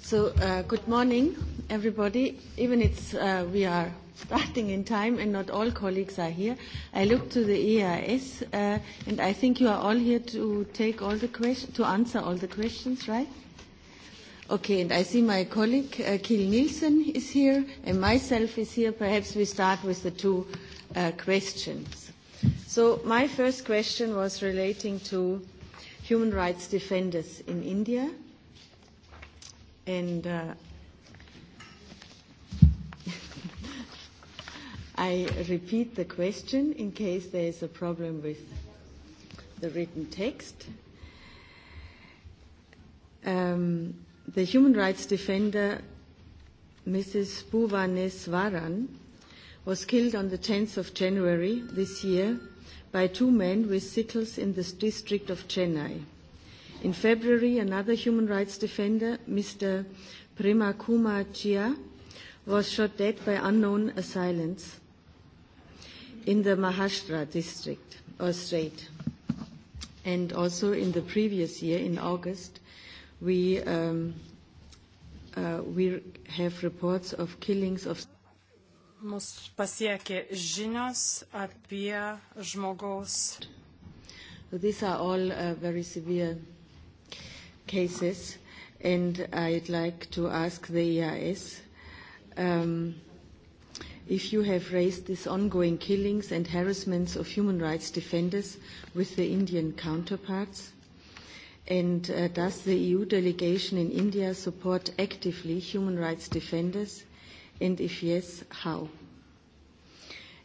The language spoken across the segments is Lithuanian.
So, uh, good morning, everybody. Even it's uh, we are starting in time and not all colleagues are here. I look to the EIS, uh, and I think you are all here to take all the questions, to answer all the questions, right? Okay, and I see my colleague uh, Kiel Nielsen is here, and myself is here. Perhaps we start with the two uh, questions. So my first question was relating to human rights defenders in India, and uh, I repeat the question in case there is a problem with the written text. Um, the human rights defender Mrs. Bhuvaneswaran was killed on the 10th of January this year by two men with sickles in the district of Chennai. In February, another human rights defender, Mr. Premakuma Chia, was shot dead by unknown assailants in the Maharashtra district or state. And also in the previous year, in August, we um, uh, we have reports of killings of mus pasiekė žinios apie žmogaus. These are all uh, very severe cases, and I'd like to ask the EIS um, if you have raised these ongoing killings and harassments of human rights defenders with the Indian counterparts And uh, does the EU delegation in India support actively human rights defenders? And if yes, how?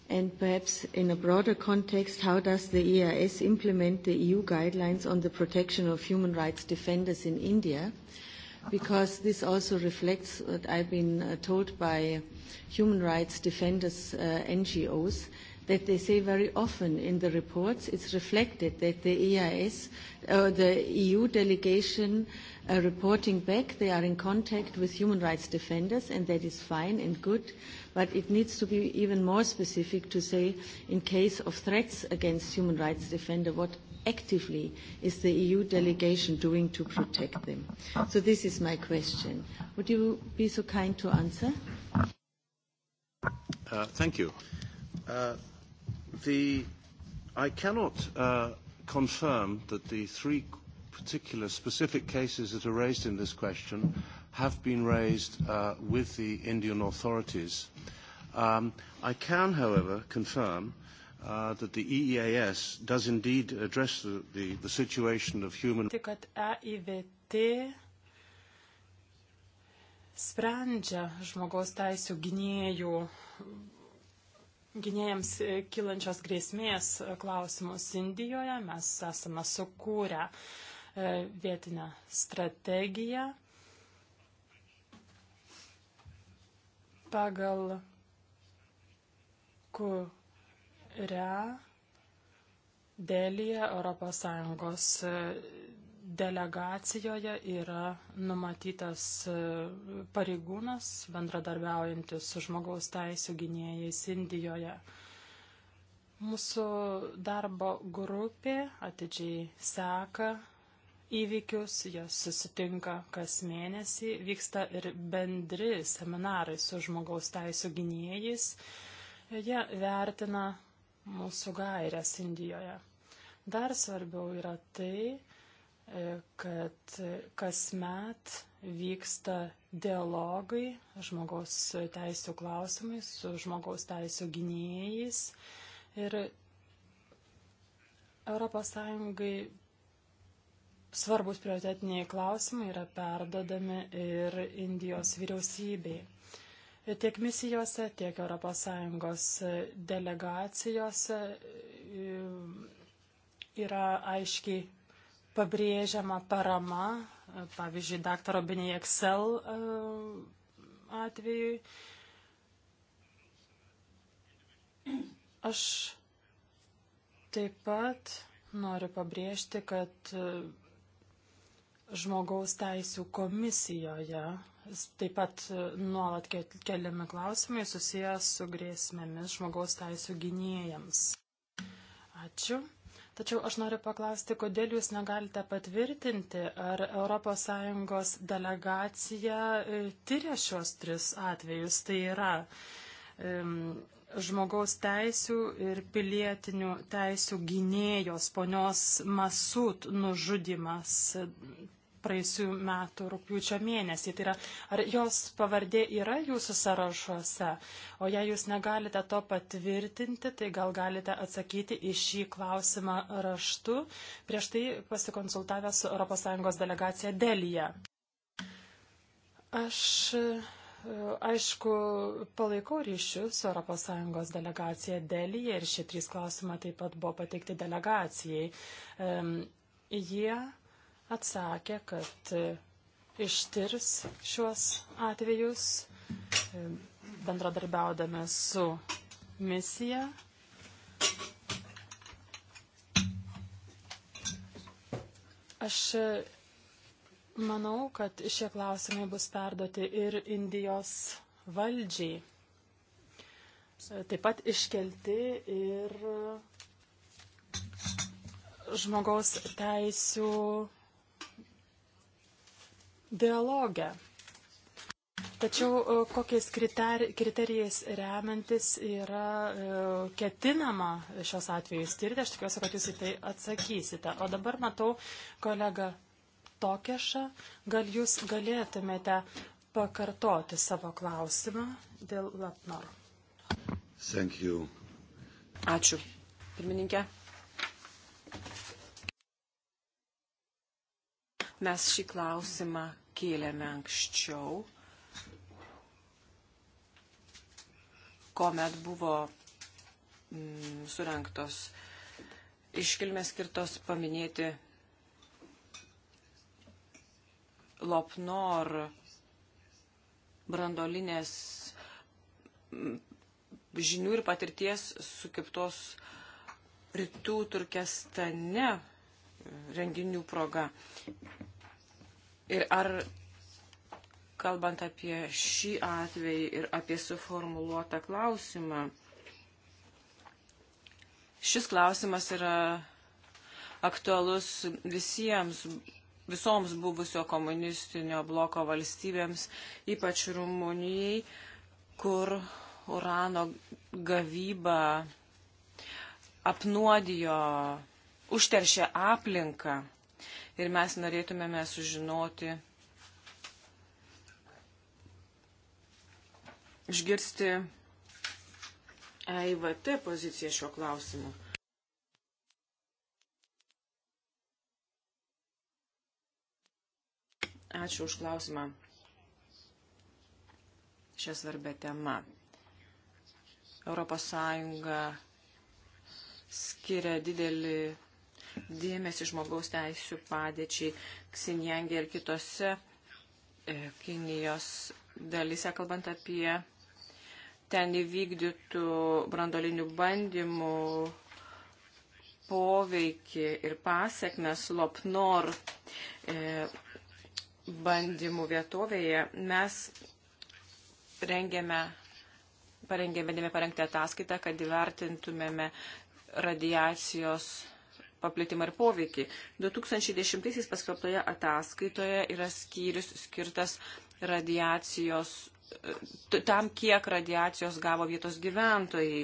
And perhaps in a broader context, how does the EIS implement the EU guidelines on the protection of human rights defenders in India? Because this also reflects what I've been uh, told by human rights defenders uh, NGOs, that they say very often in the reports, it's reflected that the EIS, uh, the EU delegation uh, reporting back, they are in contact with human rights defenders, and that is fine and good, but it needs to be even more specific to say, in case of threats against human rights defender, what actively is the EU delegation doing to protect them? So this is my question. Would you be so kind to answer? Uh, thank you. Uh, the, I cannot uh, confirm that the three particular specific cases that are raised in this question have been raised uh, with the Indian authorities. Um, I can, however, confirm uh, that the EEAS does indeed address the, the, the situation of human... Tik, kad EIVT sprendžia žmogaus teisų gynėjų gynėjams e, kylančios grėsmės e, klausimus Indijoje. Mes esame sukūrę e, vietinę strategiją, pagal kurią dėlėje ES delegacijoje yra numatytas e, pareigūnas, bendradarbiaujantis su žmogaus teisų gynėjais Indijoje. Mūsų darbo grupė atidžiai seka įvykius, jos susitinka kas mėnesį, vyksta ir bendri seminarai su žmogaus teisų gynėjais. Jie vertina mūsų gairias Indijoje. Dar svarbiau yra tai, kad kasmet vyksta dialogai žmogaus teisų klausimais su žmogaus teisų gynėjais. Ir ES svarbus prioritetiniai klausimai yra perdodami ir Indijos vyriausybei. Tiek misijose, tiek ES delegacijose e, yra aiškiai pabrėžiama parama, pavyzdžiui, daktaro Binėje Excel e, atvejui. Aš taip pat noriu pabrėžti, kad e, žmogaus teisų komisijoje taip pat e, nuolat keliami klausimai susijęs su grėsmėmis žmogaus teisų gynėjams. Ačiū. Tačiau aš noriu paklausti, kodėl jūs negalite patvirtinti, ar ES delegacija e, tyria šios tris atvejus. Tai yra žmogaus teisų ir pilietinių teisų gynėjos ponios Masut nužudimas praeisių metų rūpjūčio mėnesį. Tai yra, ar jos pavardė yra jūsų sąrašuose? O jei jūs negalite to patvirtinti, tai gal galite atsakyti į šį klausimą raštu, prieš tai pasikonsultavę su ES delegacija Delija. Aš Aišku, palaikau ryšius su ES delegacija Delija ir šie trys klausimai taip pat buvo pateikti delegacijai. Um, jie atsakė, kad e, ištirs šiuos atvejus e, bendradarbiaudame su misija. Aš e, manau, kad šie klausimai bus perduoti ir Indijos valdžiai. Taip pat iškelti ir žmogaus teisų dialogę. Tačiau e, kokiais kriterijais remiantis yra e, ketinama šios atvejus tirti, aš tikiuosi, kad jūs į tai atsakysite. O dabar matau kolega Tokešą, gal jūs galėtumėte pakartoti savo klausimą dėl Latnor. Thank you. Ačiū. Pirmininkė. Mes šį klausimą kėlėme anksčiau, kuomet buvo mm, surinktos iškilmės skirtos paminėti Lopnor brandolinės mm, žinių ir patirties sukiptos rytų Turkestane mm, renginių proga. Ir ar, kalbant apie šį atvejį ir apie suformuluotą klausimą, šis klausimas yra aktualus visiems, visoms buvusio komunistinio bloko valstybėms, ypač Rumunijai, kur urano gavyba apnuodijo, užteršė aplinką ir mes norėtumėme sužinoti, išgirsti EIVT poziciją šiuo klausimu. Ačiū už klausimą šią svarbę temą. Europos Sąjunga skiria didelį dėmesį žmogaus teisų padėčiai Ksinjangė ir kitose e, Kinijos dalise, kalbant apie ten įvykdytų brandolinių bandymų poveikį ir pasiekmes Lopnor e, bandymų vietovėje, mes rengėme, parengėme parengti ataskaitą, kad įvertintumėme radiacijos paplitimą ir poveikį. 2010 paskelbtoje ataskaitoje yra skyrius skirtas radiacijos, e, tam, kiek radiacijos gavo vietos gyventojai.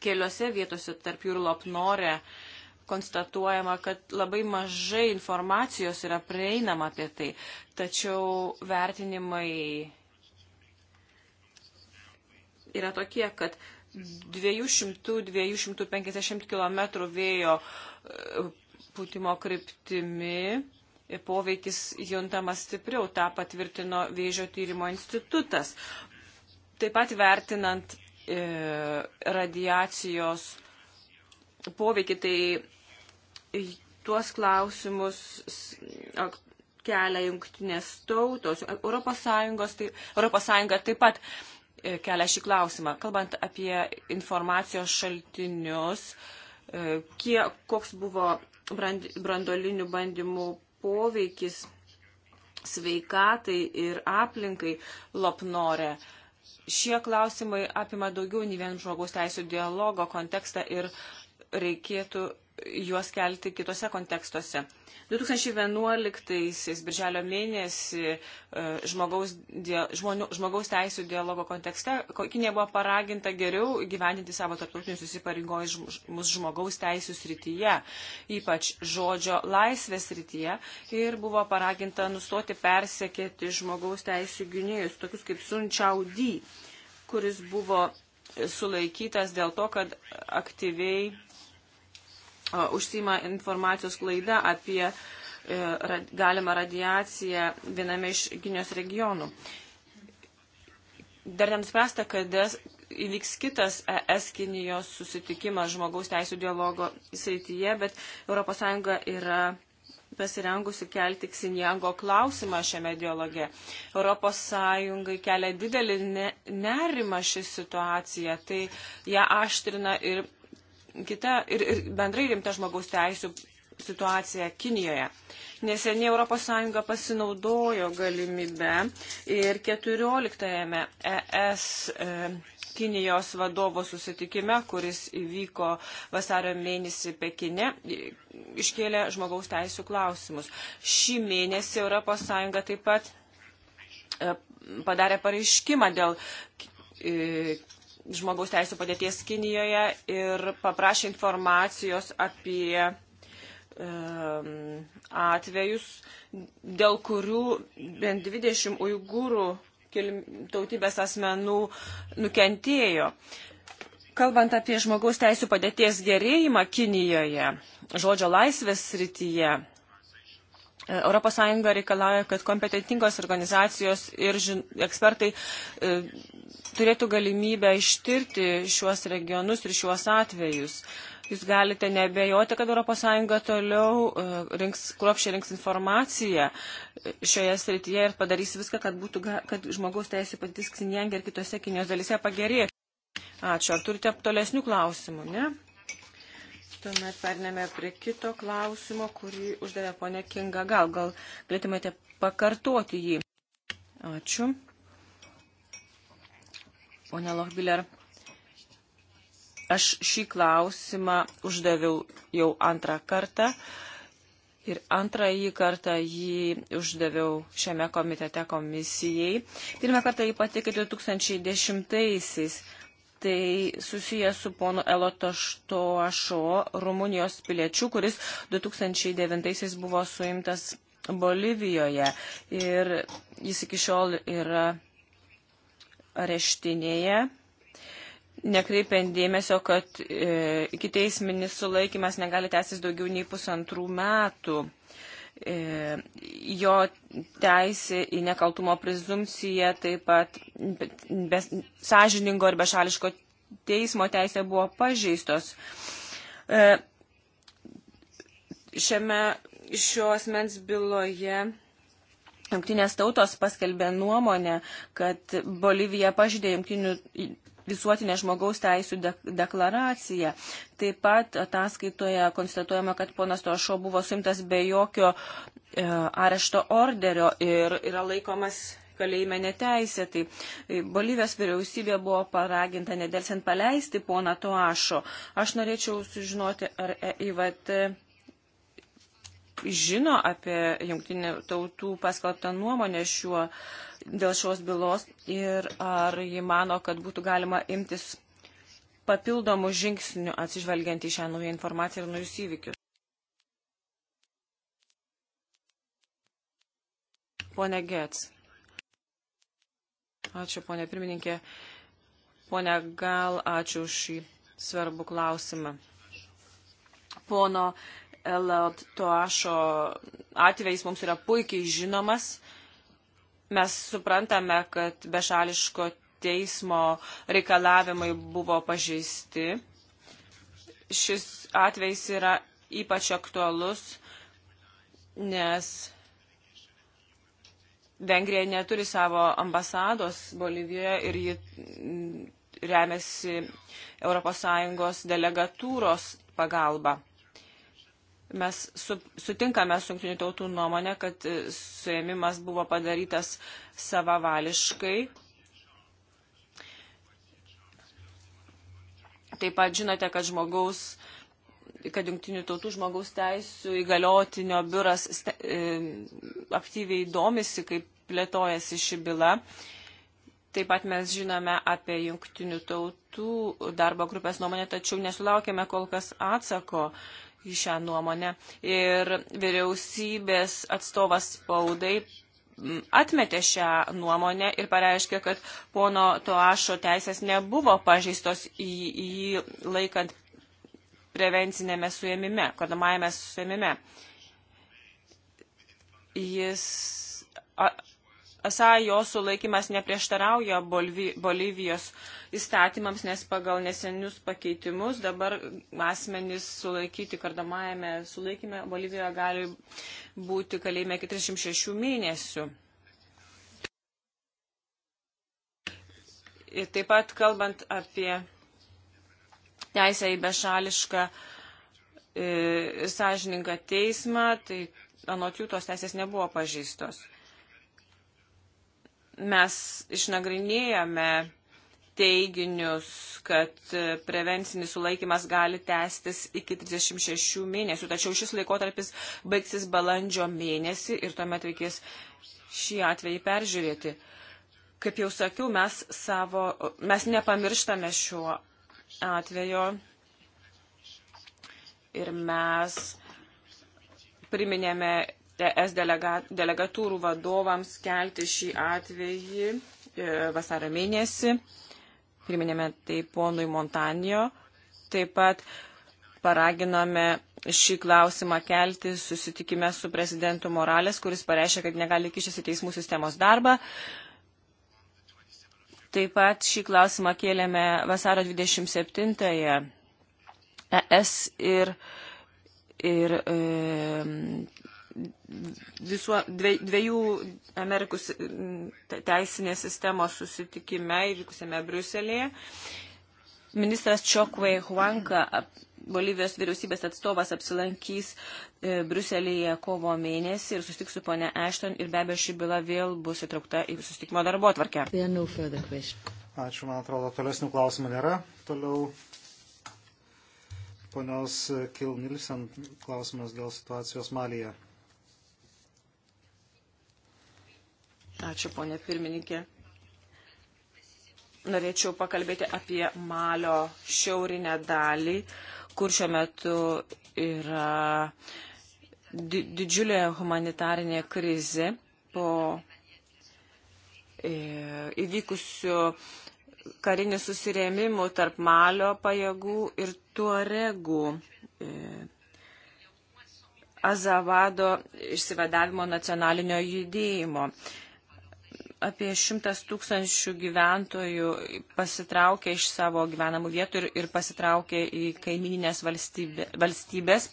Keliose vietose, tarp jų ir Lopnorė, konstatuojama, kad labai mažai informacijos yra prieinama apie tai, tačiau vertinimai yra tokie, kad 200-250 km vėjo e, pūtimo kryptimi poveikis juntamas stipriau, tą patvirtino Vėžio tyrimo institutas. Taip pat vertinant e, radiacijos poveikį, tai tuos klausimus kelia jungtinės tautos. Europos, Sąjungos, tai, Europos Sąjunga taip pat E, kelia šį klausimą. Kalbant apie informacijos šaltinius, e, kiek, koks buvo brand, brandolinių bandymų poveikis sveikatai ir aplinkai Lopnore. Šie klausimai apima daugiau nei vien žmogaus teisų dialogo kontekstą ir reikėtų juos kelti kitose kontekstuose. 2011 birželio mėnesį e, žmogaus, die, žmonių, žmogaus teisų dialogo kontekste Kinė buvo paraginta geriau gyvendinti savo tarptautinius įsipareigojimus žmogaus teisų srityje, ypač žodžio laisvės srityje, ir buvo paraginta nustoti persekėti žmogaus teisų gynėjus, tokius kaip Sun Chaudi, kuris buvo sulaikytas dėl to, kad aktyviai užsima informacijos klaida apie e, galimą radiaciją viename iš Kinijos regionų. Dar nenuspręsta, kada įvyks kitas ES Kinijos susitikimas žmogaus teisų dialogo srityje, bet ES yra pasirengusi kelti Ksinjango klausimą šiame dialoge. ES kelia didelį ne, nerimą šį situaciją, tai ją aštrina ir kita ir, ir bendrai rimta žmogaus teisų situacija Kinijoje. Neseniai ES pasinaudojo galimybę ir 14-ame ES e, Kinijos vadovo susitikime, kuris įvyko vasario mėnesį Pekine, iškėlė žmogaus teisų klausimus. Šį mėnesį ES taip pat e, padarė pareiškimą dėl e, žmogaus teisų padėties Kinijoje ir paprašė informacijos apie um, atvejus, dėl kurių bent 20 uigūrų tautybės asmenų nukentėjo. Kalbant apie žmogaus teisų padėties gerėjimą Kinijoje, žodžio laisvės srityje, ES reikalauja, kad kompetentingos organizacijos ir žin, ekspertai e, turėtų galimybę ištirti šiuos regionus ir šiuos atvejus. Jūs galite nebejoti, kad ES toliau e, rinks, kruopšiai rinks informaciją e, šioje srityje ir padarys viską, kad, būtų, kad žmogaus teisų patys Ksinjangė ir kitose Kinijos dalyse pagerėtų. Ačiū. Ar turite tolesnių klausimų? Ne? Tuomet perneme prie kito klausimo, kurį uždavė ponė Kinga. Gal, gal galėtumėte pakartoti jį. Ačiū. Pone Lochbiller, aš šį klausimą uždaviau jau antrą kartą. Ir antrąjį kartą jį uždaviau šiame komitete komisijai. Pirmą kartą jį patikė 2010-aisiais tai susijęs su ponu Elotoštoašo, Rumunijos piliečiu, kuris 2009-aisiais buvo suimtas Bolivijoje ir jis iki šiol yra areštinėje. Nekreipiant dėmesio, kad e, iki teisminis sulaikimas negali tęsis daugiau nei pusantrų metų. E, jo teisė į nekaltumo prezumciją, taip pat be, sąžiningo ir bešališko teismo teisė buvo pažeistos. E, šiame šios mens byloje Junktinės tautos paskelbė nuomonę, kad Bolivija pažydė Junktinių visuotinę žmogaus teisų deklaraciją. Taip pat ataskaitoje konstatuojama, kad ponas Tošo buvo suimtas be jokio e, arešto orderio ir yra laikomas kalėjime neteisėtai. E, Bolivijos vyriausybė buvo paraginta nedelsiant paleisti poną Toašo. Aš norėčiau sužinoti, ar EIVT žino apie jungtinių tautų paskelbtą nuomonę šiuo, dėl šios bylos ir ar ji mano, kad būtų galima imtis papildomų žingsnių atsižvelgiant į šią naują informaciją ir naujus įvykius. Pone Gets. Ačiū, ponė pirmininkė. Pone Gal, ačiū už šį svarbų klausimą. Pono Elad Toašo atvejais mums yra puikiai žinomas. Mes suprantame, kad bešališko teismo reikalavimai buvo pažeisti. Šis atvejs yra ypač aktualus, nes Vengrija neturi savo ambasados Bolivijoje ir ji mm, remiasi ES delegatūros pagalba. Mes su, sutinkame su jungtinių tautų nuomonė, kad e, suėmimas buvo padarytas savavališkai. Taip pat žinote, kad žmogaus kad jungtinių tautų žmogaus teisų įgaliotinio biuras ste, e, aktyviai domisi, kaip plėtojasi ši byla. Taip pat mes žinome apie jungtinių tautų darbo grupės nuomonę, tačiau nesulaukėme kol kas atsako. E, į šią nuomonę. Ir vyriausybės atstovas spaudai mm, atmetė šią nuomonę ir pareiškė, kad pono Toašo teisės nebuvo pažeistos į, į laikant prevencinėme suėmime, kodamajame suėmime. Jis esą jos sulaikimas neprieštarauja Bolivijos įstatymams, nes pagal nesenius pakeitimus dabar asmenys sulaikyti kardamajame sulaikime Bolivijoje gali būti kalėjime iki 36 mėnesių. Ir taip pat kalbant apie teisę į bešališką ir e, sąžininką teismą, tai anot jų tos teisės nebuvo pažįstos. Mes išnagrinėjome teiginius, kad prevencinis sulaikimas gali tęstis iki 36 mėnesių, tačiau šis laikotarpis baigsis balandžio mėnesį ir tuomet reikės šį atvejį peržiūrėti. Kaip jau sakiau, mes, savo, mes nepamirštame šiuo atvejo ir mes priminėme ES delega, delegatūrų vadovams kelti šį atvejį e, vasaro mėnesį. Priminėme tai ponui Montanijo. Taip pat paraginome šį klausimą kelti susitikime su prezidentu Morales, kuris pareiškia, kad negali kištis į teismų sistemos darbą. Taip pat šį klausimą kėlėme vasaro 27-ąją. ES ir, ir e, visuo, dviejų Amerikos teisinės sistemos susitikime įvykusiame Briuselėje. Ministras Čokvei Huanka, Bolivijos vyriausybės atstovas, apsilankys e, Briuselėje kovo mėnesį ir susitiks su ponė Ashton ir be abejo ši byla vėl bus įtraukta į susitikimo darbo atvarkę. No Ačiū, man atrodo, tolesnių klausimų nėra. Toliau ponios Kil Nilsen klausimas dėl situacijos Malyje. Ačiū, ponė pirmininkė. Norėčiau pakalbėti apie Malio šiaurinę dalį, kur šiuo metu yra didžiulė humanitarinė krizė po e, įvykusių karinių susirėmimų tarp Malio pajėgų ir Tuaregų e, Azavado išsivadavimo nacionalinio judėjimo apie šimtas tūkstančių gyventojų pasitraukė iš savo gyvenamų vietų ir, ir pasitraukė į kaimininės valstybė, valstybės.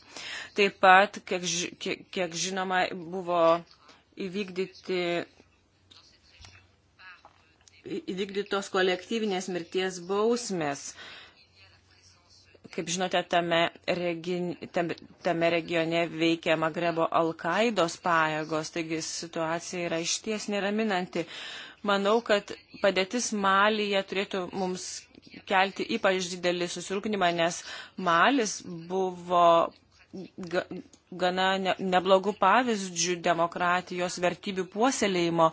Taip pat, kiek, kiek, kiek žinoma, buvo įvykdyti, įvykdytos kolektyvinės mirties bausmės. Uh, Kaip žinote, tame, regin, tame regione veikia Magrebo Al-Qaidos pajėgos, taigi situacija yra išties neraminanti. Manau, kad padėtis Malyje turėtų mums kelti ypač didelį susirūpinimą, nes Malis buvo gana neblogų pavyzdžių demokratijos vertybių puoselėjimo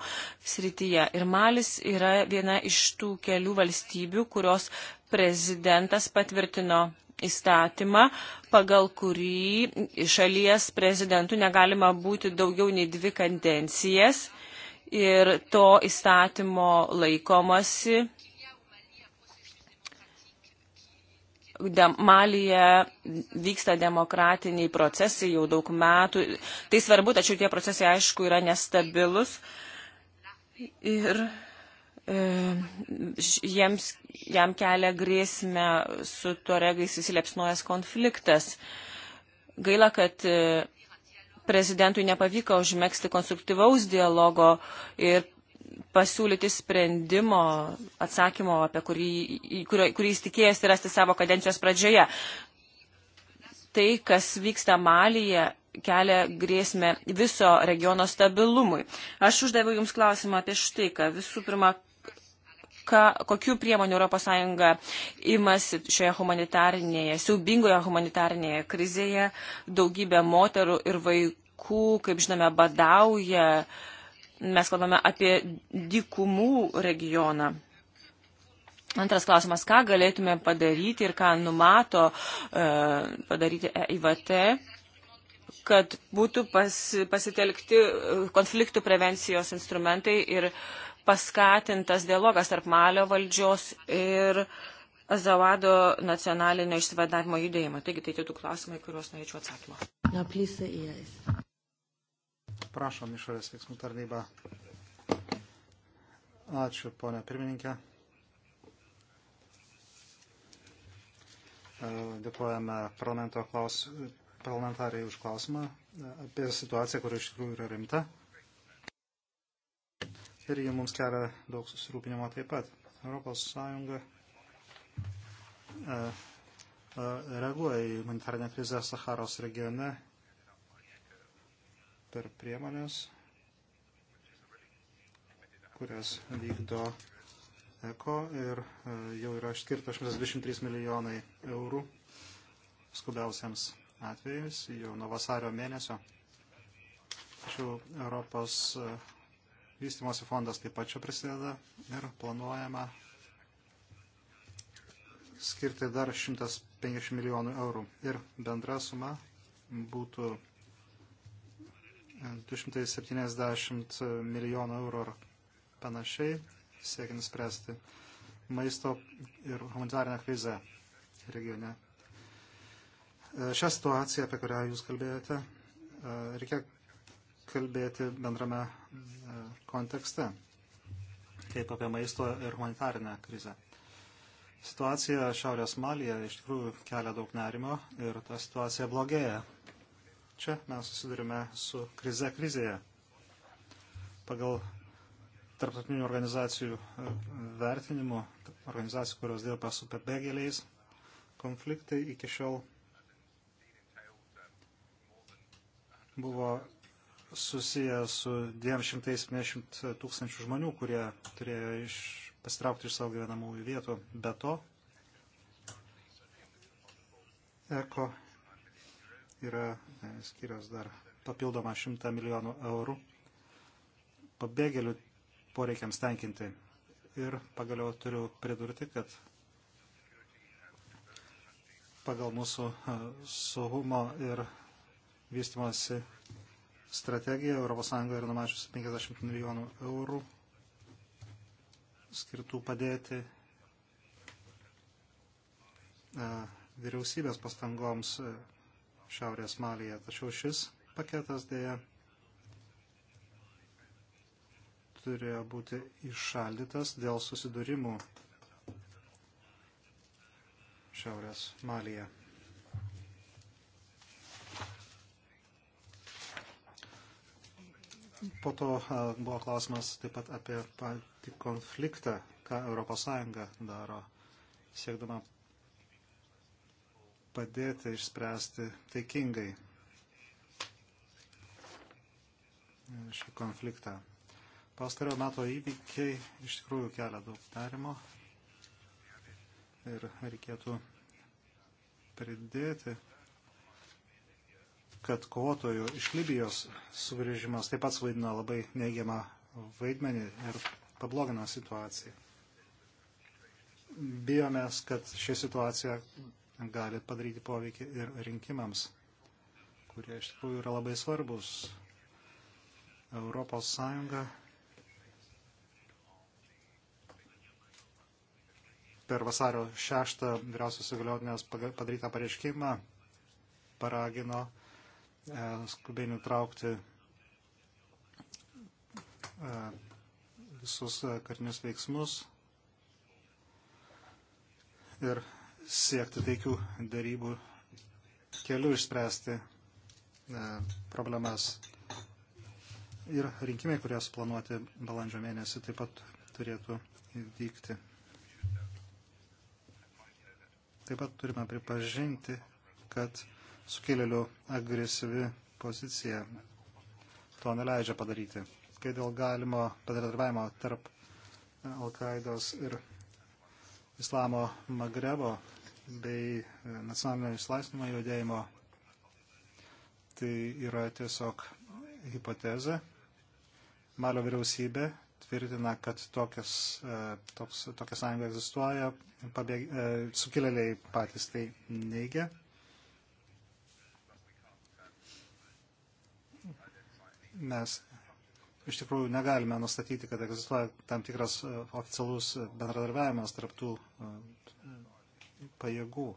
srityje. Ir Malis yra viena iš tų kelių valstybių, kurios prezidentas patvirtino įstatymą, pagal kurį šalies prezidentų negalima būti daugiau nei dvi kadencijas ir to įstatymo laikomasi. Malyje vyksta demokratiniai procesai jau daug metų. Tai svarbu, tačiau tie procesai, aišku, yra nestabilus. Ir E, jiems, jam kelia grėsmę su toregais įsilepsnojęs konfliktas. Gaila, kad e, prezidentui nepavyko užmėgsti konstruktyvaus dialogo ir pasiūlyti sprendimo, atsakymo, apie kurį, kurio, kurį jis tikėjęs tai rasti savo kadencijos pradžioje. Tai, kas vyksta Malyje, kelia grėsmę viso regiono stabilumui. Aš uždaviau Jums klausimą apie štai, ką visų pirma, ką, kokių priemonių ES imasi šioje humanitarinėje, siaubingoje humanitarinėje krizėje. Daugybė moterų ir vaikų, kaip žinome, badauja. Mes kalbame apie dykumų regioną. Antras klausimas, ką galėtume padaryti ir ką numato uh, padaryti EIVT, kad būtų pas, pasitelkti e, konfliktų prevencijos instrumentai ir uh, paskatintas dialogas tarp Malio valdžios ir Azawado nacionalinio išsivadavimo judėjimo. Taigi tai tie du klausimai, kuriuos norėčiau atsakymą. Na, plysa įėjęs. Prašom, išorės veiksmų tarnyba. Ačiū, ponia pirmininkė. E, dėkojame parlamentarai už klausimą apie situaciją, kuri iš tikrųjų yra rimta ir ji mums kelia daug susirūpinimo taip pat. Europos Sąjunga e, e, reaguoja į humanitarinę krizę Saharos regione per priemonės, kurias vykdo ECO ir e, jau yra išskirta 123 milijonai eurų skubiausiams atvejais jau nuo vasario mėnesio. Tačiau Europos Vystimosi fondas taip pat čia prisideda ir planuojama skirti dar 150 milijonų eurų. Ir bendra suma būtų 270 milijonų eurų ar panašiai, siekiant spręsti maisto ir humanitarinę krizę regione. E, šią situaciją, apie kurią jūs kalbėjote, e, reikia kalbėti bendrame e, kontekste, kaip apie maisto ir humanitarinę krizę. Situacija Šiaurės Malija iš tikrųjų kelia daug nerimo ir ta situacija blogėja. Čia mes susidurime su krize krizėje. Pagal tarptautinių organizacijų e, vertinimų, organizacijų, kurios dirba su pabėgėliais, konfliktai iki šiol buvo susiję su 270 tūkstančių žmonių, kurie turėjo iš, pasitraukti iš savo gyvenamųjų vietų. Be to, ECO yra e, skirios dar papildomą 100 milijonų eurų pabėgėlių poreikiams tenkinti. Ir pagaliau turiu pridurti, kad pagal mūsų e, saugumo ir vystimosi strategiją. ES yra numačiusi 50 milijonų eurų skirtų padėti e, vyriausybės pastangoms e, Šiaurės Malyje. Tačiau šis paketas dėja turėjo būti iššaldytas dėl susidūrimų Šiaurės Malyje. Po to buvo klausimas taip pat apie patį konfliktą, ką ES daro, siekdama padėti išspręsti taikingai šį konfliktą. Pastarojo meto įvykiai iš tikrųjų kelia daug nerimo ir reikėtų pridėti kad kovotojų iš Libijos sugrįžimas taip pat suvaidino labai neigiamą vaidmenį ir pablogino situaciją. Bijomės, kad ši situacija gali padaryti poveikį ir rinkimams, kurie iš tikrųjų yra labai svarbus. Europos Sąjunga per vasario 6 vyriausios įgaliotinės padarytą pareiškimą paragino skubiai nutraukti eh, visus eh, karinius veiksmus ir siekti taikių darybų kelių išspręsti eh, problemas. Ir rinkimai, kurie suplanuoti balandžio mėnesį, taip pat turėtų vykti. Taip pat turime pripažinti, kad sukilėlių agresyvi pozicija to neleidžia padaryti. Kai dėl galimo bendradarbiavimo tarp Al-Qaidos ir Islamo Magrebo bei nacionalinio išlaisvinimo judėjimo, tai yra tiesiog hipotezė. Malio vyriausybė tvirtina, kad tokias, e, toks, tokia sąjunga egzistuoja, pabėg, e, sukilėliai patys tai neigia. mes iš tikrųjų negalime nustatyti, kad egzistuoja tam tikras e, oficialus bendradarbiavimas tarptų e, pajėgų.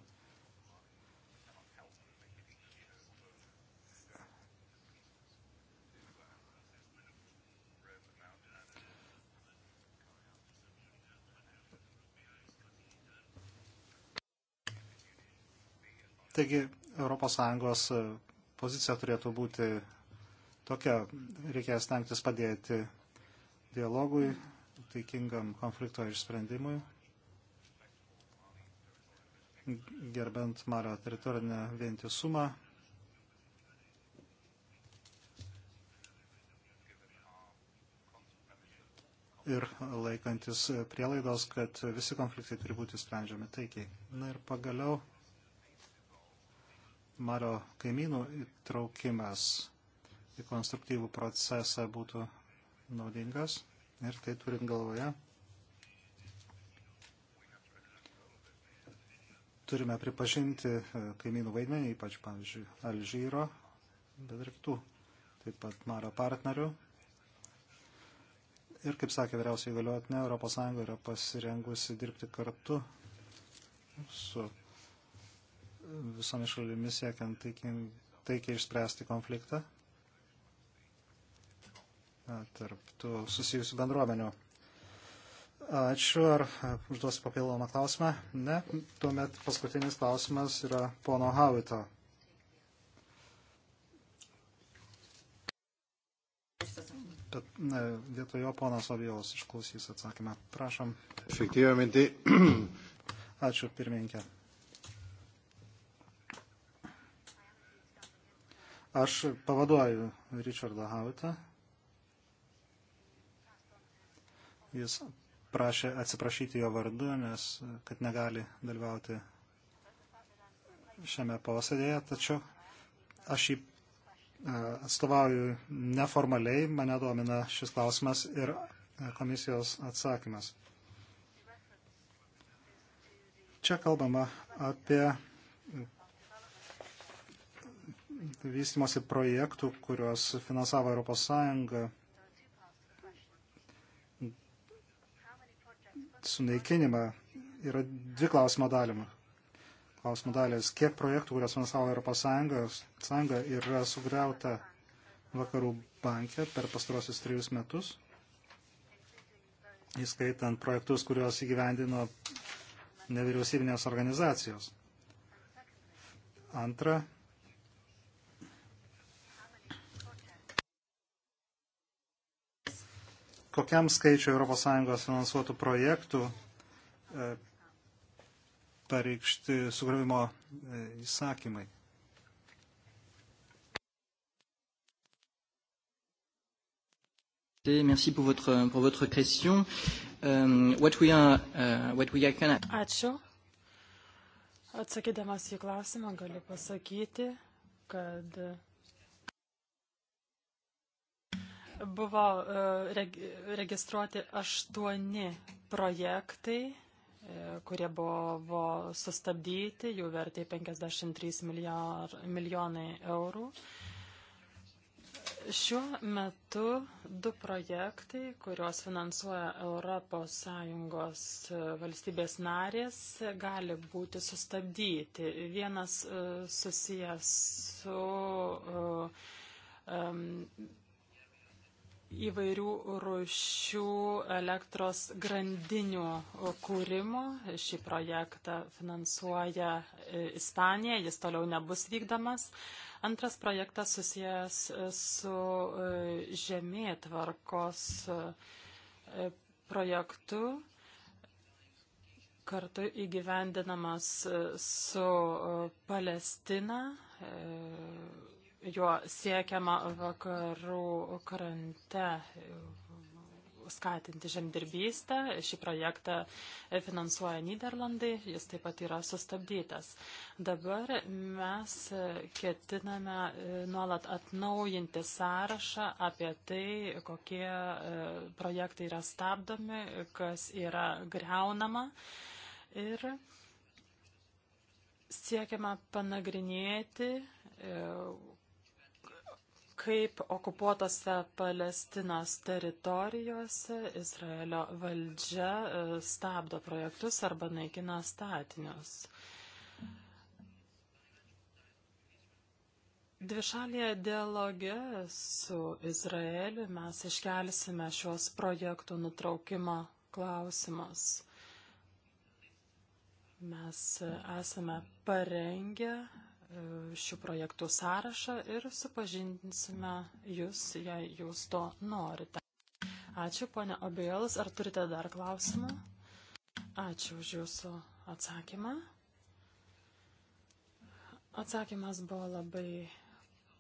Taigi ES e, pozicija turėtų būti Tokia reikės stengtis padėti dialogui, taikingam konflikto išsprendimui, gerbent Mario teritorinę vientisumą. Ir laikantis prielaidos, kad visi konfliktai turi būti sprendžiami taikiai. Na ir pagaliau Mario kaimynų įtraukimas į konstruktyvų procesą būtų naudingas. Ir tai turint galvoje, turime pripažinti e, kaimynų vaidmenį, ypač, pavyzdžiui, Alžyro, bet ir kitų, taip pat Maro partnerių. Ir, kaip sakė vyriausiai galiotinė, ES yra pasirengusi dirbti kartu su visomis šalimis siekiant taikiai išspręsti konfliktą tarp tų susijusių bendruomenių. Ačiū. Ar užduosiu papildomą klausimą? Ne. Tuomet paskutinis klausimas yra pono Havito. Bet ne, vietoj jo ponas Ovijolas išklausys atsakymą. Prašom. Efektyviai. Ačiū, pirmininkė. Aš pavaduoju Richardą Havitą. Jis prašė atsiprašyti jo vardu, nes kad negali dalyvauti šiame posėdėje, tačiau aš jį e, atstovauju neformaliai, mane domina šis klausimas ir e, komisijos atsakymas. Čia kalbama apie vystimosi projektų, kuriuos finansavo ES sunaikinimą yra dvi klausimo dalimą. Klausimo dalis, kiek projektų, kurias finansavo Europos Sąjungos, Sąjunga, yra sugriauta vakarų bankė per pastarosius trejus metus, įskaitant projektus, kuriuos įgyvendino nevyriausybinės organizacijos. Antra, kokiam skaičiu ES finansuotų projektų e, pareikšti sugravimo e, įsakymai. Merci pour votre, pour votre question. Um, what we are, uh, what we can... Ačiū. Atsakydamas į klausimą galiu pasakyti, kad Buvo e, registruoti aštuoni projektai, e, kurie buvo sustabdyti, jų vertė 53 milijar, milijonai eurų. Šiuo metu du projektai, kuriuos finansuoja ES e, valstybės narės, gali būti sustabdyti. Vienas susijęs su um, įvairių rušių elektros grandinių kūrimo. Šį projektą finansuoja e, Ispanija, jis toliau nebus vykdomas. Antras projektas susijęs e, su e, žemėtvarkos projektu kartu įgyvendinamas su Palestina juo siekiama vakarų krante skatinti žemdirbystę. Šį projektą finansuoja Niderlandai, jis taip pat yra sustabdytas. Dabar mes ketiname e, nuolat atnaujinti sąrašą apie tai, kokie e, projektai yra stabdomi, kas yra greunama. Ir siekiama panagrinėti, e, kaip okupuotose Palestinos teritorijose Izraelio valdžia e, stabdo projektus arba naikina statinius. Dvišalėje dialoge su Izraeliu mes iškelsime šios projektų nutraukimo klausimus. Mes e, esame parengę šių projektų sąrašą ir supažindinsime jūs, jei jūs to norite. Ačiū, ponia Obėlas. Ar turite dar klausimą? Ačiū už jūsų atsakymą. Atsakymas buvo labai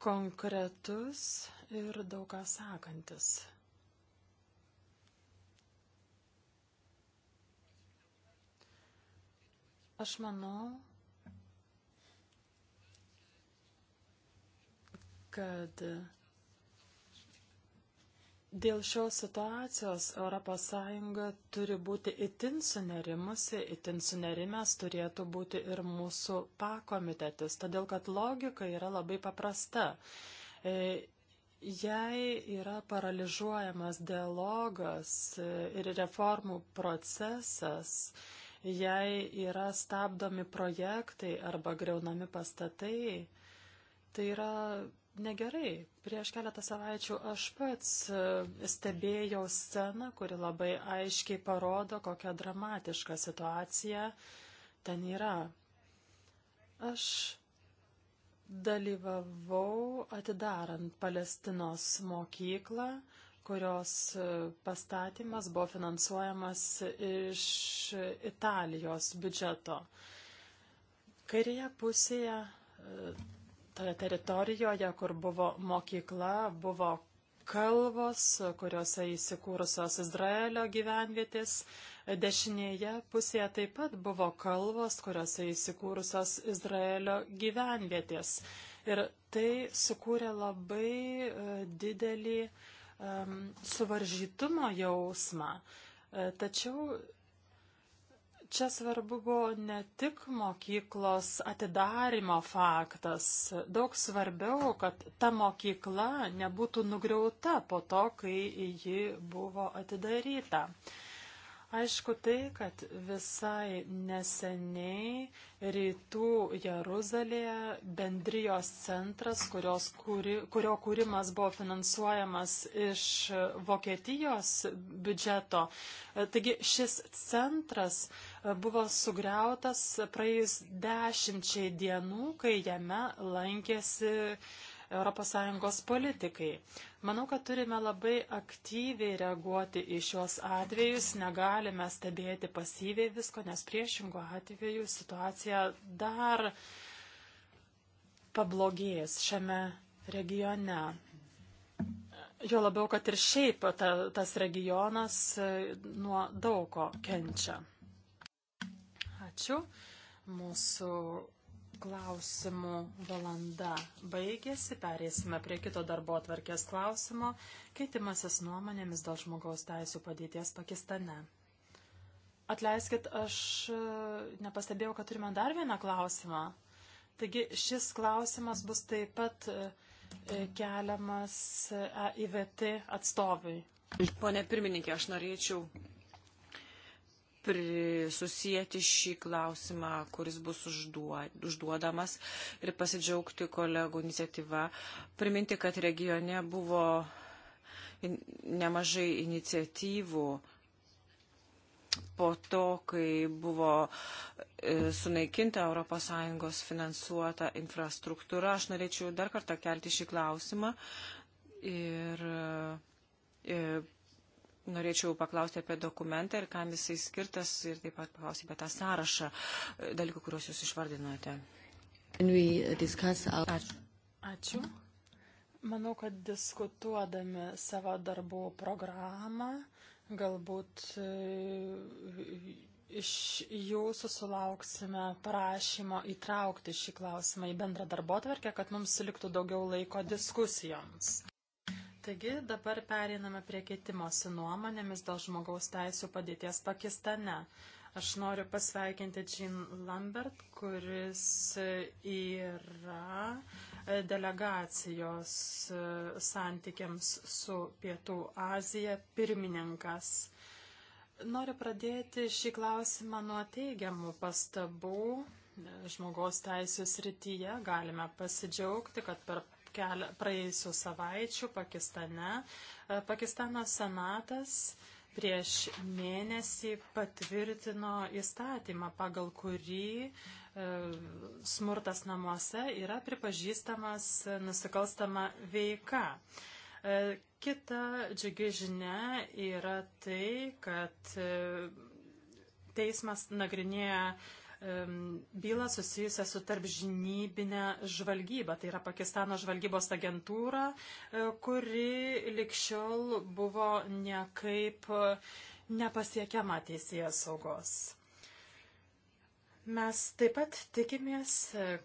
konkretus ir daug ką sakantis. Aš manau, kad dėl šios situacijos ES turi būti itin sunerimusi, itin sunerimęs turėtų būti ir mūsų pakomitetis, todėl kad logika yra labai paprasta. E, jei yra paralyžuojamas dialogas e, ir reformų procesas, jei yra stabdomi projektai arba greunami pastatai, tai yra negerai. Prieš keletą savaičių aš pats e, stebėjau sceną, kuri labai aiškiai parodo, kokia dramatiška situacija ten yra. Aš dalyvavau atidarant Palestinos mokyklą, kurios e, pastatymas buvo finansuojamas iš Italijos biudžeto. Kairėje pusėje e, toje teritorijoje, kur buvo mokykla, buvo kalvos, kuriuose įsikūrusios Izraelio gyvenvietės. Dešinėje pusėje taip pat buvo kalvos, kuriuose įsikūrusios Izraelio gyvenvietės. Ir tai sukūrė labai e, didelį um, suvaržytumo jausmą. E, tačiau Čia svarbu buvo ne tik mokyklos atidarimo faktas, daug svarbiau, kad ta mokykla nebūtų nugriauta po to, kai ji buvo atidaryta. Aišku tai, kad visai neseniai rytų Jeruzalėje bendrijos centras, kurios, kuri, kurio kūrimas buvo finansuojamas iš Vokietijos biudžeto. Taigi šis centras buvo sugriautas praėjus dešimčiai dienų, kai jame lankėsi uh, ES politikai. Manau, kad turime labai aktyviai reaguoti į šios atvejus, negalime stebėti pasyviai visko, nes priešingo atveju situacija dar pablogės šiame regione. Jo labiau, kad ir šiaip ta, tas regionas e, nuo daugo kenčia. Ačiū. Mūsų klausimų valanda baigėsi, perėsime prie kito darbo atvarkės klausimo - keitimasis nuomonėmis dėl žmogaus teisų padėties Pakistane. Atleiskit, aš e, nepastebėjau, kad turime dar vieną klausimą. Taigi šis klausimas bus taip pat e, e, keliamas EIVT atstovui. Pone pirmininkė, aš norėčiau susijęti šį klausimą, kuris bus užduodamas ir pasidžiaugti kolegų iniciatyva. Priminti, kad regione buvo nemažai iniciatyvų po to, kai buvo e, sunaikinta ES finansuota infrastruktūra. Aš norėčiau dar kartą kelti šį klausimą ir e, norėčiau paklausti apie dokumentą ir kam jisai skirtas ir taip pat paklausti apie tą sąrašą e, dalykų, kuriuos jūs išvardinote. Ačiū. Ačiū. Manau, kad diskutuodami savo darbų programą, galbūt e, iš jūsų sulauksime prašymo įtraukti šį klausimą į bendrą darbo tvarkę, kad mums liktų daugiau laiko diskusijoms. Taigi dabar pereiname prie keitimosi nuomonėmis dėl žmogaus teisų padėties Pakistane. Aš noriu pasveikinti Jean Lambert, kuris yra delegacijos e, santykiams su Pietų Azija pirmininkas. Noriu pradėti šį klausimą nuo teigiamų pastabų. Žmogaus teisės rytyje galime pasidžiaugti, kad per kelią praėjusių savaičių Pakistane. E, Pakistano senatas prieš mėnesį patvirtino įstatymą, pagal kurį e, smurtas namuose yra pripažįstamas nusikalstama veika. E, kita džiugi žinia yra tai, kad teismas nagrinėja bylą susijusią su tarp žinybinė žvalgyba. Tai yra Pakistano žvalgybos agentūra, e, kuri likščiol buvo niekaip nepasiekiama teisėjas saugos. Mes taip pat tikimės,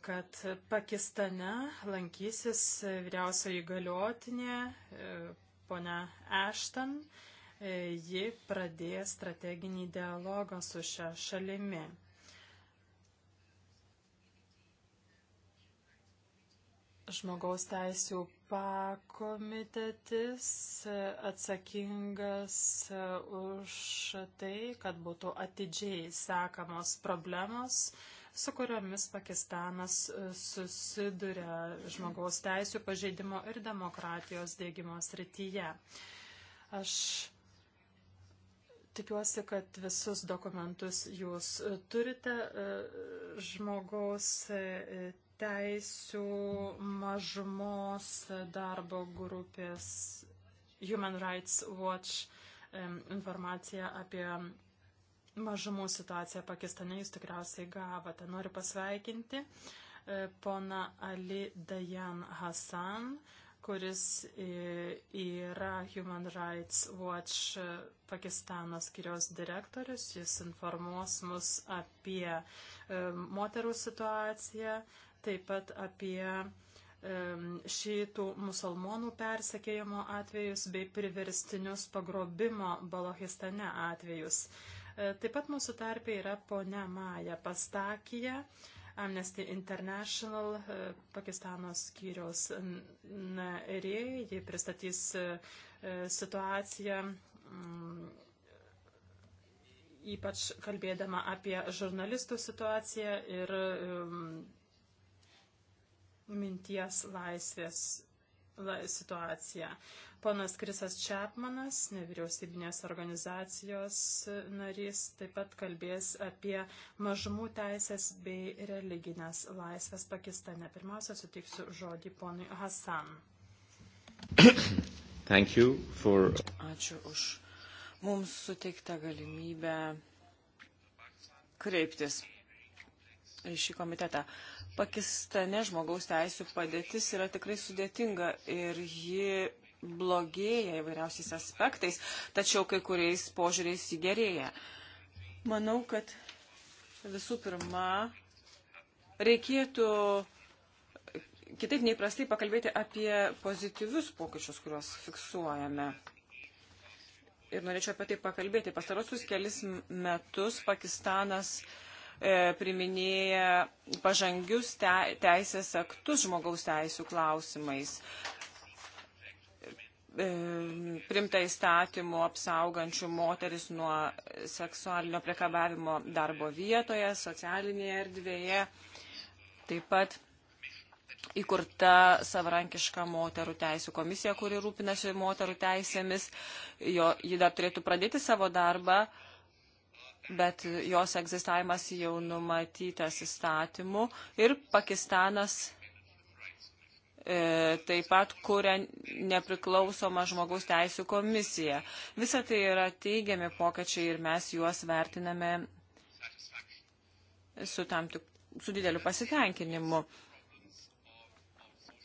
kad Pakistane lankysis vyriausioji galiotinė e, ponia Ashton. E, ji pradės strateginį dialogą su šia šalimi. žmogaus teisų pakomitetis e, atsakingas e, už tai, kad būtų atidžiai sekamos problemos, su kuriomis Pakistanas e, susiduria žmogaus teisų pažeidimo ir demokratijos dėgymo srityje. Aš tikiuosi, kad visus dokumentus jūs turite. Žmogaus teisų mažumos darbo grupės Human Rights Watch informaciją apie mažumų situaciją Pakistane jūs tikriausiai gavote. Noriu pasveikinti e, pona Ali Dayan Hassan, kuris e, yra Human Rights Watch e, Pakistano skiriaus direktorius. Jis informuos mus apie moterų situaciją, taip pat apie šeitų musulmonų persekėjimo atvejus bei priverstinius pagrobimo Balahistane atvejus. E, taip pat mūsų tarpė yra ponia Maja Pastakija, Amnesty International e, Pakistano skyriaus narė. Ji pristatys e, situaciją mm, ypač kalbėdama apie žurnalistų situaciją ir minties laisvės situaciją. Ponas Krisas Čepmanas, nevyriausybinės organizacijos narys, taip pat kalbės apie mažumų teisės bei religinės laisvės Pakistane. Pirmiausia, suteiksiu žodį ponui Hasan. For... Ačiū už mums suteiktą galimybę kreiptis į šį komitetą. Uh, Pakistane žmogaus teisų padėtis yra tikrai sudėtinga ir ji blogėja įvairiausiais aspektais, tačiau kai kuriais požiūriais ji gerėja. Manau, kad visų pirma, reikėtų kitaip neįprastai pakalbėti apie pozityvius pokyčius, kuriuos fiksuojame. Ir norėčiau apie tai pakalbėti. Pastarosius kelis metus Pakistanas uh, E, priminėja pažangius teisės aktus žmogaus teisų klausimais e, primta įstatymų apsaugančių moteris nuo seksualinio priekabavimo darbo vietoje, socialinėje erdvėje. Taip pat įkurta savarankiška moterų teisų komisija, kuri rūpinasi moterų teisėmis. Jo, ji dar turėtų pradėti savo darbą. Uh, bet jos egzistavimas jau numatytas įstatymu ir Pakistanas e, taip pat kuria nepriklausoma žmogaus teisų komisija. Visa tai yra teigiami pokyčiai ir mes juos vertiname su, tam tik, su dideliu pasitenkinimu.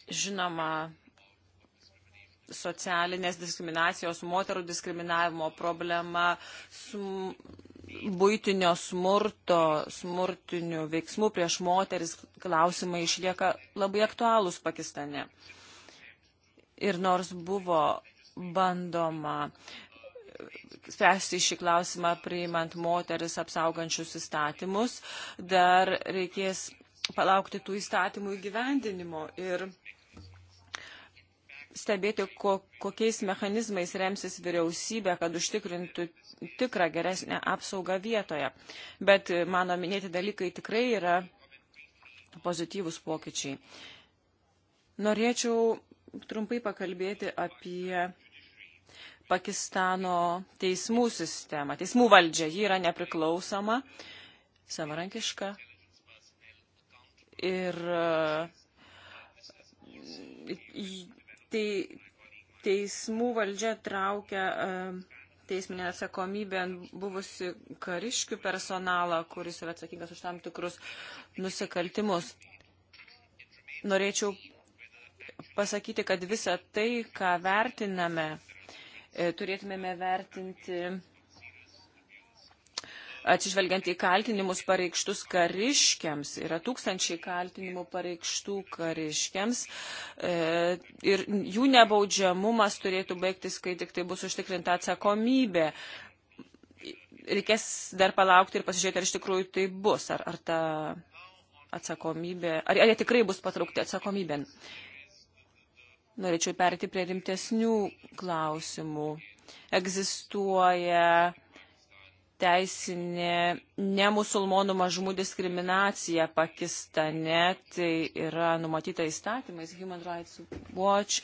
Žinoma, socialinės diskriminacijos, moterų diskriminavimo problema, sm būtinio smurto, smurtinių veiksmų prieš moteris klausimai išlieka labai aktualūs Pakistane. Ir nors buvo bandoma spręsti šį klausimą priimant moteris apsaugančius įstatymus, dar reikės palaukti tų įstatymų įgyvendinimo. Ir stebėti, ko, kokiais mechanizmais remsis vyriausybė, kad užtikrintų tikrą geresnę apsaugą vietoje. Bet e, mano minėti dalykai tikrai yra pozityvus pokyčiai. Norėčiau trumpai pakalbėti apie Pakistano teismų sistemą. Teismų valdžia, ji yra nepriklausoma, savarankiška. Ir e, tai teismų valdžia traukia e, teisminę atsakomybę buvusi kariškių personalą, kuris yra atsakingas už tam tikrus nusikaltimus. Norėčiau pasakyti, kad visą tai, ką vertiname, e, turėtumėme vertinti atsižvelgiant į kaltinimus pareikštus kariškiams, yra tūkstančiai kaltinimų pareikštų kariškiams e, ir jų nebaudžiamumas turėtų baigtis, kai tik tai bus užtikrinta atsakomybė. Reikės dar palaukti ir pasižiūrėti, ar iš tikrųjų tai bus, ar, ar ta atsakomybė, ar, ar jie tikrai bus patraukti atsakomybėn. Norėčiau perėti prie rimtesnių klausimų. Egzistuoja teisinė ne musulmonų mažumų diskriminacija Pakistane, tai yra numatyta įstatymais. Human Rights Watch,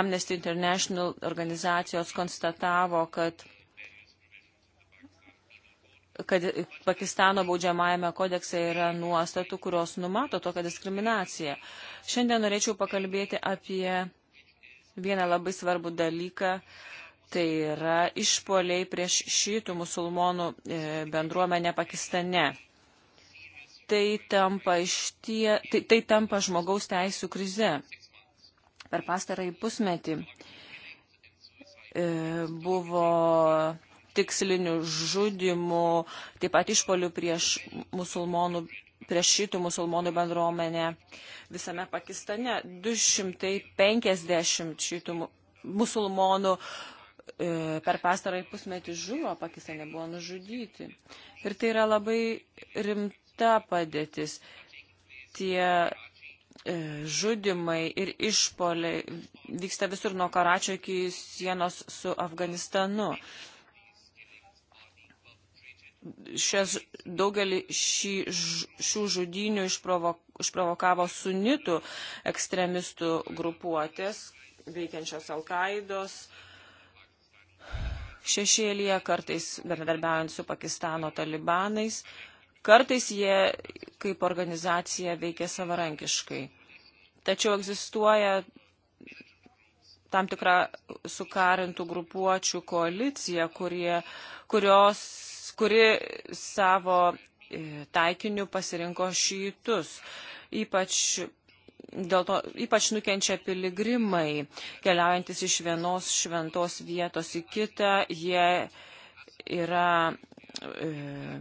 Amnesty International organizacijos konstatavo, kad kad Pakistano baudžiamajame kodekse yra nuostatų, kurios numato tokią diskriminaciją. Šiandien norėčiau pakalbėti apie vieną labai svarbų dalyką, uh, Tai yra išpoliai prieš šytų musulmonų e, bendruomenę Pakistane. Tai tampa, ištie, tai, tai tampa žmogaus teisų krize. Per pastarąjį pusmetį e, buvo tikslinių žudimų, taip pat išpolių prieš musulmonų prieš šitų musulmonų bendruomenę visame Pakistane. 250 šitų musulmonų E, per pastarąjį pusmetį žuvo Pakistane, buvo nužudyti. Ir tai yra labai rimta padėtis. Tie e, žudimai ir išpoliai vyksta visur nuo Karačio iki sienos su Afganistanu. Šias, daugelį šį, šių žudinių išprovo, išprovokavo sunitų ekstremistų grupuotės, veikiančios Alkaidos, uh, šešėlyje, kartais bendradarbiaujant su Pakistano talibanais, kartais jie kaip organizacija veikia savarankiškai. Tačiau egzistuoja tam tikra sukarintų grupuočių koalicija, kurie, kurios, kuri savo e, taikiniu pasirinko šytus, ypač dėl to ypač nukenčia piligrimai, keliaujantis iš vienos šventos vietos į kitą, jie yra e,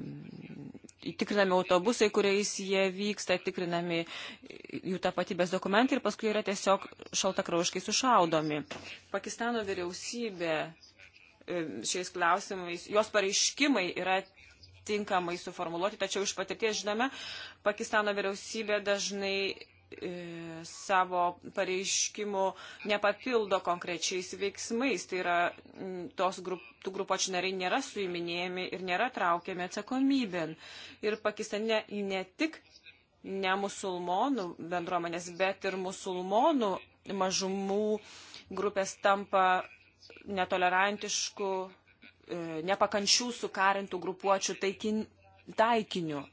tikrinami autobusai, kuriais jie vyksta, tikrinami jų tapatybės dokumentai ir paskui yra tiesiog šaltakrauškai sušaudomi. Pakistano vyriausybė e, šiais klausimais, jos pareiškimai yra tinkamai suformuoluoti, tačiau iš patirties žinome, Pakistano vyriausybė dažnai E, savo pareiškimų nepapildo konkrečiais veiksmais. Tai yra, tos grup, tų grupuočių nariai nėra suiminėjami ir nėra traukiami atsakomybėn. Ir Pakistane ne tik ne musulmonų bendruomenės, bet ir musulmonų mažumų grupės tampa netolerantiškų, e, nepakančių sukarintų grupuočių taikin, taikiniu.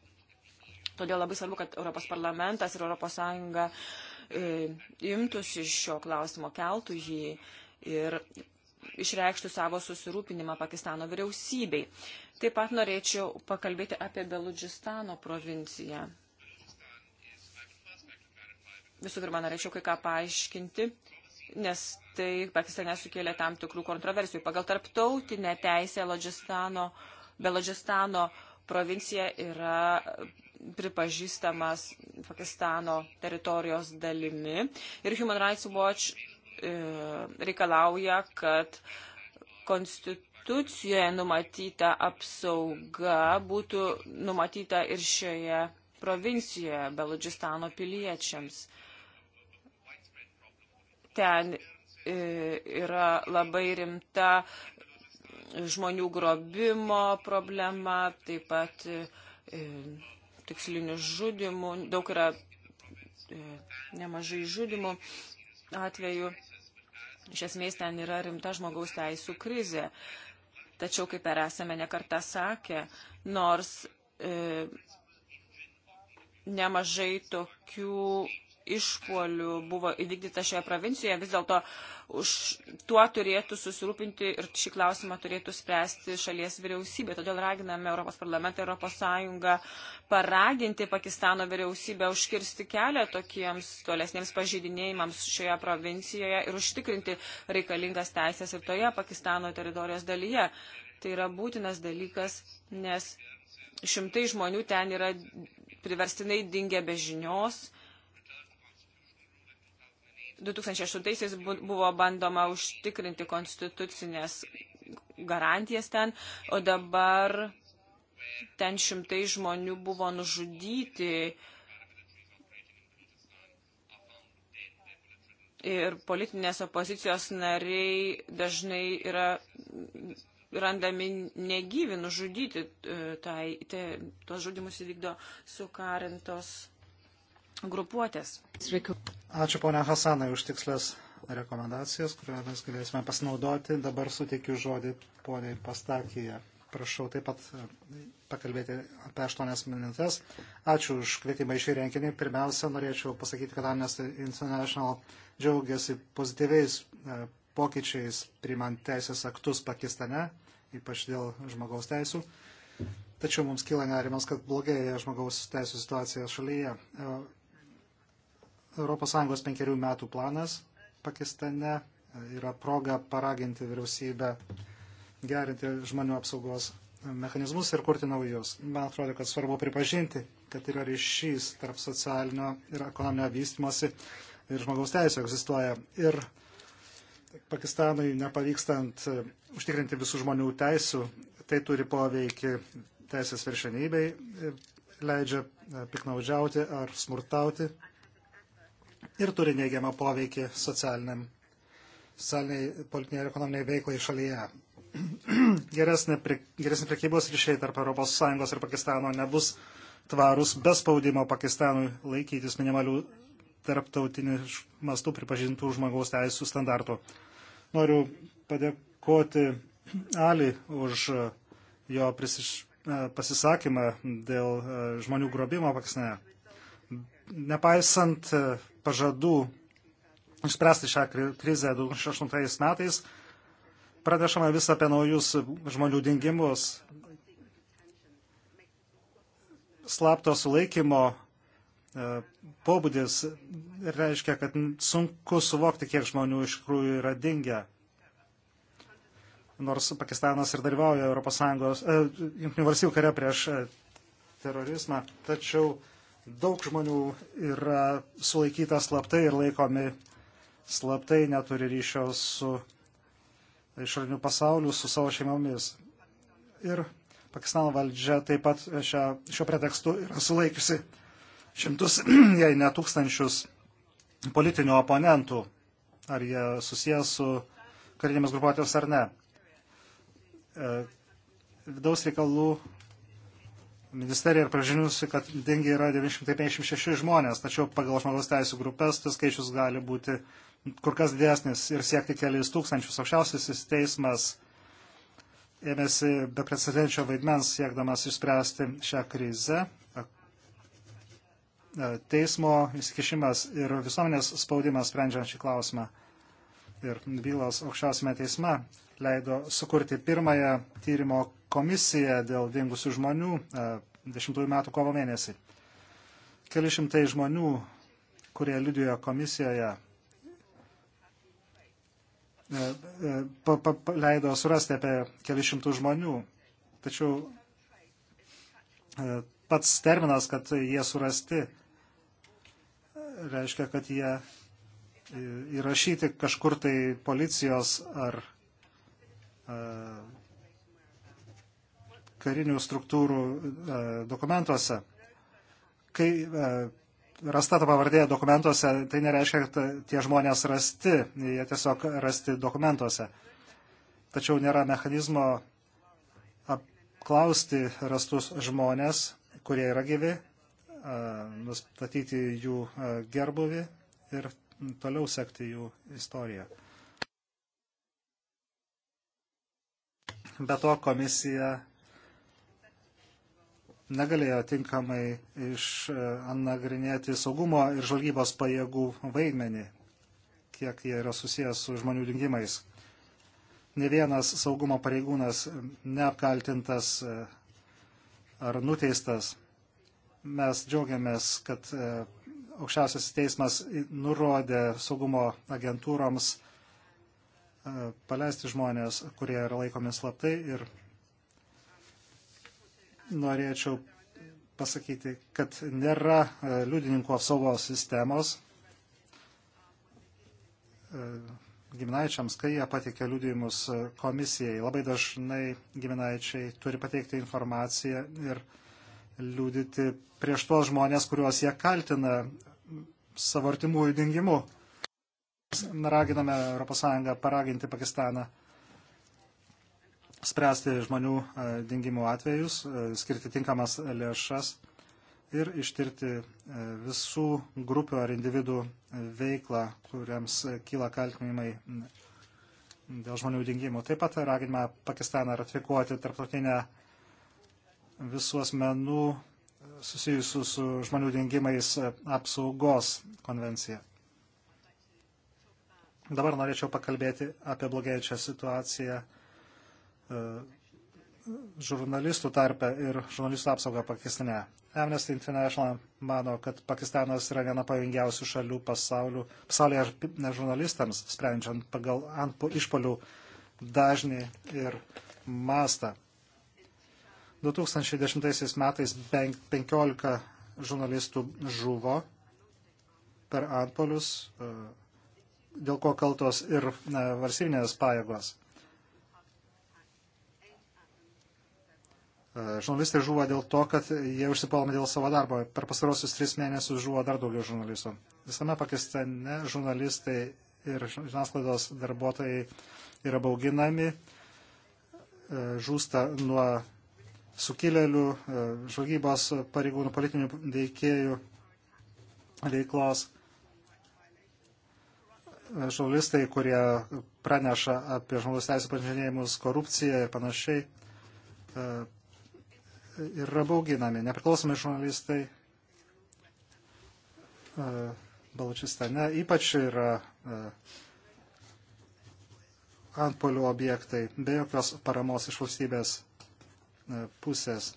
Todėl labai svarbu, kad Europos parlamentas ir Europos Sąjunga e, imtųsi šio klausimo, keltų jį ir išreikštų savo susirūpinimą Pakistano vyriausybei. Taip pat norėčiau pakalbėti apie Beludžistano provinciją. Visų pirma, norėčiau kai ką paaiškinti, nes tai Pakistane sukėlė tam tikrų kontroversijų. Pagal tarptautinę teisę Beludžistano provincija yra pripažįstamas Pakistano teritorijos dalimi. Ir Human Rights Watch e, reikalauja, kad konstitucijoje numatyta apsauga būtų numatyta ir šioje provincijoje Beludžistano piliečiams. Ten e, yra labai rimta žmonių grobimo problema, taip pat e, tikslinių žudimų, daug yra e, nemažai žudimų atvejų. Iš esmės ten yra rimta žmogaus teisų krizė. Tačiau, kaip ir esame nekartą sakę, nors e, nemažai tokių išpuolių buvo įvykdyta šioje provincijoje, vis dėlto už tuo turėtų susirūpinti ir šį klausimą turėtų spręsti šalies vyriausybė. Todėl raginame Europos parlamentą, Europos Sąjungą paraginti Pakistano vyriausybę užkirsti kelią tokiems tolesniems pažydinėjimams šioje provincijoje ir užtikrinti reikalingas teisės ir toje Pakistano teritorijos dalyje. Tai yra būtinas dalykas, nes šimtai žmonių ten yra priverstinai dingę be žinios 2008-aisiais buvo bandoma užtikrinti konstitucinės garantijas ten, o dabar ten šimtai žmonių buvo nužudyti. Ir politinės opozicijos nariai dažnai yra randami negyvi, nužudyti. E, tai, tai, tuos žudimus įvykdo sukarintos grupuotės. Ačiū ponia Hasanai už tikslias rekomendacijas, kuriomis galėsime pasinaudoti. Dabar suteikiu žodį poniai Pastakyje. Prašau taip pat e, pakalbėti apie 8 minutės. Ačiū už kvietimą į šį renginį. Pirmiausia, norėčiau pasakyti, kad Amnesty International džiaugiasi pozityviais e, pokyčiais primant teisės aktus Pakistane, ypač dėl žmogaus teisų. Tačiau mums kyla nerimas, kad blogėja žmogaus teisų situacija šalyje. E, ES penkerių metų planas Pakistane e, yra proga paraginti vyriausybę gerinti žmonių apsaugos mechanizmus ir kurti naujus. Man atrodo, kad svarbu pripažinti, kad yra ryšys tarp socialinio ir ekonominio vystimosi ir žmogaus teisų egzistuoja. Ir Pakistanui nepavykstant e, užtikrinti visų žmonių teisų, tai turi poveikį teisės viršenybei, e, leidžia piknaudžiauti ar smurtauti ir turi neigiamą poveikį socialiniam, socialiniai, politiniai ir ekonominiai veiklai šalyje. Geresnė, geresnė prekybos ryšiai tarp ES ir Pakistano nebus tvarus be spaudimo Pakistanui laikytis minimalių tarptautinių mastų pripažintų žmogaus teisų standartų. Noriu padėkoti Ali už uh, jo prisiš, uh, pasisakymą dėl uh, žmonių grobimo Pakistane. Nepaisant pažadų išspręsti šią krizę 2008 metais, pranešama vis apie naujus žmonių dingimus, slapto sulaikymo e, pobūdis reiškia, kad sunku suvokti, kiek žmonių iš tikrųjų yra dingę. Nors Pakistanas ir dalyvauja ES, e, Junktinių valstybių kare prieš e, terorizmą, tačiau Daug žmonių yra sulaikyta slaptai ir laikomi slaptai, neturi ryšio su išoriniu pasauliu, su savo šeimomis. Ir Pakistano valdžia taip pat šia, šio pretekstu yra sulaikiusi šimtus, jei ne tūkstančius politinių oponentų, ar jie susijęs su karinėmis grupuotės ar ne. E, vidaus reikalų ministerija ir pažinusi, kad dingi yra 956 žmonės, tačiau pagal žmogaus teisų grupės tas skaičius gali būti kur kas didesnis ir siekti keliais tūkstančius. Aukščiausiasis teismas ėmėsi beprecedenčio vaidmens siekdamas išspręsti šią krizę. Teismo įsikišimas ir visuomenės spaudimas sprendžiant šį klausimą ir bylos aukščiausiame teisme leido sukurti pirmąją tyrimo komisija dėl dingusių žmonių 10 e, metų kovo mėnesį. Keli šimtai žmonių, kurie liudijo komisijoje, e, e, pa, pa, pa, leido surasti apie keli šimtų žmonių. Tačiau pats terminas, kad jie surasti, reiškia, kad jie įrašyti kažkur tai policijos ar karinių struktūrų e, dokumentuose. Kai e, rasta ta pavardė dokumentuose, tai nereiškia, kad tie žmonės rasti, jie tiesiog rasti dokumentuose. Tačiau nėra mechanizmo apklausti rastus žmonės, kurie yra gyvi, e, nustatyti jų gerbuvi ir toliau sekti jų istoriją. Be to komisija negalėjo tinkamai išnagrinėti saugumo ir žvalgybos pajėgų vaidmenį, kiek jie yra susijęs su žmonių dingimais. Ne vienas saugumo pareigūnas neapkaltintas e, ar nuteistas. Mes džiaugiamės, kad e, aukščiausias teismas nurodė saugumo agentūroms e, paleisti žmonės, kurie yra laikomi slaptai ir norėčiau pasakyti, kad nėra e, liudininkų apsaugos sistemos e, giminaičiams, kai jie pateikia liudijimus e, komisijai. Labai dažnai giminaičiai turi pateikti informaciją ir liūdyti prieš tuos žmonės, kuriuos jie kaltina savo artimųjų dingimu. Raginame ES paraginti Pakistaną spręsti žmonių e, dingimų atvejus, e, skirti tinkamas lėšas ir ištirti e, visų grupių ar individų veiklą, kuriams kyla kaltinimai dėl žmonių dingimų. Taip pat raginime Pakistaną ratifikuoti tarptautinę visų asmenų susijusių su žmonių dingimais apsaugos konvenciją. Dabar norėčiau pakalbėti apie blogėjančią situaciją E, žurnalistų tarpe ir žurnalistų apsaugą Pakistane. Amnesty International mano, kad Pakistanas yra viena pavingiausių šalių pasaulių, pasaulyje ne, žurnalistams, sprendžiant pagal ant išpolių dažnį ir mastą. 2010 metais 15 žurnalistų žuvo per antpolius, e, dėl ko kaltos ir e, valstybinės pajėgos. E, žurnalistai žuvo dėl to, kad jie užsipuolami dėl savo darbo. Per pastarosius tris mėnesius žuvo dar daugiau žurnalistų. Visame Pakistane žurnalistai ir žiniasklaidos darbuotojai yra bauginami, e, žūsta nuo sukilėlių, e, žvalgybos pareigūnų, politinių veikėjų veiklos. Žurnalistai, kurie praneša apie žmogaus teisų pažinėjimus, korupciją ir panašiai, yra bauginami. Nepriklausomi žurnalistai e, Balčistane ypač yra e, antpolių objektai, be jokios paramos iš valstybės e, pusės.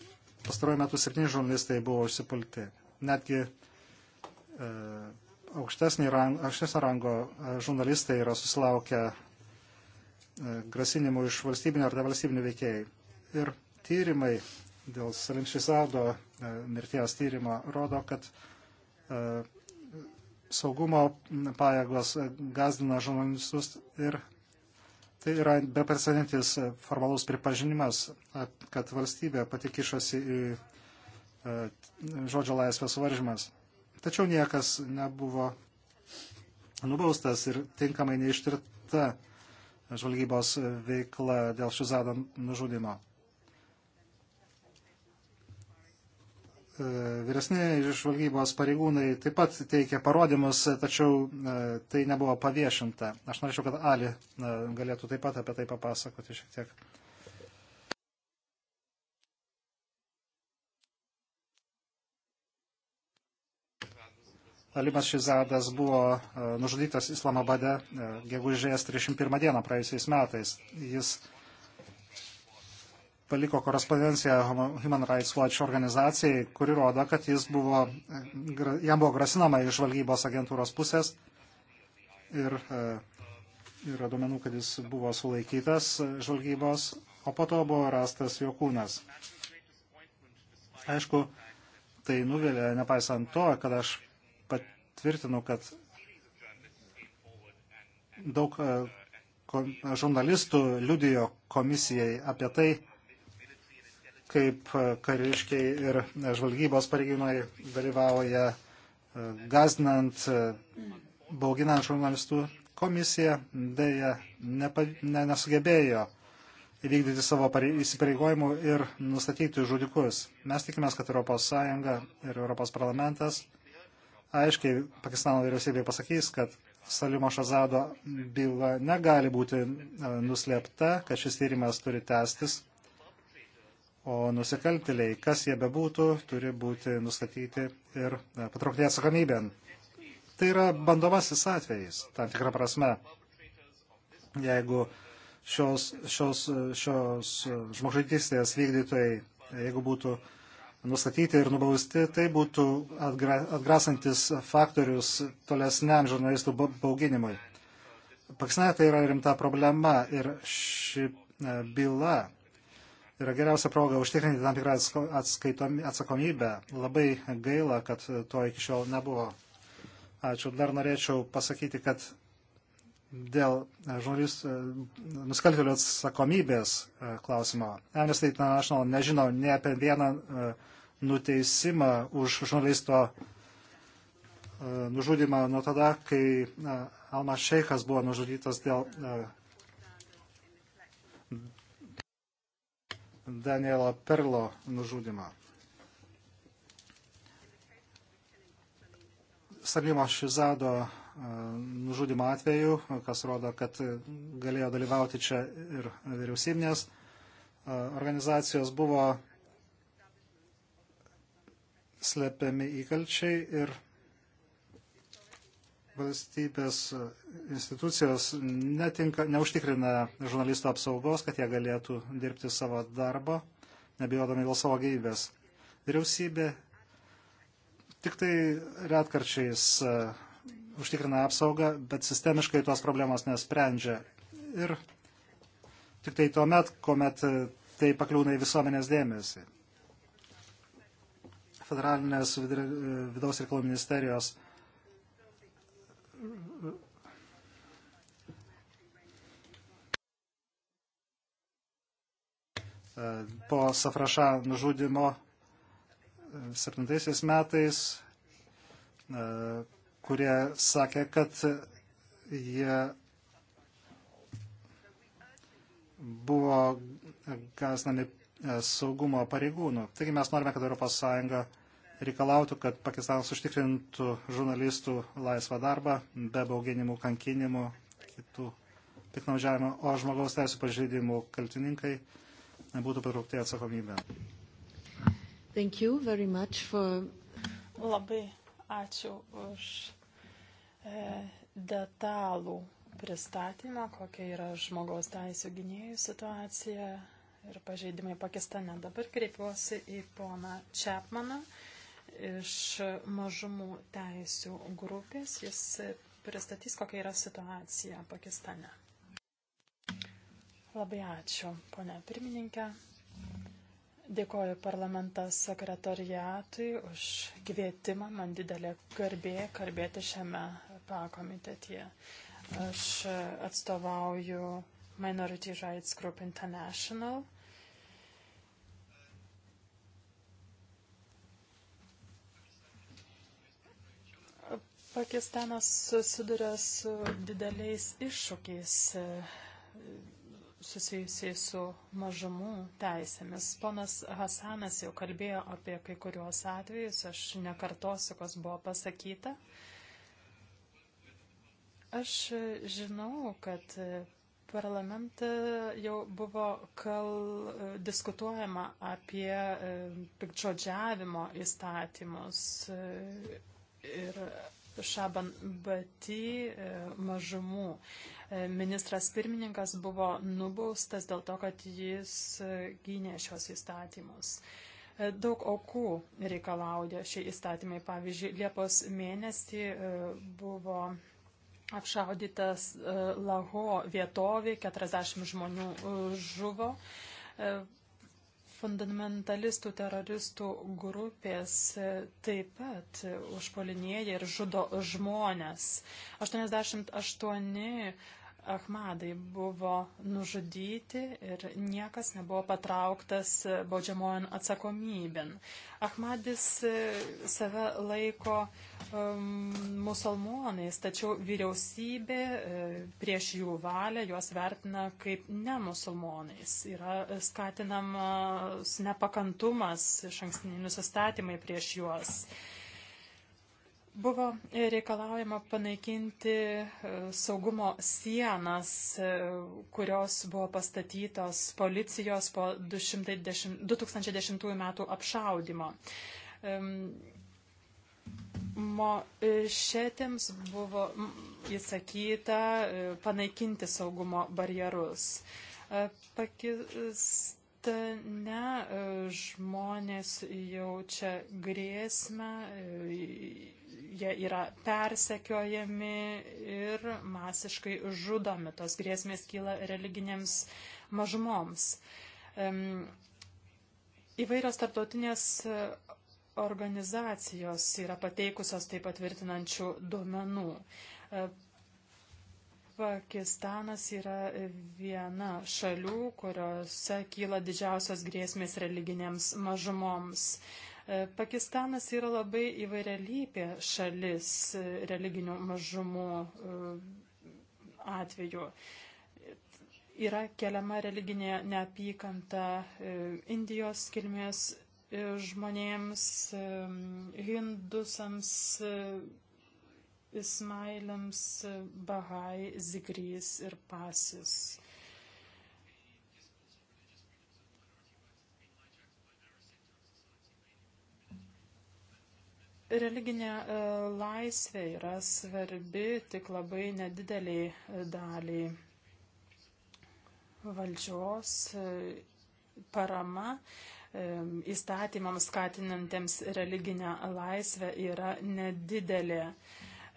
Pastaruoju metu septyni žurnalistai buvo užsipulti. Netgi aukštesnio rango, aukštesnio rango žurnalistai yra susilaukę grasinimų iš valstybinio ar nevalstybinio veikėjai. Ir tyrimai dėl Salimšisado e, mirties tyrimo rodo, kad e, saugumo pajėgos e, gazdina žurnalistus ir tai yra beprecedentis formalus pripažinimas, kad valstybė patikišasi į žodžio laisvės varžymas. Tačiau niekas nebuvo nubaustas ir tinkamai neištirta žvalgybos veikla dėl Šizado nužudimo. E, vyresni žvalgybos pareigūnai taip pat teikė parodymus, tačiau e, tai nebuvo paviešinta. Aš norėčiau, kad Ali e, galėtų taip pat apie tai papasakoti šiek tiek. Alimas Šizadas buvo nužudytas Islamabade gegužės 31 dieną praėjusiais metais. Jis paliko korespondenciją Human Rights Watch organizacijai, kuri rodo, kad jis buvo, jam buvo grasinama iš valgybos agentūros pusės ir e, yra duomenų, kad jis buvo sulaikytas žvalgybos, o po to buvo rastas jo kūnas. Aišku, tai nuvilė, nepaisant to, kad aš patvirtinu, kad daug e, žurnalistų liudijo komisijai apie tai, kaip e, kariškiai ir e, žvalgybos pareigūnai dalyvauja e, gazdinant, bauginant žurnalistų komisiją, dėja nepa, ne, nesugebėjo įvykdyti savo įsipareigojimų ir nustatyti žudikus. Mes tikimės, kad ES ir ES parlamentas aiškiai Pakistano vyriausybė pasakys, kad Salimo Šazado byla negali būti nuslėpta, kad šis tyrimas turi tęstis O nusikaltėliai, kas jie bebūtų, turi būti nustatyti ir e, patraukti atsakomybėn. Tai yra bandomasis atvejis, tam tikrą prasme. Jeigu šios, šios, šios žmogžudystės vykdytojai, jeigu būtų nustatyti ir nubausti, tai būtų atgra, atgrasantis faktorius tolesniam žurnalistų bauginimui. Pakistane tai yra rimta problema ir ši e, byla yra geriausia proga užtikrinti tam tikrą atsakomybę. Labai gaila, kad to iki šiol nebuvo. Ačiū. Dar norėčiau pasakyti, kad dėl žurnalist, nusikaltėlių atsakomybės e, klausimo. Amnesty International nežino ne apie vieną e, nuteisimą už žurnalisto e, nužudimą nuo tada, kai Almas Šeikas buvo nužudytas dėl Danielo Perlo nužudimą. Salimo Šizado e, nužudimo atveju, kas rodo, kad galėjo dalyvauti čia ir vyriausybinės e, organizacijos, buvo slepiami įkalčiai ir valstybės institucijos netinka, neužtikrina žurnalistų apsaugos, kad jie galėtų dirbti savo darbo, nebijodami dėl savo gyvybės. Vyriausybė tik tai retkarčiais uh, užtikrina apsaugą, bet sistemiškai tos problemos nesprendžia. Ir tik tai tuo met, kuomet e, tai pakliūna į visuomenės dėmesį. Federalinės e, vidaus reikalų ministerijos uh, Po Safraša nužudimo 7 e, metais, e, kurie sakė, kad jie buvo gazinami e, saugumo pareigūnų. Taigi mes norime, kad ES reikalautų, kad Pakistanas užtikrintų žurnalistų laisvą darbą be bauginimų, kankinimų, kitų piknaudžiavimo, o žmogaus teisų pažeidimų kaltininkai būtų patraukti atsakomybę. For... Labai ačiū už e, detalų pristatymą, kokia yra žmogaus teisų gynėjų situacija ir pažeidimai Pakistane. Dabar kreipiuosi į poną Čepmaną. E, iš mažumų teisių grupės. Jis pristatys, kokia yra situacija Pakistane. Labai ačiū, ponia pirmininkė. Dėkoju parlamentas sekretariatui už kvietimą. Man didelė garbė kalbėti šiame pakomitetyje. Aš atstovauju Minority Rights Group International. Pakistanas susiduria su dideliais iššūkiais e, susijusiai su mažumų teisėmis. Ponas Hasanas jau kalbėjo apie kai kuriuos atvejus, aš nekartosiu, kas buvo pasakyta. Aš žinau, kad parlamente jau buvo kal, diskutuojama apie e, pikčiodžiavimo įstatymus e, ir Šaban Bati e, mažumų. E, ministras pirmininkas buvo nubaustas dėl to, kad jis e, gynė šios įstatymus. Daug aukų reikalauja šie įstatymai. Pavyzdžiui, Liepos mėnesį buvo apšaudytas Laho vietovė, 40 žmonių žuvo fundamentalistų teroristų grupės taip pat užpolinėja ir žudo žmonės. 88 Ahmadai buvo nužudyti ir niekas nebuvo patrauktas baudžiamojon atsakomybin. Ahmadis e, save laiko um, musulmonais, tačiau vyriausybė e, prieš jų valią juos vertina kaip ne musulmonais. Yra skatinamas nepakantumas, šankstiniai nusistatymai prieš juos. Uh, Buvo reikalaujama panaikinti e, saugumo sienas, e, kurios buvo pastatytos policijos po 210, 2010 metų apšaudimo. Mošetėms e, buvo įsakyta panaikinti saugumo barjerus. Pakis ne e, žmonės jaučia grėsmę, e, jie yra persekiojami ir masiškai žudomi. Tos grėsmės kyla religinėms mažumoms. Įvairios tarptautinės organizacijos yra pateikusios taip patvirtinančių duomenų e, Pakistanas yra viena šalių, kuriuose kyla didžiausios grėsmės religinėms mažumoms. E, Pakistanas yra labai įvairialypė šalis religinių mažumų e, atveju. Yra keliama religinė neapykanta e, Indijos kilmės žmonėms, hindusams, Ismailiams Bahai, Zigrys ir Pasis. Religinė e, laisvė yra svarbi tik labai nedideliai e, daliai valdžios e, parama įstatymams skatinantiems religinę laisvę yra nedidelė. Mm.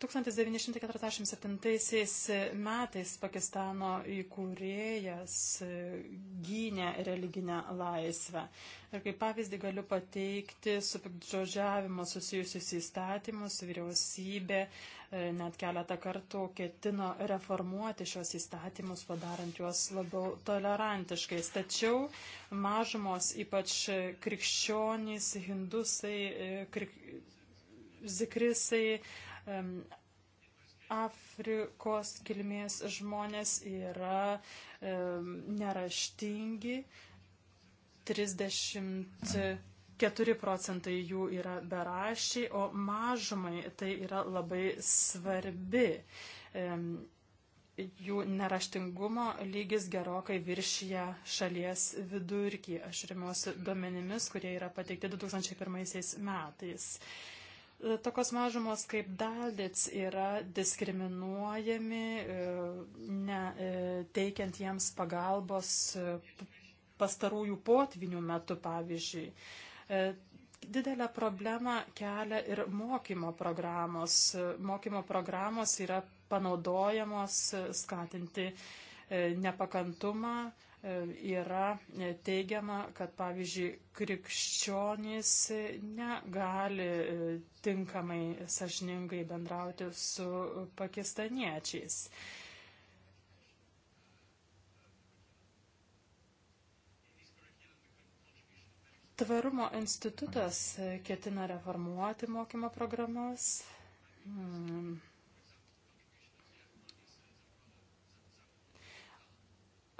1947 metais Pakistano įkūrėjas e, gynė religinę laisvę. Ir kaip pavyzdį galiu pateikti su pikdžodžiavimo susijusius įstatymus, vyriausybė e, net keletą kartų ketino reformuoti šios įstatymus, padarant juos labiau tolerantiškais. Tačiau mažumos, ypač krikščionys, hindusai, e, krik zikrisai, Afrikos kilmės žmonės yra e, neraštingi, 34 procentai jų yra berašiai, o mažumai tai yra labai svarbi. E, jų neraštingumo lygis gerokai viršyje šalies vidurkį. Aš remiuosi duomenimis, kurie yra pateikti 2001 metais. E, tokios mažumos kaip dalits yra diskriminuojami, e, ne, e, teikiant jiems pagalbos pastarųjų potvinių metu, pavyzdžiui. Didelę problemą kelia ir mokymo programos. Mokymo programos yra panaudojamos skatinti nepakantumą, E, yra teigiama, kad pavyzdžiui krikščionys negali e, tinkamai sažiningai bendrauti su pakistaniečiais. Tvarumo institutas ketina reformuoti mokymo programas. Hmm.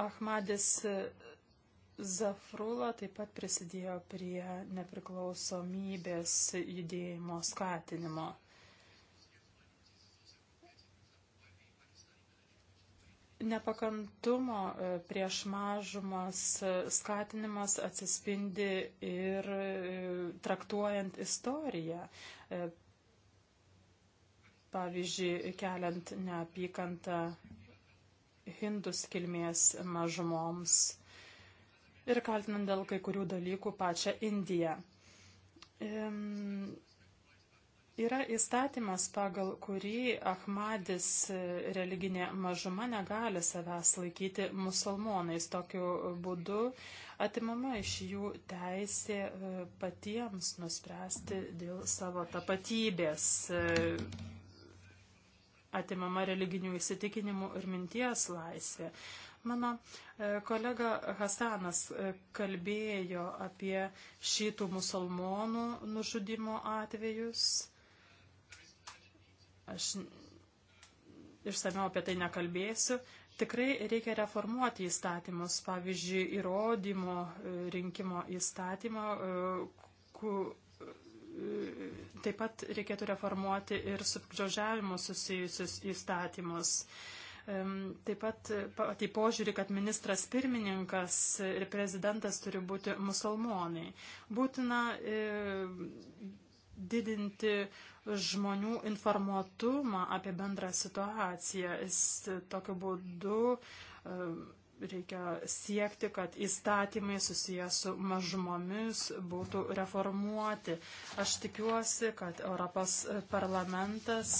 Ahmadis Zafrula taip pat prisidėjo prie nepriklausomybės judėjimo skatinimo. Nepakantumo e, prieš mažumas e, skatinimas atsispindi ir e, traktuojant istoriją. Pavyzdžiui, keliant neapykantą hindus kilmės mažumoms ir kaltinant dėl kai kurių dalykų pačią Indiją. Yra įstatymas, pagal kurį Ahmadis e, religinė mažuma negali savęs laikyti musulmonais. Tokiu būdu atimama iš jų teisė e, patiems nuspręsti dėl savo tapatybės. E, atimama religinių įsitikinimų ir minties laisvė. Mano e, kolega Hasanas e, kalbėjo apie šitų musulmonų nužudimo atvejus. Aš išsameu apie tai nekalbėsiu. Tikrai reikia reformuoti įstatymus, pavyzdžiui, įrodymo e, rinkimo įstatymą, taip pat reikėtų reformuoti ir su pikdžiožiavimu susijusius įstatymus. Taip pat patį tai požiūrį, kad ministras pirmininkas ir prezidentas turi būti musulmonai. Būtina e, didinti žmonių informuotumą apie bendrą situaciją. Jis tokiu būdu reikia siekti, kad įstatymai susijęs su mažumomis būtų reformuoti. Aš tikiuosi, kad Europos parlamentas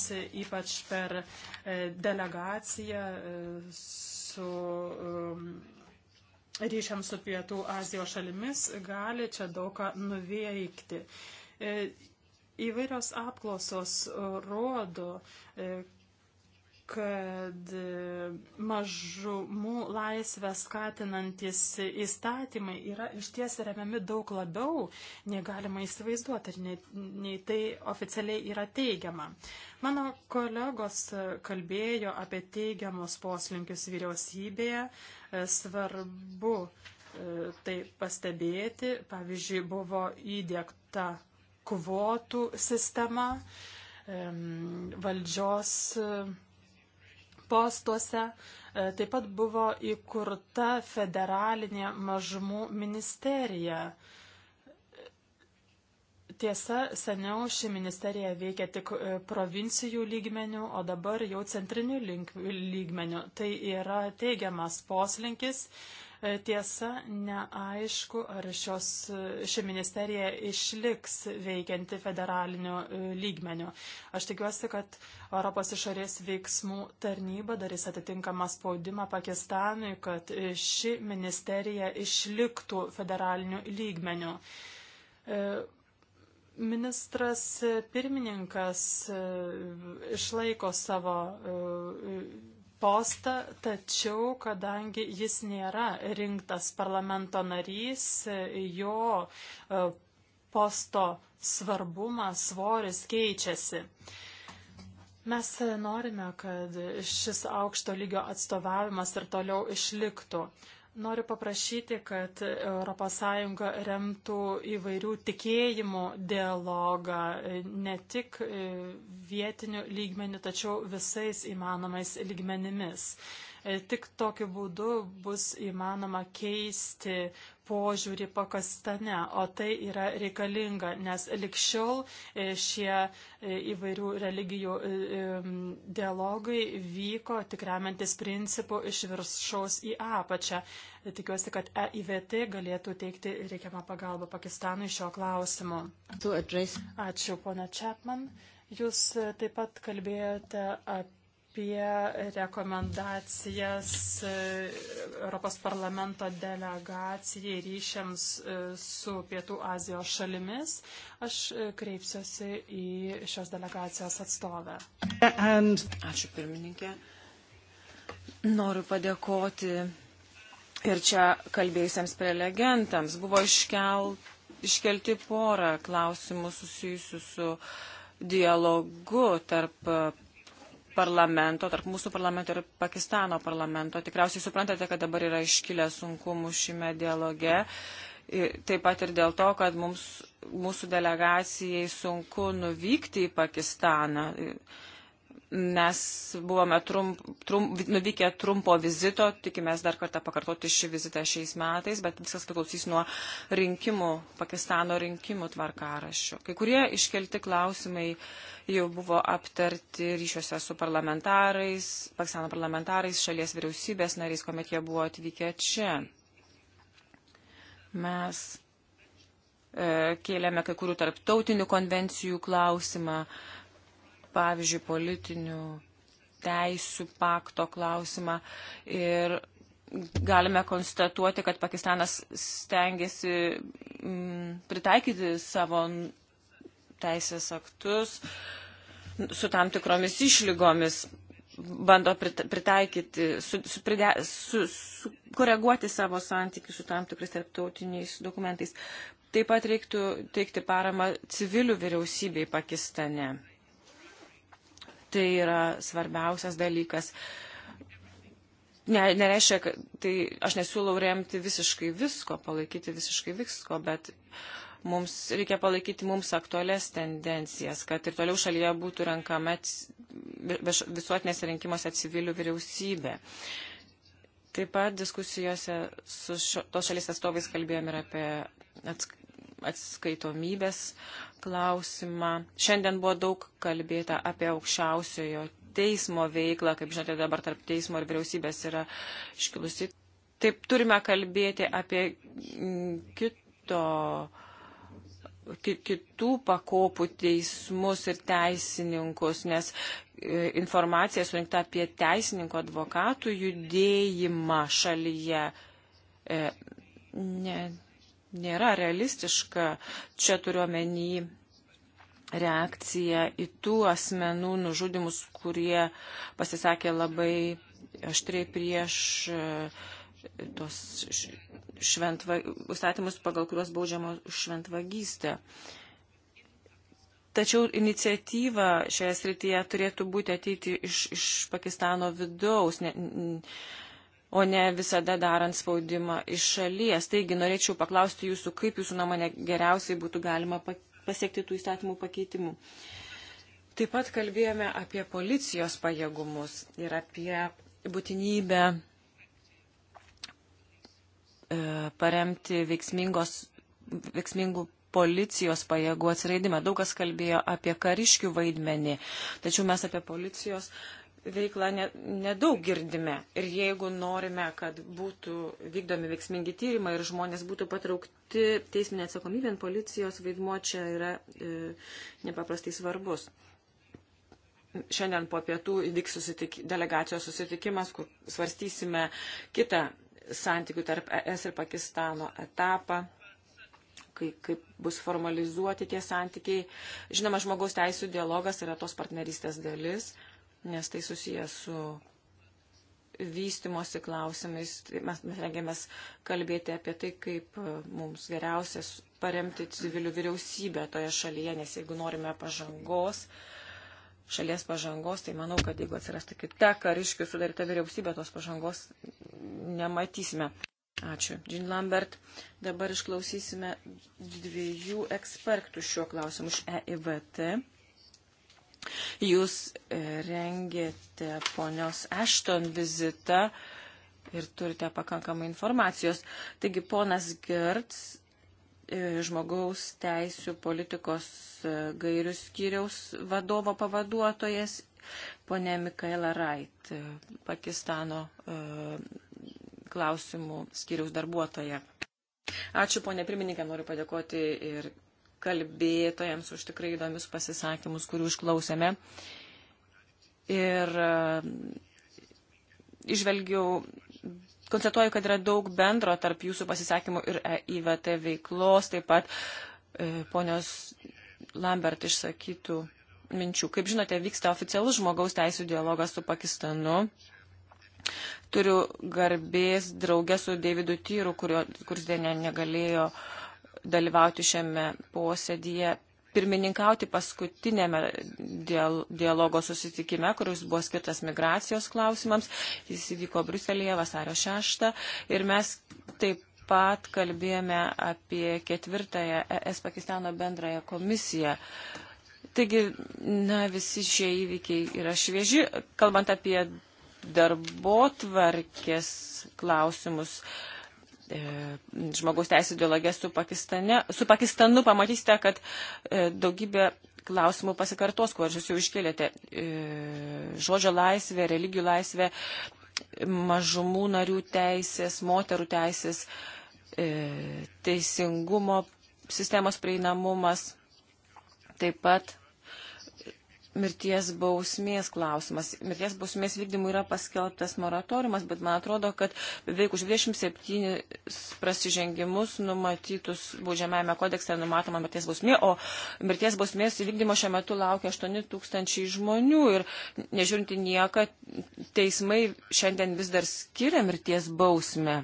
ypač per e, delegaciją e, su um, ryšiams su Pietų Azijos šalimis gali čia daug ką nuveikti. E, įvairios apklausos rodo, kad e, mažumų laisvę skatinantis įstatymai yra išties remiami daug labiau, nei galima įsivaizduoti ir nei, nei tai oficialiai yra teigiama. Mano kolegos kalbėjo apie teigiamus poslinkius vyriausybėje. E, svarbu e, tai pastebėti. Pavyzdžiui, buvo įdėkta kvotų sistema valdžios postuose. E, taip pat buvo įkurta federalinė mažumų ministerija. Tiesa, seniau ši ministerija veikė tik e, provincijų lygmenių, o dabar jau centrinių lygmenių. Tai yra teigiamas poslinkis E, tiesa, neaišku, ar šios, ši ministerija išliks veikianti federaliniu e, lygmeniu. Aš tikiuosi, kad Europos išorės veiksmų tarnyba darys atitinkamą spaudimą Pakistanui, kad e, ši ministerija išliktų federaliniu lygmeniu. Ministras pirmininkas išlaiko savo postą, tačiau kadangi jis nėra rinktas parlamento narys, jo e, posto svarbumas, svoris keičiasi. Mes norime, kad šis aukšto lygio atstovavimas ir toliau išliktų. Noriu paprašyti, kad ES remtų įvairių tikėjimų dialogą ne tik e, vietiniu lygmeniu, tačiau visais įmanomais lygmenimis. E, tik tokiu būdu bus įmanoma keisti požiūrį Pakastane, o tai yra reikalinga, nes likščiau e, šie e, įvairių religijų e, dialogai vyko tik remiantis principu iš viršaus į apačią. Tikiuosi, kad EIVT galėtų teikti reikiamą pagalbą Pakistanui šio klausimu. Ačiū, ponia Čepman. Jūs taip pat kalbėjote apie apie rekomendacijas e, Europos parlamento delegacijai ryšiams e, su Pietų Azijos šalimis. Aš e, kreipsiuosi į šios delegacijos atstovę. And... Ačiū pirmininkė. Noriu padėkoti ir čia kalbėjusiems prelegentams. Buvo iškel... iškelti porą klausimų susijusių su dialogu tarp parlamento, tarp mūsų parlamento ir Pakistano parlamento. Tikriausiai suprantate, kad dabar yra iškilę sunkumų šiame dialoge. Taip pat ir dėl to, kad mums, mūsų delegacijai sunku nuvykti į Pakistaną. Ir, Mes buvome trump, trump, nuvykę trumpo vizito, tikimės dar kartą pakartoti šį vizitą šiais metais, bet viskas priklausys nuo rinkimų, Pakistano rinkimų tvarkaraščių. Kai kurie iškelti klausimai jau buvo aptarti ryšiuose su parlamentarais, Pakistano parlamentarais, šalies vyriausybės nariais, kuomet jie buvo atvykę čia. Mes e, kėlėme kai kurių tarptautinių konvencijų klausimą, pavyzdžiui, politinių teisų pakto klausimą ir galime konstatuoti, kad Pakistanas stengiasi mm, pritaikyti savo teisės aktus su tam tikromis išlygomis, bando pritaikyti, su, su, su, su, koreguoti savo santykių su tam tikrais tarptautiniais dokumentais. Taip pat reiktų teikti paramą civilių vyriausybei Pakistane. Tai yra svarbiausias dalykas. Ne, nereiškia, kad tai aš nesiūlau remti visiškai visko, palaikyti visiškai visko, bet mums reikia palaikyti mums aktualias tendencijas, kad ir toliau šalyje būtų renkama visuotinėse rinkimuose civilių vyriausybė. Taip pat diskusijose su šo, tos šalies atstovais kalbėjom ir apie atskaitomybės klausimą. Šiandien buvo daug kalbėta apie aukščiausiojo teismo veiklą. Kaip žinote, dabar tarp teismo ir vyriausybės yra iškilusi. Taip turime kalbėti apie mm, kito, kitų pakopų teismus ir teisininkus, nes e, informacija surinkta apie teisininko advokatų judėjimą šalyje. E, ne, nėra realistiška. Čia turiuomenį reakcija į tų asmenų nužudimus, kurie pasisakė labai aštriai prieš e, tos šventva, įstatymus, pagal kuriuos baudžiama šventvagystė. Tačiau iniciatyva šioje srityje turėtų būti ateiti iš, iš Pakistano vidaus. Ne, ne, o ne visada darant spaudimą iš šalies. Taigi norėčiau paklausti jūsų, kaip jūsų nuomonė geriausiai būtų galima pasiekti tų įstatymų pakeitimų. Taip pat kalbėjome apie policijos pajėgumus ir apie būtinybę e, paremti veiksmingos, veiksmingų policijos pajėgų atsiraidimą. Daug kas kalbėjo apie kariškių vaidmenį, tačiau mes apie policijos veiklą nedaug ne girdime. Ir jeigu norime, kad būtų vykdomi veiksmingi tyrimai ir žmonės būtų patraukti teisminė atsakomybė, policijos vaidmuo čia yra e, nepaprastai svarbus. Šiandien po pietų įvyks susitik, delegacijos susitikimas, kur svarstysime kitą santykių tarp ES ir Pakistano etapą kai, kaip bus formalizuoti tie santykiai. Žinoma, žmogaus teisų dialogas yra tos partnerystės dalis. E, nes tai susijęs su vystimosi klausimais. Tai mes, mes rengiamės kalbėti apie tai, kaip e, mums geriausia paremti civilių vyriausybę toje šalyje, nes jeigu norime pažangos, šalies pažangos, tai manau, kad jeigu atsirastų kita kariškių sudaryta vyriausybė, tos pažangos nematysime. Ačiū. Jean Lambert, dabar išklausysime dviejų ekspertų šiuo klausimu iš EIVT. Jūs e, rengėte ponios Ešton vizitą ir turite pakankamai informacijos. Taigi ponas Gertz, e, žmogaus teisų politikos e, gairių skyriaus vadovo pavaduotojas, ponė Mikaela Rait, Pakistano klausimų skyriaus darbuotoja. Ačiū, ponė pirmininkė, noriu padėkoti ir kalbėtojams už tikrai įdomius pasisakymus, kurių išklausėme. Ir e, išvelgiau, konstatuoju, kad yra daug bendro tarp jūsų pasisakymų ir EIVT veiklos, taip pat e, ponios Lambert išsakytų minčių. Kaip žinote, vyksta oficialus žmogaus teisų dialogas su Pakistanu. Turiu garbės draugę su Davidu Tyru, kurio, kuris dėnė negalėjo uh, dalyvauti šiame posėdyje, pirmininkauti paskutinėme dialogo susitikime, kuris buvo skirtas migracijos klausimams. Jis įvyko Bruselėje vasario 6 ir mes taip pat kalbėjome apie ketvirtąją ES Pakistano bendrąją komisiją. Taigi, na, visi šie įvykiai yra švieži. Kalbant apie darbo tvarkės klausimus, uh, E, žmogaus teisų dialogė su, Pakistane, su Pakistanu, pamatysite, kad e, daugybė klausimų pasikartos, kuo jūs jau iškėlėte. E, žodžio laisvė, religijų laisvė, mažumų narių teisės, moterų teisės, teisingumo sistemos prieinamumas, taip pat mirties bausmės klausimas. Mirties bausmės vykdymų yra paskelbtas moratoriumas, bet man atrodo, kad beveik už 27 prasižengimus numatytus baudžiamajame kodekse numatoma mirties bausmė, o mirties bausmės įvykdymo šiuo metu laukia 8 tūkstančiai žmonių ir nežiūrinti nieką, teismai šiandien vis dar skiria mirties bausmę.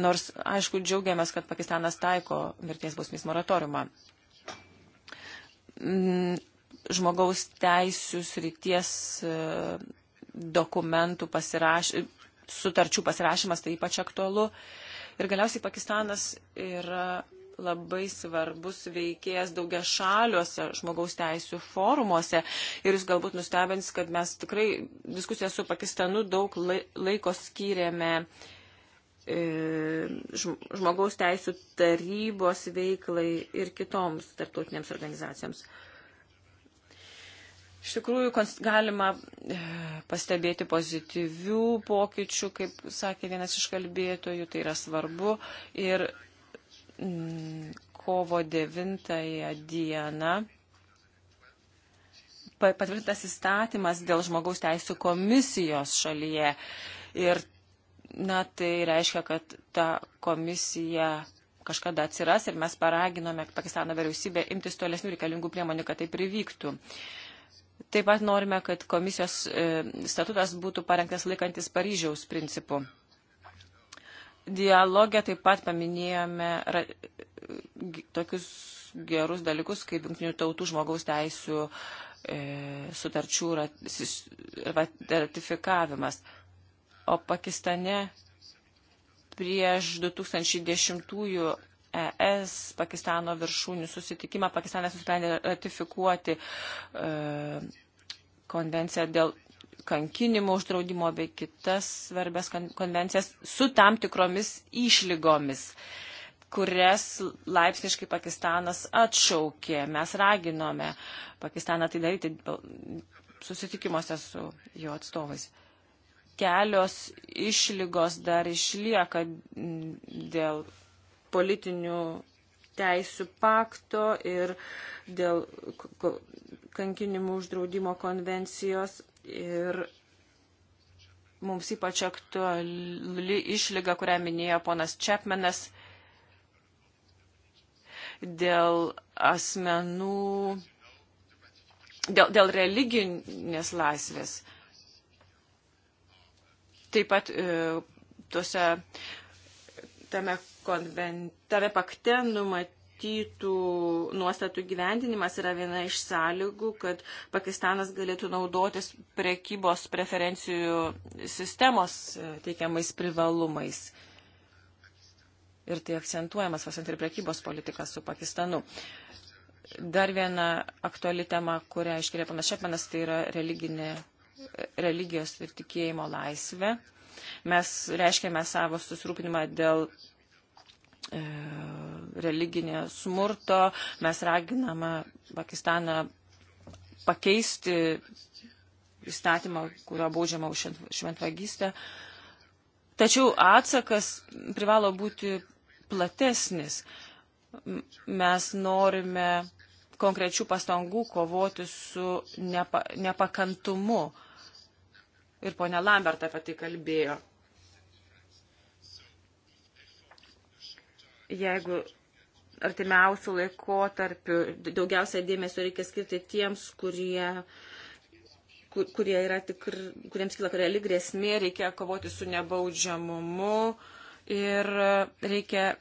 Nors, aišku, džiaugiamės, kad Pakistanas taiko mirties bausmės moratoriumą mm, žmogaus teisų srities e, dokumentų pasiraš... sutarčių pasirašymas tai ypač aktualu. Ir galiausiai Pakistanas yra labai svarbus veikėjas daugia šaliuose žmogaus teisų forumuose. Ir jūs galbūt nustebins, kad mes tikrai diskusiją su Pakistanu daug laiko skyrėme e, žmogaus teisų tarybos veiklai ir kitoms tarptautinėms organizacijoms. Iš tikrųjų, galima e, pastebėti pozityvių pokyčių, kaip sakė vienas iš kalbėtojų, tai yra svarbu. Ir mm, kovo 9 dieną patvirtintas įstatymas dėl žmogaus teisų komisijos šalyje. Ir na, tai reiškia, kad ta komisija kažkada atsiras ir mes paraginome Pakistano vyriausybę imtis tolesnių reikalingų priemonių, kad tai privyktų. Uh, Taip pat norime, kad komisijos e, statutas būtų parengtas laikantis Paryžiaus principų. Dialogė taip pat paminėjome tokius gerus dalykus, kaip jungtinių tautų žmogaus teisų e, sutarčių ratifikavimas. O Pakistane prieš 2010 ES Pakistano viršūnių susitikimą. Pakistanas nusprendė ratifikuoti e, konvenciją dėl kankinimo uždraudimo bei kitas svarbės konvencijas su tam tikromis išlygomis kurias laipsniškai Pakistanas atšaukė. Mes raginome Pakistaną tai daryti susitikimuose su jo atstovais kelios išlygos dar išlieka dėl politinių teisų pakto ir dėl kankinimų uždraudimo konvencijos. Ir mums ypač aktuali išlyga, kurią minėjo ponas Čepmenas, dėl asmenų, dėl, dėl religinės laisvės. Taip pat e, tuose tame konventare pakte numatytų nuostatų gyvendinimas yra viena iš sąlygų, kad Pakistanas galėtų naudotis prekybos preferencijų sistemos e, teikiamais privalumais. Ir tai akcentuojamas vasant ir prekybos politika su Pakistanu. Dar viena aktuali tema, kurią iškėlė panas Šepmanas, tai yra religinė, religijos ir tikėjimo laisvė. Mes reiškėme savo susirūpinimą dėl E, religinio smurto. Mes raginame Pakistaną pakeisti įstatymą, kurio baudžiama už šventvagystę. Tačiau atsakas privalo būti platesnis. Mes norime konkrečių pastangų kovoti su nepa, nepakantumu. Ir ponia Lambert apie tai kalbėjo. jeigu artimiausių laikotarpių daugiausia dėmesio reikia skirti tiems, kurie, kur, kurie yra tikr, kuriems kyla reali grėsmė, reikia kovoti su nebaudžiamumu ir reikia e,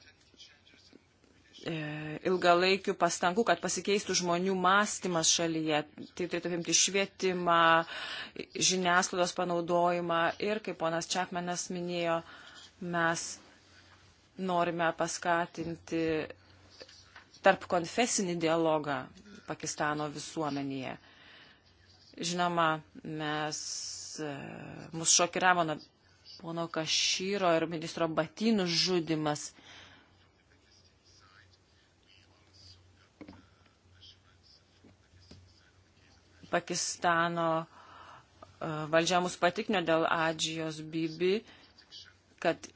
ilgalaikių pastangų, kad pasikeistų žmonių mąstymas šalyje. Tai turėtų apimti švietimą, žiniasklaidos panaudojimą ir, kaip ponas Čepmenas minėjo, mes norime paskatinti tarp konfesinį dialogą Pakistano visuomenėje. Žinoma, mes, e, mus šokiravo pono Kašyro ir ministro Batinų žudimas. Pakistano e, valdžia mus patiknio dėl Adžijos Bibi, kad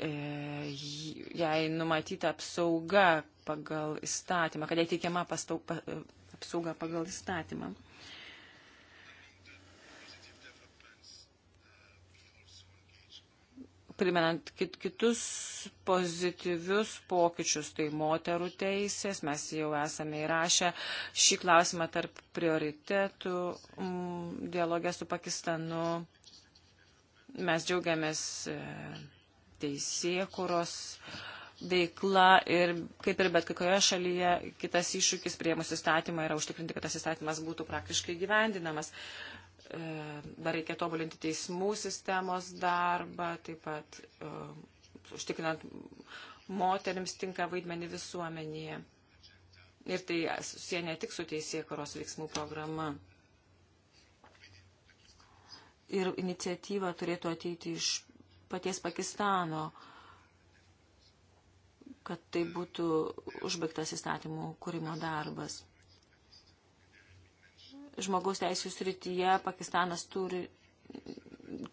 E, jai numatyta apsauga pagal įstatymą, kad jai teikiama pastau, pa, e, apsauga pagal įstatymą. Primenant kit, kitus pozityvius pokyčius, tai moterų teisės, mes jau esame įrašę šį klausimą tarp prioritetų dialogę su Pakistanu. Mes džiaugiamės. E, teisėkuros veikla ir kaip ir bet kokioje šalyje kitas iššūkis prie mūsų įstatymą yra užtikrinti, kad tas įstatymas būtų praktiškai gyvendinamas. E, dar reikia tobulinti teismų sistemos darbą, taip pat e, užtikrinant moteriams tinka vaidmenį visuomenėje. Ir tai susiję ne tik su teisėkaros veiksmų programa. Ir iniciatyva turėtų ateiti iš paties Pakistano, kad tai būtų užbaigtas įstatymų kūrimo darbas. Žmogaus teisų srityje Pakistanas turi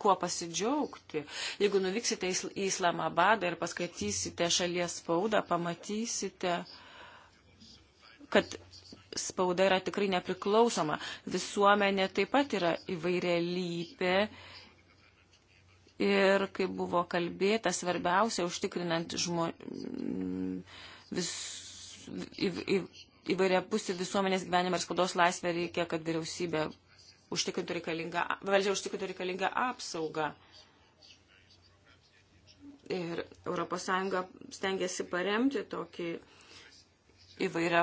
kuo pasidžiaugti. Jeigu nuvyksite į Islamabadą ir paskaitysite šalies spaudą, pamatysite, kad spauda yra tikrai nepriklausoma. Visuomenė taip pat yra įvairialypė ir, kaip buvo kalbėta, svarbiausia užtikrinant žmo, mm, vis, į, į, įvairia pusė visuomenės gyvenimą ir spaudos laisvę reikia, kad vyriausybė užtikrintų reikalingą, valdžia užtikrintų reikalingą apsaugą. Ir ES stengiasi paremti tokį įvairia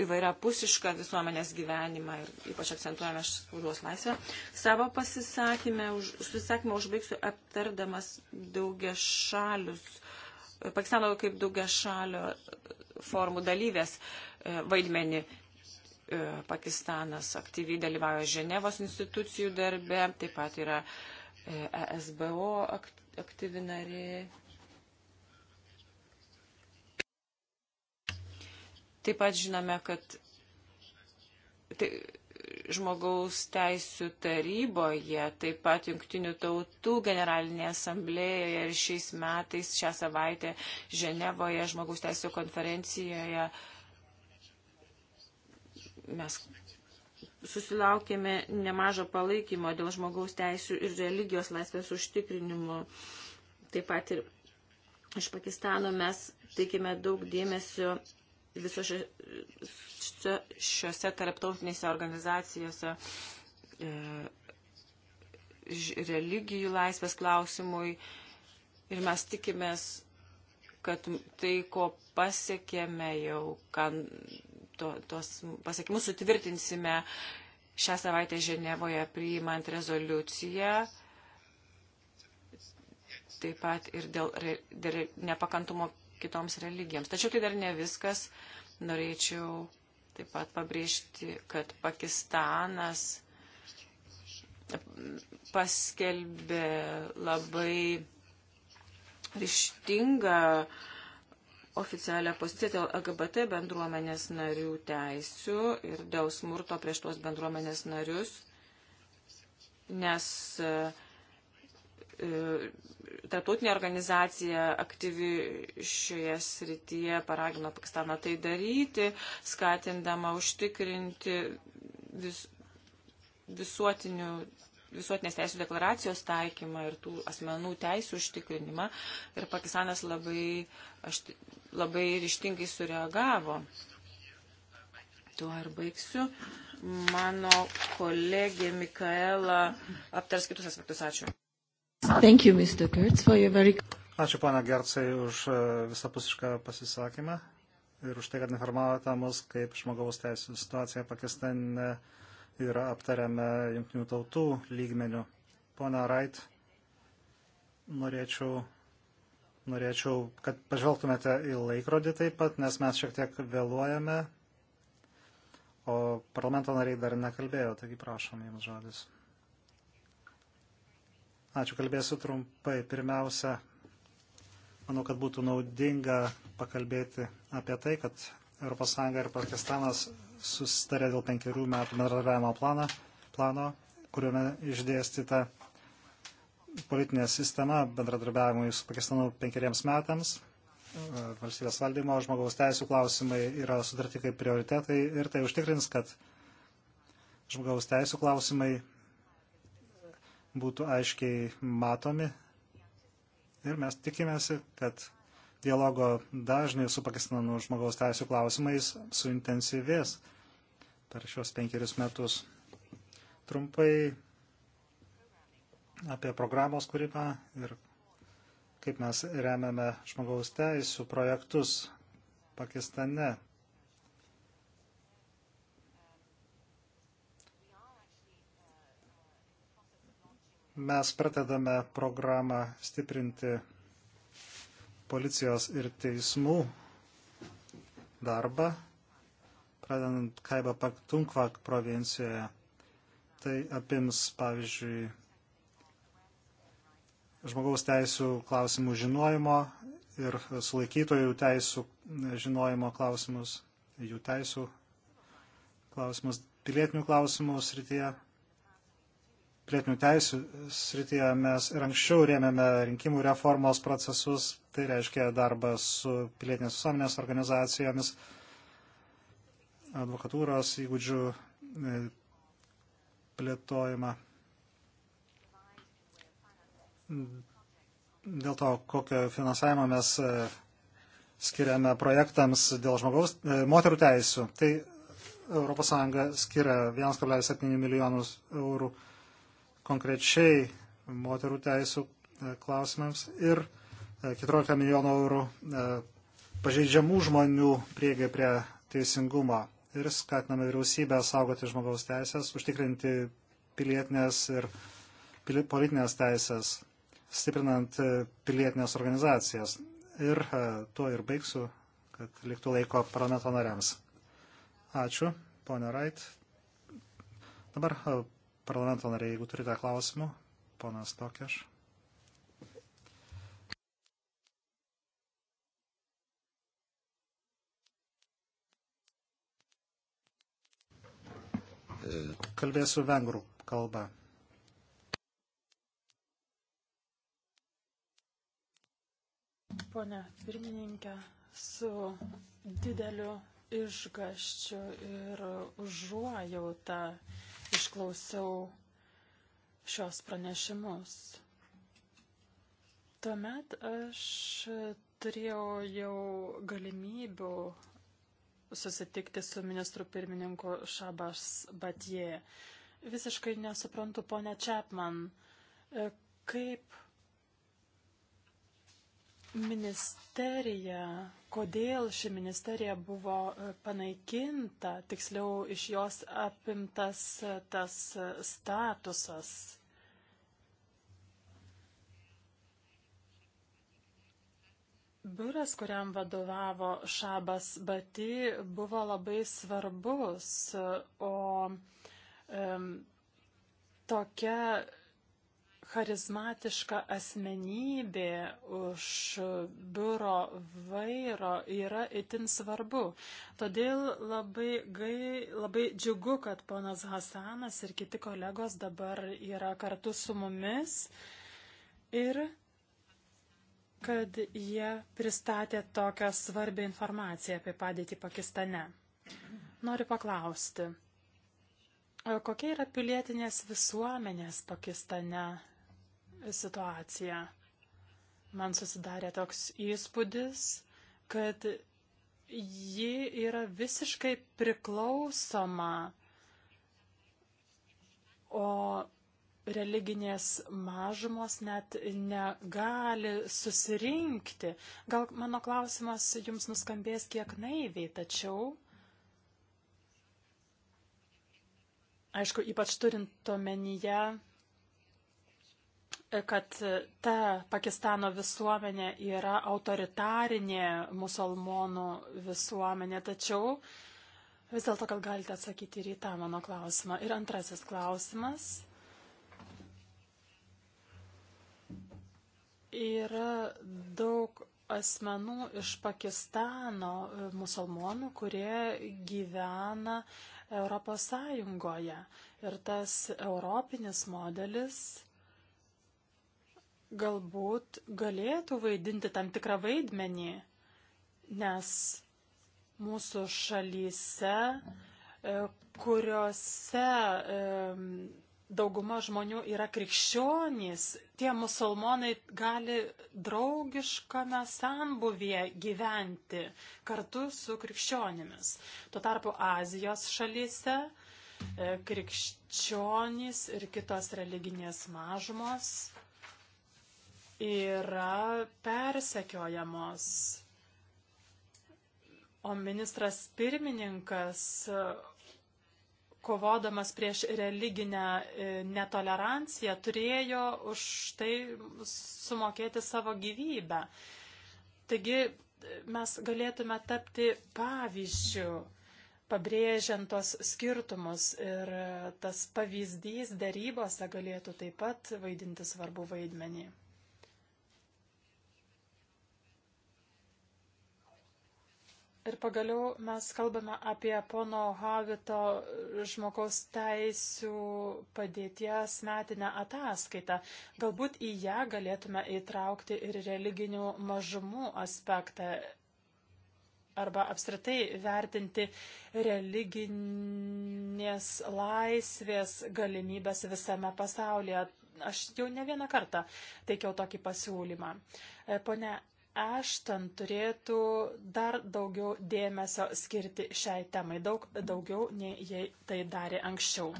įvairiapusišką visuomenės gyvenimą ir ypač akcentuojame spaudos laisvę. Savo pasisakymę, už, pasisakymą užbaigsiu aptardamas daugia šalius, Pakistano kaip daugia šalio formų dalyvės e, vaidmenį. E, Pakistanas aktyviai dalyvauja Ženevos institucijų darbe, taip pat yra ESBO e aktyvi narė Taip pat žinome, kad tai, žmogaus teisų taryboje, taip pat Junktinių tautų generalinėje asamblėjoje ir šiais metais, šią savaitę Ženevoje žmogaus teisų konferencijoje mes susilaukėme nemažo palaikymo dėl žmogaus teisų ir religijos laisvės užtikrinimo. Taip pat ir iš Pakistano mes teikime daug dėmesio viso šiuose, šiuose tarptautinėse organizacijose e, religijų laisvės klausimui ir mes tikimės, kad tai, ko pasiekėme jau, kad to, tos pasiekimus sutvirtinsime šią savaitę Ženevoje priimant rezoliuciją taip pat ir dėl, dėl nepakantumo kitoms religijoms. Tačiau tai dar ne viskas. Norėčiau taip pat pabrėžti, kad Pakistanas paskelbė labai ryštingą oficialią poziciją dėl LGBT bendruomenės narių teisių ir dėl smurto prieš tuos bendruomenės narius, nes uh, E, tarptautinė organizacija aktyvi šioje srityje paragino Pakistaną tai daryti, skatindama užtikrinti vis, visuotinių visuotinės teisų deklaracijos taikymą ir tų asmenų teisų užtikrinimą. Ir Pakistanas labai, aš, labai ryštingai sureagavo. Tuo ir baigsiu. Mano kolegė Mikaela aptars kitus aspektus. Ačiū. Thank you, Mr. Gertz, for your very... Ačiū, pana Gertsai, už e, visapusišką pasisakymą ir už tai, kad informavote mus, kaip žmogaus teisų situacija Pakistane yra aptariama jungtinių tautų lygmenių. Pone Rait, norėčiau, norėčiau, kad pažvelgtumėte į laikrodį taip pat, nes mes šiek tiek vėluojame, o parlamento nariai dar nekalbėjo, taigi prašom jums žodis. Ačiū, kalbėsiu trumpai. Pirmiausia, manau, kad būtų naudinga pakalbėti apie tai, kad ES ir Pakistanas susitarė dėl penkerių metų bendradarbiavimo plano, plano, kuriame išdėstyta politinė sistema bendradarbiavimui su Pakistanu penkeriems metams. Valstybės valdymo žmogaus teisų klausimai yra sutarti kaip prioritetai ir tai užtikrins, kad žmogaus teisų klausimai būtų aiškiai matomi. Ir mes tikimėsi, kad dialogo dažnai su Pakistanu žmogaus teisų klausimais suintensyvės per šios penkerius metus. Trumpai apie programos kūrimą ir kaip mes remiame žmogaus teisų projektus Pakistane. mes pratedame programą stiprinti policijos ir teismų darbą, pradedant Kaiba Paktunkvak provincijoje. Tai apims, pavyzdžiui, žmogaus teisų klausimų žinojimo ir sulaikytojų teisų žinojimo klausimus, jų teisų klausimus, pilietinių klausimų srityje pilietinių teisų srityje mes ir anksčiau rėmėme rinkimų reformos procesus, tai reiškia darbą su pilietinės visuomenės organizacijomis, advokatūros įgūdžių e, plėtojimą. Dėl to, kokio finansavimo mes e, skiriame projektams dėl žmogaus, e, moterų teisų, tai ES skiria 1,7 milijonus eurų konkrečiai moterų teisų e, klausimams ir 14 e, milijonų eurų e, pažeidžiamų žmonių prieigai prie teisingumo ir skatiname vyriausybę saugoti žmogaus teisės, užtikrinti pilietinės ir politinės teisės, stiprinant pilietinės organizacijas. Ir tuo ir baigsiu, kad liktų laiko parlamento nariams. Ačiū, ponia Rait. Dabar parlamento nariai, jeigu turite klausimų, ponas Tokiaš. Kalbėsiu vengrų kalbą. Pone pirmininkė, su dideliu išgaščiu ir užuojautą. Uh, išklausiau šios pranešimus. Tuomet aš turėjau jau galimybių susitikti su ministru pirmininku Šabas Batie. Visiškai nesuprantu, ponia Čepman, kaip ministerija, kodėl ši ministerija buvo e, panaikinta, tiksliau iš jos apimtas e, tas e, statusas. Biuras, kuriam vadovavo Šabas Bati, buvo labai svarbus, o um, tokia charizmatiška asmenybė už biuro vairo yra itin svarbu. Todėl labai, gai, labai džiugu, kad ponas Hasanas ir kiti kolegos dabar yra kartu su mumis ir kad jie pristatė tokią svarbią informaciją apie padėtį Pakistane. Noriu paklausti, Kokia yra pilietinės visuomenės Pakistane situaciją. Man susidarė toks įspūdis, kad ji yra visiškai priklausoma, o religinės mažumos net negali susirinkti. Gal mano klausimas jums nuskambės kiek naiviai, tačiau, aišku, ypač turint omenyje kad ta Pakistano visuomenė yra autoritarinė musulmonų visuomenė, tačiau vis dėlto, kad galite atsakyti ir į tą mano klausimą. Ir antrasis klausimas yra daug asmenų iš Pakistano musulmonų, kurie gyvena Europos Sąjungoje. Ir tas europinis modelis galbūt galėtų vaidinti tam tikrą vaidmenį, nes mūsų šalyse, e, kuriuose e, dauguma žmonių yra krikščionys, tie musulmonai gali draugiškame sambuvėje gyventi kartu su krikščionimis. Tuo tarpu Azijos šalyse e, krikščionys ir kitos religinės mažumos yra persekiojamos. O ministras pirmininkas, kovodamas prieš religinę e, netoleranciją, turėjo už tai sumokėti savo gyvybę. Taigi e, mes galėtume tapti pavyzdžių, pabrėžiant tos skirtumus ir e, tas pavyzdys darybose galėtų taip pat vaidinti svarbu vaidmenį. Ir pagaliau mes kalbame apie pono Havito žmogaus teisų padėties metinę ataskaitą. Galbūt į ją galėtume įtraukti ir religinių mažumų aspektą arba apskritai vertinti religinės laisvės galimybės visame pasaulyje aš jau ne vieną kartą teikiau tokį pasiūlymą. E, pone Ashton turėtų dar daugiau dėmesio skirti šiai temai, daug daugiau nei jai tai darė anksčiau.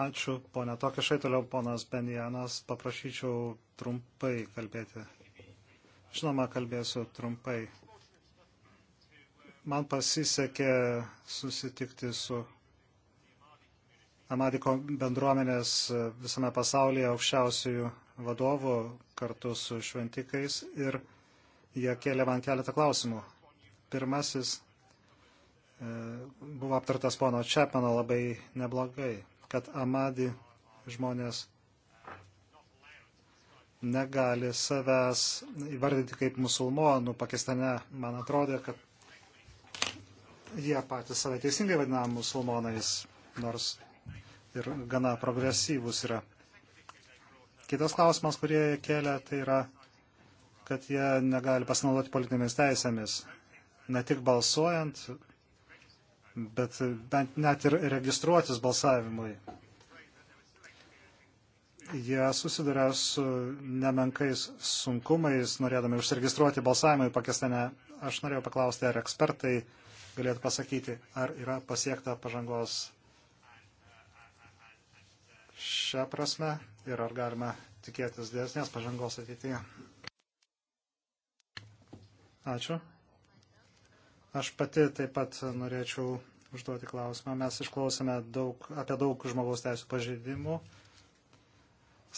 Ačiū, ponė Tokišai, toliau ponas Benjanas, paprašyčiau trumpai kalbėti. Žinoma, kalbėsiu trumpai. Man pasisekė susitikti su Amadiko bendruomenės visame pasaulyje aukščiausiųjų vadovų kartu su šventikais ir jie kėlė man keletą klausimų. Pirmasis e, buvo aptartas pono Čepmano labai neblogai, kad Amadi žmonės negali savęs įvardinti kaip musulmonų Pakistane. Man atrodo, kad jie patys save teisingai vadina musulmonais, nors ir gana progresyvus yra. Kitas klausimas, kurie kelia, tai yra, kad jie negali pasinaudoti politinėmis teisėmis. Ne tik balsuojant, bet bent net ir registruotis balsavimui. Jie susiduria su nemenkais sunkumais, norėdami užsiregistruoti balsavimui Pakistane. Aš norėjau paklausti, ar ekspertai galėtų pasakyti, ar yra pasiekta pažangos šią prasme ir ar galima tikėtis didesnės pažangos ateityje. Ačiū. Aš pati taip pat norėčiau užduoti klausimą. Mes išklausėme daug, apie daug žmogaus teisų pažeidimų.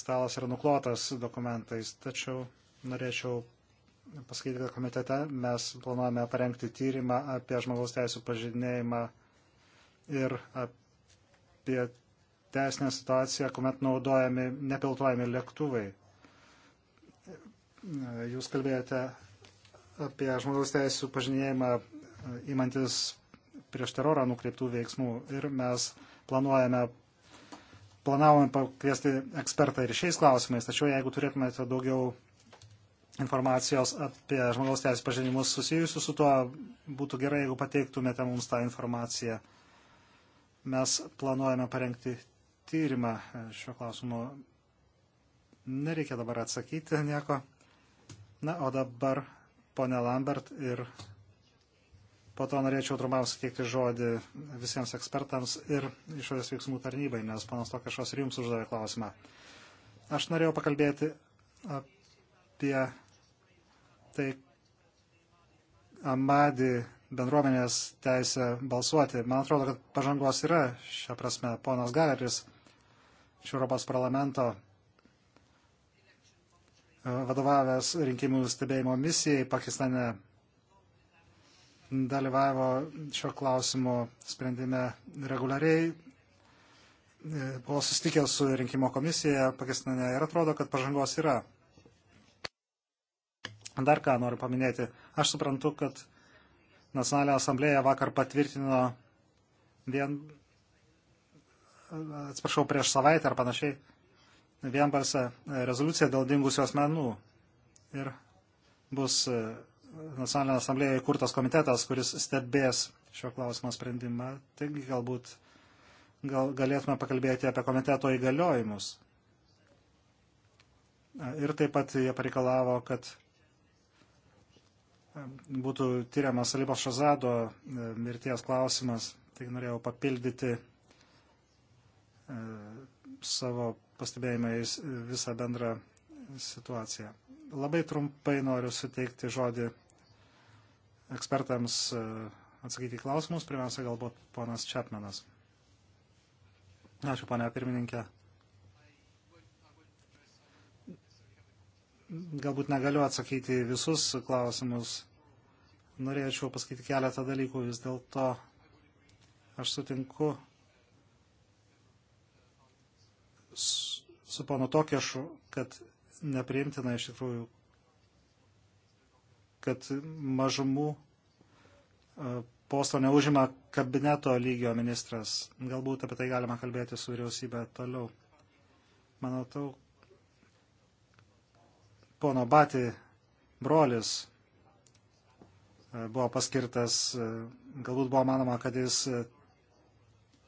Stalas yra nuklotas dokumentais, tačiau norėčiau pasakyti, kad komitete mes planuojame parengti tyrimą apie žmogaus teisų pažeidinėjimą ir apie teisinę situaciją, kuomet naudojami nepiltuojami lėktuvai. Jūs kalbėjote apie žmogaus teisų pažinėjimą įmantis e, prieš terorą nukreiptų veiksmų ir mes planuojame, planavome pakviesti ekspertą ir šiais klausimais, tačiau jeigu turėtumėte daugiau informacijos apie žmogaus teisų pažinimus susijusius su tuo, būtų gerai, jeigu pateiktumėte mums tą informaciją. Mes planuojame parengti tyrimą e, šio klausimu. Nereikia dabar atsakyti nieko. Na, o dabar ponė Lambert ir po to norėčiau trumpam suteikti žodį visiems ekspertams ir išorės veiksmų tarnybai, nes panas Tokašos ir jums uždavė klausimą. Aš norėjau pakalbėti apie tai Amadi bendruomenės teisę balsuoti. Man atrodo, kad pažangos yra šią prasme. Ponas Galeris iš Europos parlamento e, vadovavęs rinkimų stebėjimo misijai Pakistane dalyvavo šio klausimo sprendime reguliariai, e, buvo susitikęs su rinkimo komisija Pakistane ir atrodo, kad pažangos yra. Dar ką noriu paminėti. Aš suprantu, kad Nacionalinė asamblėja vakar patvirtino vien atsiprašau, prieš savaitę ar panašiai, vienbalsę rezoliuciją dėl dingusių asmenų. Ir bus e, Nacionalinė asamblėje įkurtas komitetas, kuris stebės šio klausimo sprendimą. Taigi galbūt gal, galėtume pakalbėti apie komiteto įgaliojimus. E, ir taip pat jie pareikalavo, kad e, būtų tyriamas Alibos Šazado mirties klausimas. Taigi norėjau papildyti E, savo pastebėjimais visą bendrą situaciją. Labai trumpai noriu suteikti žodį ekspertams e, atsakyti klausimus. Pirmiausia, galbūt ponas Čepmenas. Ačiū, ponia pirmininkė. Galbūt negaliu atsakyti visus klausimus. Norėčiau pasakyti keletą dalykų. Vis dėlto aš sutinku su ponu Tokiešu, kad nepriimtina iš tikrųjų, kad mažumų e, posto neužima kabineto lygio ministras. Galbūt apie tai galima kalbėti su vyriausybė toliau. Manau, tau pono Bati brolis e, buvo paskirtas, e, galbūt buvo manoma, kad jis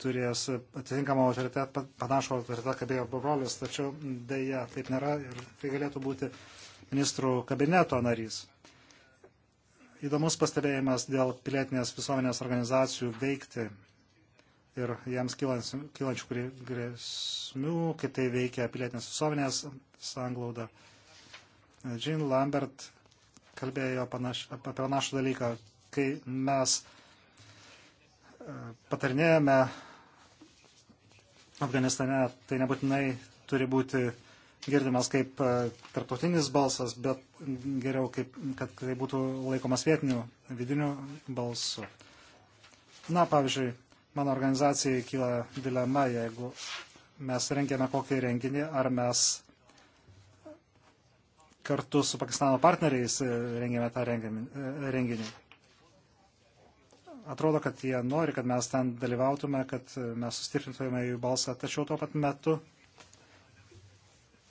turės atitinkamą autoritetą, panašų autoritetą, kaip jo brolis, tačiau dėja taip nėra ir tai galėtų būti ministrų kabineto narys. Įdomus pastebėjimas dėl pilietinės visuomenės organizacijų veikti ir jiems kylančių grėsmių, kaip tai veikia pilietinės visuomenės sanglauda. Jean Lambert kalbėjo panaš, apie panašų dalyką, kai mes uh, patarinėjame Afganistane, tai nebūtinai turi būti girdimas kaip e, tarptautinis balsas, bet geriau, kaip, kad tai būtų laikomas vietiniu vidiniu balsu. Na, pavyzdžiui, mano organizacijai kyla dilema, jeigu mes rengiame kokį renginį, ar mes kartu su Pakistano partneriais e, rengiame tą e, renginį atrodo, kad jie nori, kad mes ten dalyvautume, kad e, mes sustiprintume jų balsą, tačiau tuo pat metu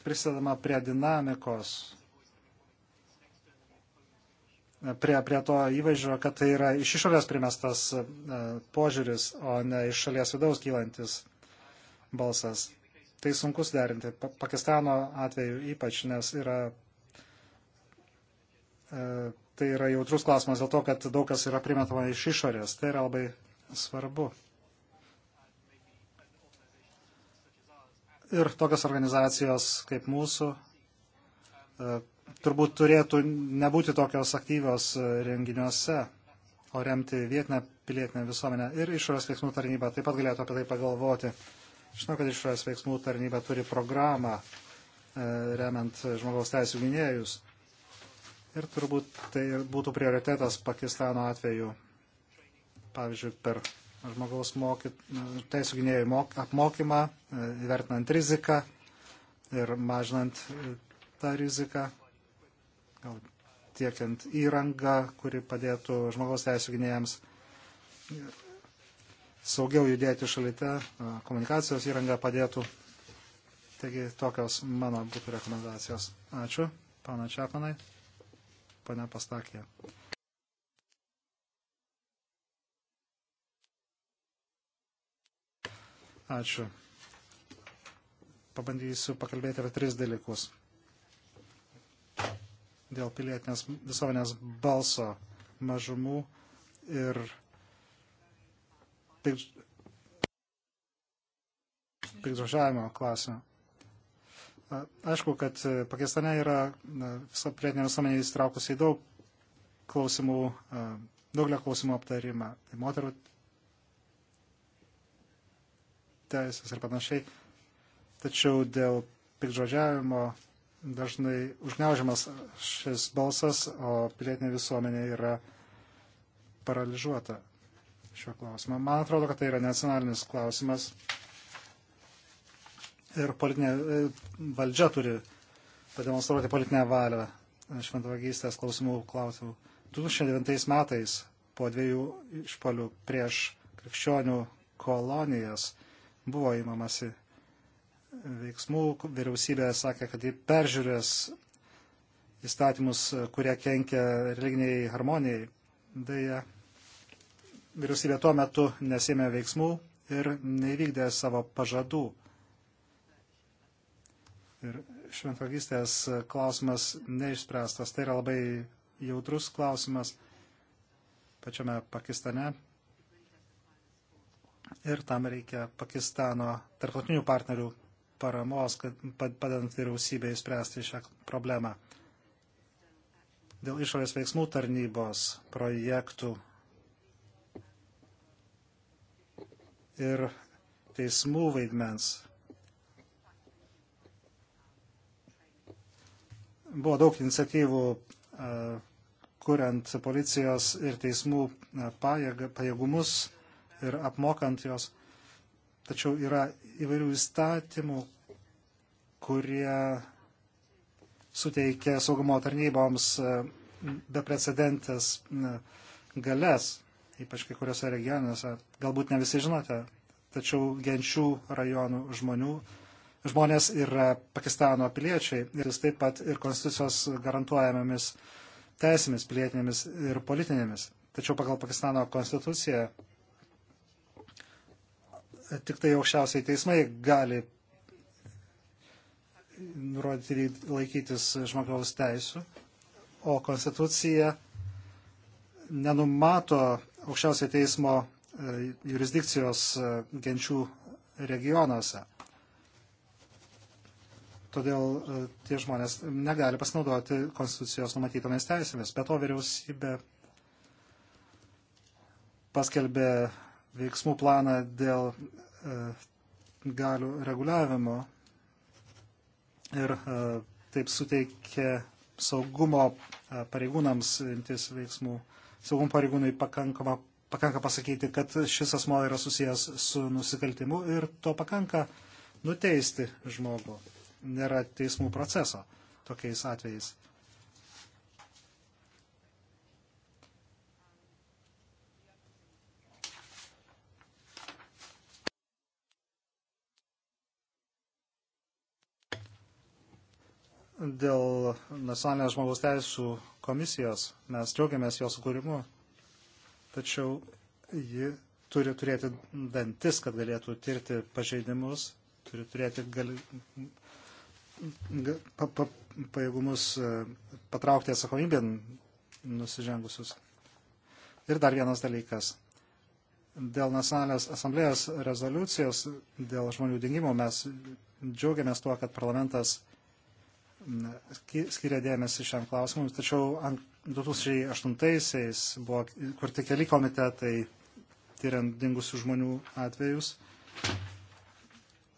prisidama prie dinamikos, e, prie, prie to įvaizdžio, kad tai yra iš išorės primestas e, požiūris, o ne iš šalies vidaus kylantis balsas. Tai sunkus derinti. Pakistano atveju ypač, nes yra tai yra jautrus klausimas dėl to, kad daug kas yra primetama iš išorės. Tai yra labai svarbu. Ir tokios organizacijos kaip mūsų e, turbūt turėtų nebūti tokios aktyvios e, renginiuose, o remti vietinę pilietinę visuomenę. Ir išorės veiksmų tarnyba taip pat galėtų apie tai pagalvoti. Žinau, kad išorės veiksmų tarnyba turi programą e, remiant žmogaus teisų gynėjus. Ir turbūt tai būtų prioritetas Pakistano atveju. Pavyzdžiui, per žmogaus mokyt, teisų gynėjų mok, apmokymą, e, įvertinant riziką ir mažinant e, tą riziką, gal tiekiant įrangą, kuri padėtų žmogaus teisų gynėjams saugiau judėti šalite, e, komunikacijos įranga padėtų. Taigi tokios mano būtų rekomendacijos. Ačiū, pana Čiapanai pane Pastakė. Ačiū. Pabandysiu pakalbėti apie tris dalykus. Dėl pilietinės visuomenės balso mažumų ir pikdžodžiavimo klausimą. Aišku, kad e, Pakistane yra pilietinė visuomenė įsitraukusi į daug klausimų, e, daugelio klausimų aptarimą. Tai moterų teisės ir panašiai. Tačiau dėl pikdžodžiavimo dažnai užgneužiamas šis balsas, o pilietinė visuomenė yra paralyžiuota šiuo klausimu. Man atrodo, kad tai yra nacionalinis klausimas ir politinė e, valdžia turi pademonstruoti politinę valią šventvagystės klausimų klausimų. 2009 metais po dviejų išpolių prieš krikščionių kolonijas buvo įmamasi veiksmų. Vyriausybė sakė, kad ji peržiūrės įstatymus, kurie kenkia religiniai harmonijai. Deja, vyriausybė tuo metu nesėmė veiksmų ir nevykdė savo pažadų ir šventvagystės klausimas neišspręstas. Tai yra labai jautrus klausimas pačiame Pakistane. Ir tam reikia Pakistano tarptautinių partnerių paramos, kad padedant vyriausybėje spręsti šią problemą. Dėl išorės veiksmų tarnybos projektų ir teismų vaidmens Buvo daug iniciatyvų e, kuriant policijos ir teismų e, pajėgumus ir apmokant jos. Tačiau yra įvairių įstatymų, kurie suteikia saugumo tarnyboms e, beprecedentės galės, ypač kai kuriuose regionuose. Galbūt ne visi žinote, tačiau genčių rajonų žmonių žmonės yra e, Pakistano piliečiai ir jis taip pat ir konstitucijos garantuojamomis teisėmis, pilietinėmis ir politinėmis. Tačiau pagal Pakistano konstituciją e, tik tai aukščiausiai teismai gali nurodyti laikytis žmogaus teisų, o konstitucija nenumato aukščiausiai teismo e, jurisdikcijos genčių regionuose todėl e, tie žmonės negali pasinaudoti konstitucijos numatytomis teisėmis. Be to vyriausybė paskelbė veiksmų planą dėl e, galių reguliavimo ir e, taip suteikė saugumo pareigūnams imtis veiksmų. Saugumo pareigūnai pakankama, pakanka pasakyti, kad šis asmo yra susijęs su nusikaltimu ir to pakanka nuteisti žmogų nėra teismų proceso tokiais atvejais. Dėl nacionalinės žmogaus teisų komisijos mes džiaugiamės jos kūrimu, tačiau ji turi turėti dantis, kad galėtų tirti pažeidimus, turi turėti gali, pa, pa, pajėgumus e, patraukti atsakomybėn nusižengusius. Ir dar vienas dalykas. Dėl nacionalinės asamblėjos rezoliucijos, dėl žmonių dingimo mes džiaugiamės tuo, kad parlamentas skiria dėmesį šiam klausimui, tačiau 2008-aisiais buvo kurti keli komitetai tyriant dingusių žmonių atvejus,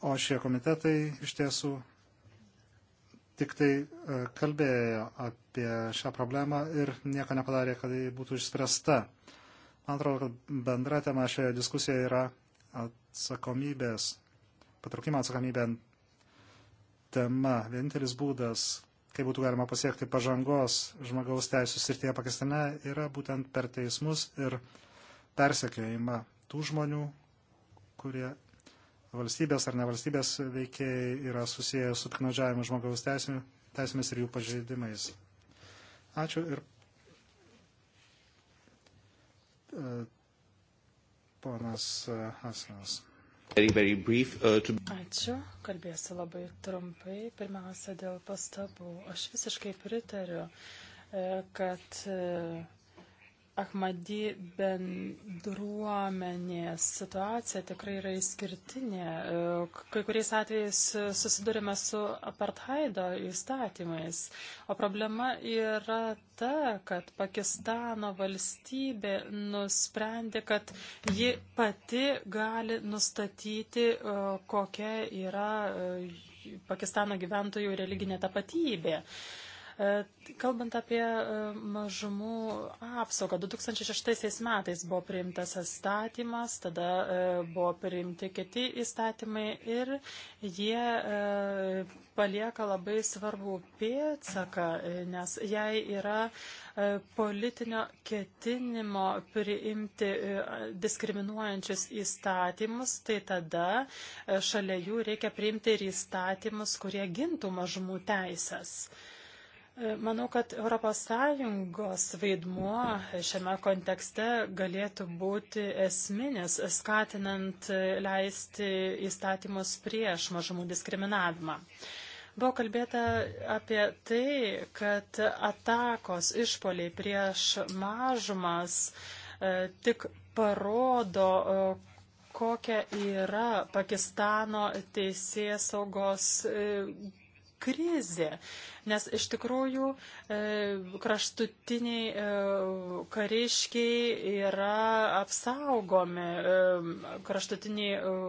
o šie komitetai iš tiesų tik tai e, kalbėjo apie šią problemą ir nieko nepadarė, kad ji būtų išspręsta. Man atrodo, kad bendra tema šioje diskusijoje yra atsakomybės, patraukimo atsakomybė tema. Vienintelis būdas, kaip būtų galima pasiekti pažangos žmogaus teisų srityje Pakistane, yra būtent per teismus ir persekiojimą tų žmonių, kurie valstybės ar nevalstybės veikiai yra susiję su piknaudžiavimu žmogaus teisėmis ir jų pažeidimais. Ačiū ir e, ponas Hasanas. E, uh, Ačiū, kalbėsiu labai trumpai. Pirmiausia, dėl pastabų. Aš visiškai pritariu, e, kad Ahmadi bendruomenės situacija tikrai yra išskirtinė. E, kai kuriais atvejais susidurime su apartheido įstatymais. O problema yra ta, kad Pakistano valstybė nusprendė, kad ji pati gali nustatyti, e, kokia yra e, Pakistano gyventojų religinė tapatybė. E, kalbant apie e, mažumų apsaugą, 2006 metais buvo priimtas įstatymas, tada e, buvo priimti kiti įstatymai ir jie palieka labai svarbų pėtsaką, nes jei yra politinio ketinimo priimti diskriminuojančius įstatymus, tai tada šalia jų reikia priimti ir įstatymus, kurie gintų mažumų teisės. Manau, kad ES vaidmuo šiame kontekste galėtų būti esminis, skatinant leisti įstatymus prieš mažumų diskriminavimą. Buvo kalbėta apie tai, kad atakos išpoliai prieš mažumas e, tik parodo, e, kokia yra Pakistano teisės saugos e, krizė, nes iš tikrųjų e, kraštutiniai e, kariškiai yra apsaugomi, e, kraštutiniai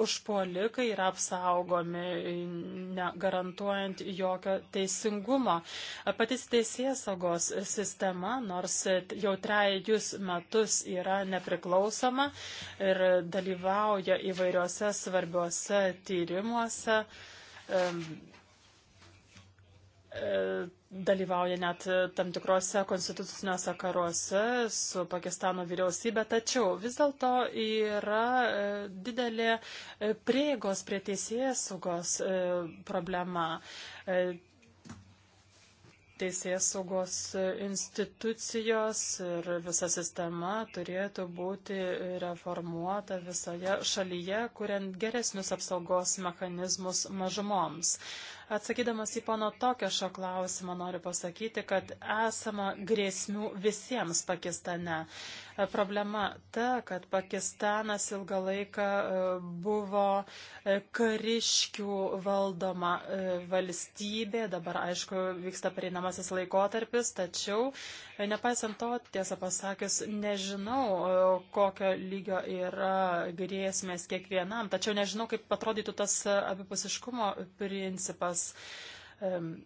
užpuolikai yra apsaugomi, negarantuojant jokio teisingumo. Patys teisėsaugos sistema, nors jau trejus metus yra nepriklausoma ir dalyvauja įvairiuose svarbiuose tyrimuose, E, dalyvauja net tam tikrose konstituciniuose karuose su Pakistano vyriausybė, tačiau vis dėlto yra e, didelė e, prieigos prie teisėjas saugos problema. Teisėjas saugos institucijos ir visa sistema turėtų būti reformuota visoje šalyje, kuriant geresnius apsaugos mechanizmus mažumoms. Atsakydamas į pono Tokešo klausimą noriu pasakyti, kad esama grėsmių visiems Pakistane. E, problema ta, kad Pakistanas ilgą laiką e, buvo e, kariškių valdoma valstybė, dabar aišku vyksta pereinamasis laikotarpis, tačiau nepaisant to, tiesą pasakius, nežinau, kokio lygio yra grėsmės kiekvienam, tačiau nežinau, kaip atrodytų tas abipusiškumo principas sistemos,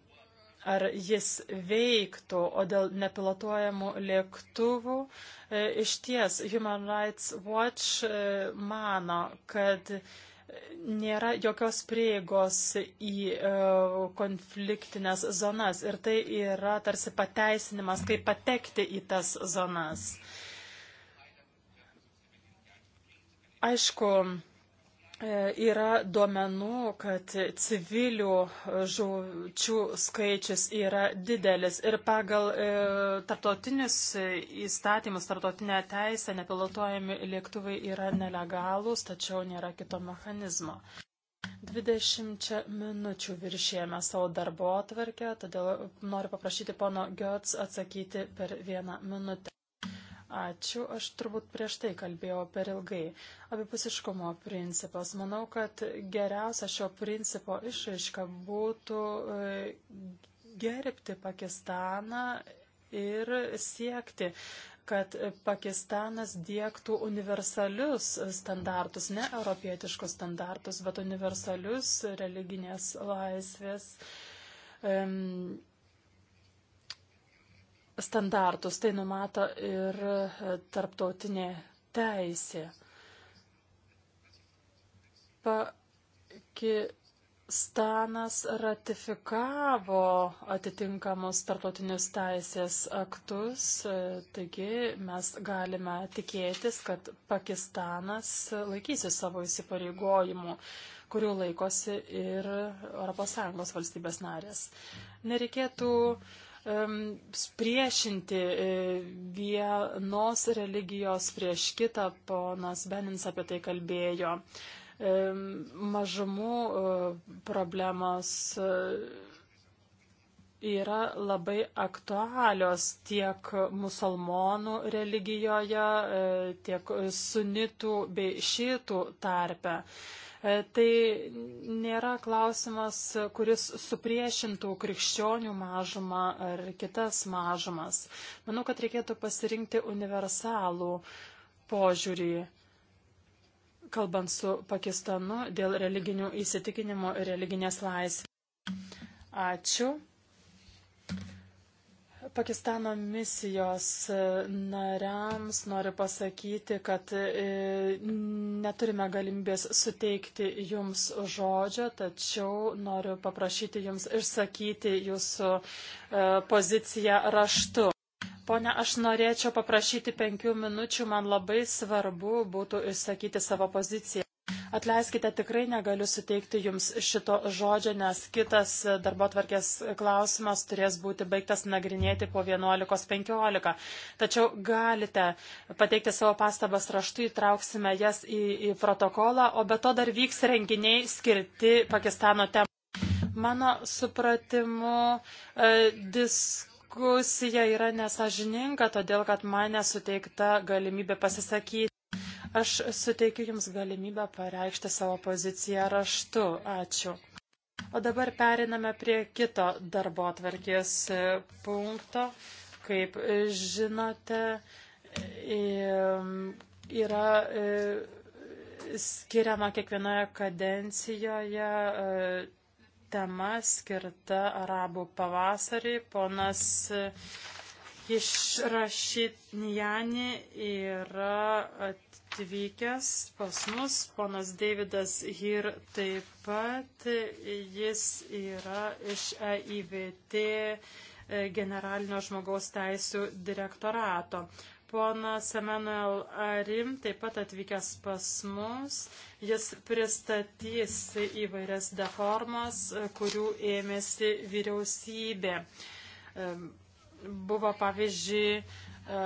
ar jis veiktų, o dėl nepilotuojamų lėktuvų e, iš ties Human Rights Watch e, mano, kad nėra jokios prieigos į e, konfliktinės zonas ir tai yra tarsi pateisinimas, kaip patekti į tas zonas. Aišku, E, yra duomenų, kad civilių žuvčių skaičius yra didelis ir pagal e, tartotinius įstatymus, tartotinę teisę nepilotuojami lėktuvai yra nelegalūs, tačiau nėra kito mechanizmo. 20 minučių viršėjame savo darbo atvarkę, todėl noriu paprašyti pono Götz atsakyti per vieną minutę. Ačiū. Aš turbūt prieš tai kalbėjau per ilgai. Abipusiškumo principas. Manau, kad geriausia šio principo išraiška būtų e, gerbti Pakistaną ir siekti, kad Pakistanas dėktų universalius standartus, ne europietiškus standartus, bet universalius religinės laisvės. Um, standartus, tai numato ir e, tarptautinė teisė. Pakistanas ratifikavo atitinkamus tarptautinius teisės aktus, e, taigi mes galime tikėtis, kad Pakistanas laikysi savo įsipareigojimų kurių laikosi ir ES valstybės narės. Nereikėtų uh, priešinti e, vienos religijos prieš kitą, ponas Benins apie tai kalbėjo. Mažumų e, problemos e, yra labai aktualios tiek musulmonų religijoje, tiek sunitų bei šytų tarpe. E, tai nėra klausimas, kuris supriešintų krikščionių mažumą ar kitas mažumas. Manau, kad reikėtų pasirinkti universalų požiūrį, kalbant su Pakistanu dėl religinių įsitikinimų ir religinės laisvės. Ačiū. Pakistano misijos e, nariams noriu pasakyti, kad e, neturime galimybės suteikti jums žodžio, tačiau noriu paprašyti jums išsakyti jūsų e, poziciją raštu. Pone, aš norėčiau paprašyti penkių minučių, man labai svarbu būtų išsakyti savo poziciją. Atleiskite, tikrai negaliu suteikti Jums šito žodžio, nes kitas darbo tvarkės klausimas turės būti baigtas nagrinėti po 11.15. Tačiau galite pateikti savo pastabas raštu, įtrauksime jas į, į protokolą, o be to dar vyks renginiai skirti Pakistano temą. Mano supratimu, diskusija e, diskusija yra nesažininga, todėl kad man nesuteikta galimybė pasisakyti. Aš suteikiu Jums galimybę pareikšti savo poziciją raštu. Ačiū. O dabar periname prie kito darbo atvarkės e, punkto. Kaip žinote, e, yra e, skiriama kiekvienoje kadencijoje tema skirta arabų pavasarį. Ponas Išrašytnijani yra at atvykęs pas mus, ponas Davidas Hir taip pat, jis yra iš EIVT e, generalinio žmogaus teisų direktorato. Ponas Emanuel Arim taip pat atvykęs pas mus, jis pristatys įvairias deformas, kurių ėmėsi vyriausybė. Buvo pavyzdžiui e,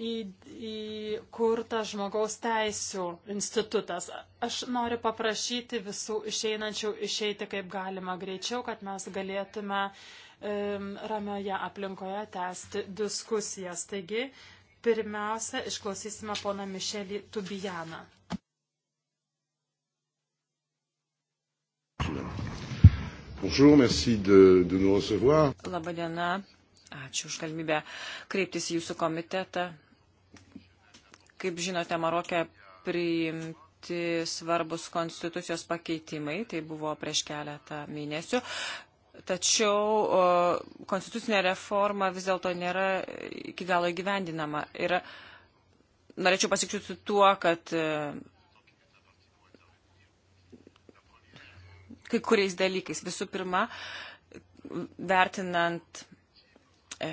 įkurtas žmogaus teisų institutas. Aš noriu paprašyti visų išeinančių išeiti kaip galima greičiau, kad mes galėtume um, ramioje aplinkoje tęsti diskusijas. Taigi, pirmiausia, išklausysime poną Mišelį Tubijaną. Bonjour, merci de, de nous recevoir. Labadiena, Ačiū už galimybę kreiptis į jūsų komitetą. Kaip žinote, Marokė priimti svarbus konstitucijos pakeitimai, tai buvo prieš keletą mėnesių. Tačiau o, konstitucinė reforma vis dėlto nėra iki galo įgyvendinama. Ir norėčiau pasikčiūti tuo, kad e, kai kuriais dalykais. Visų pirma, vertinant E,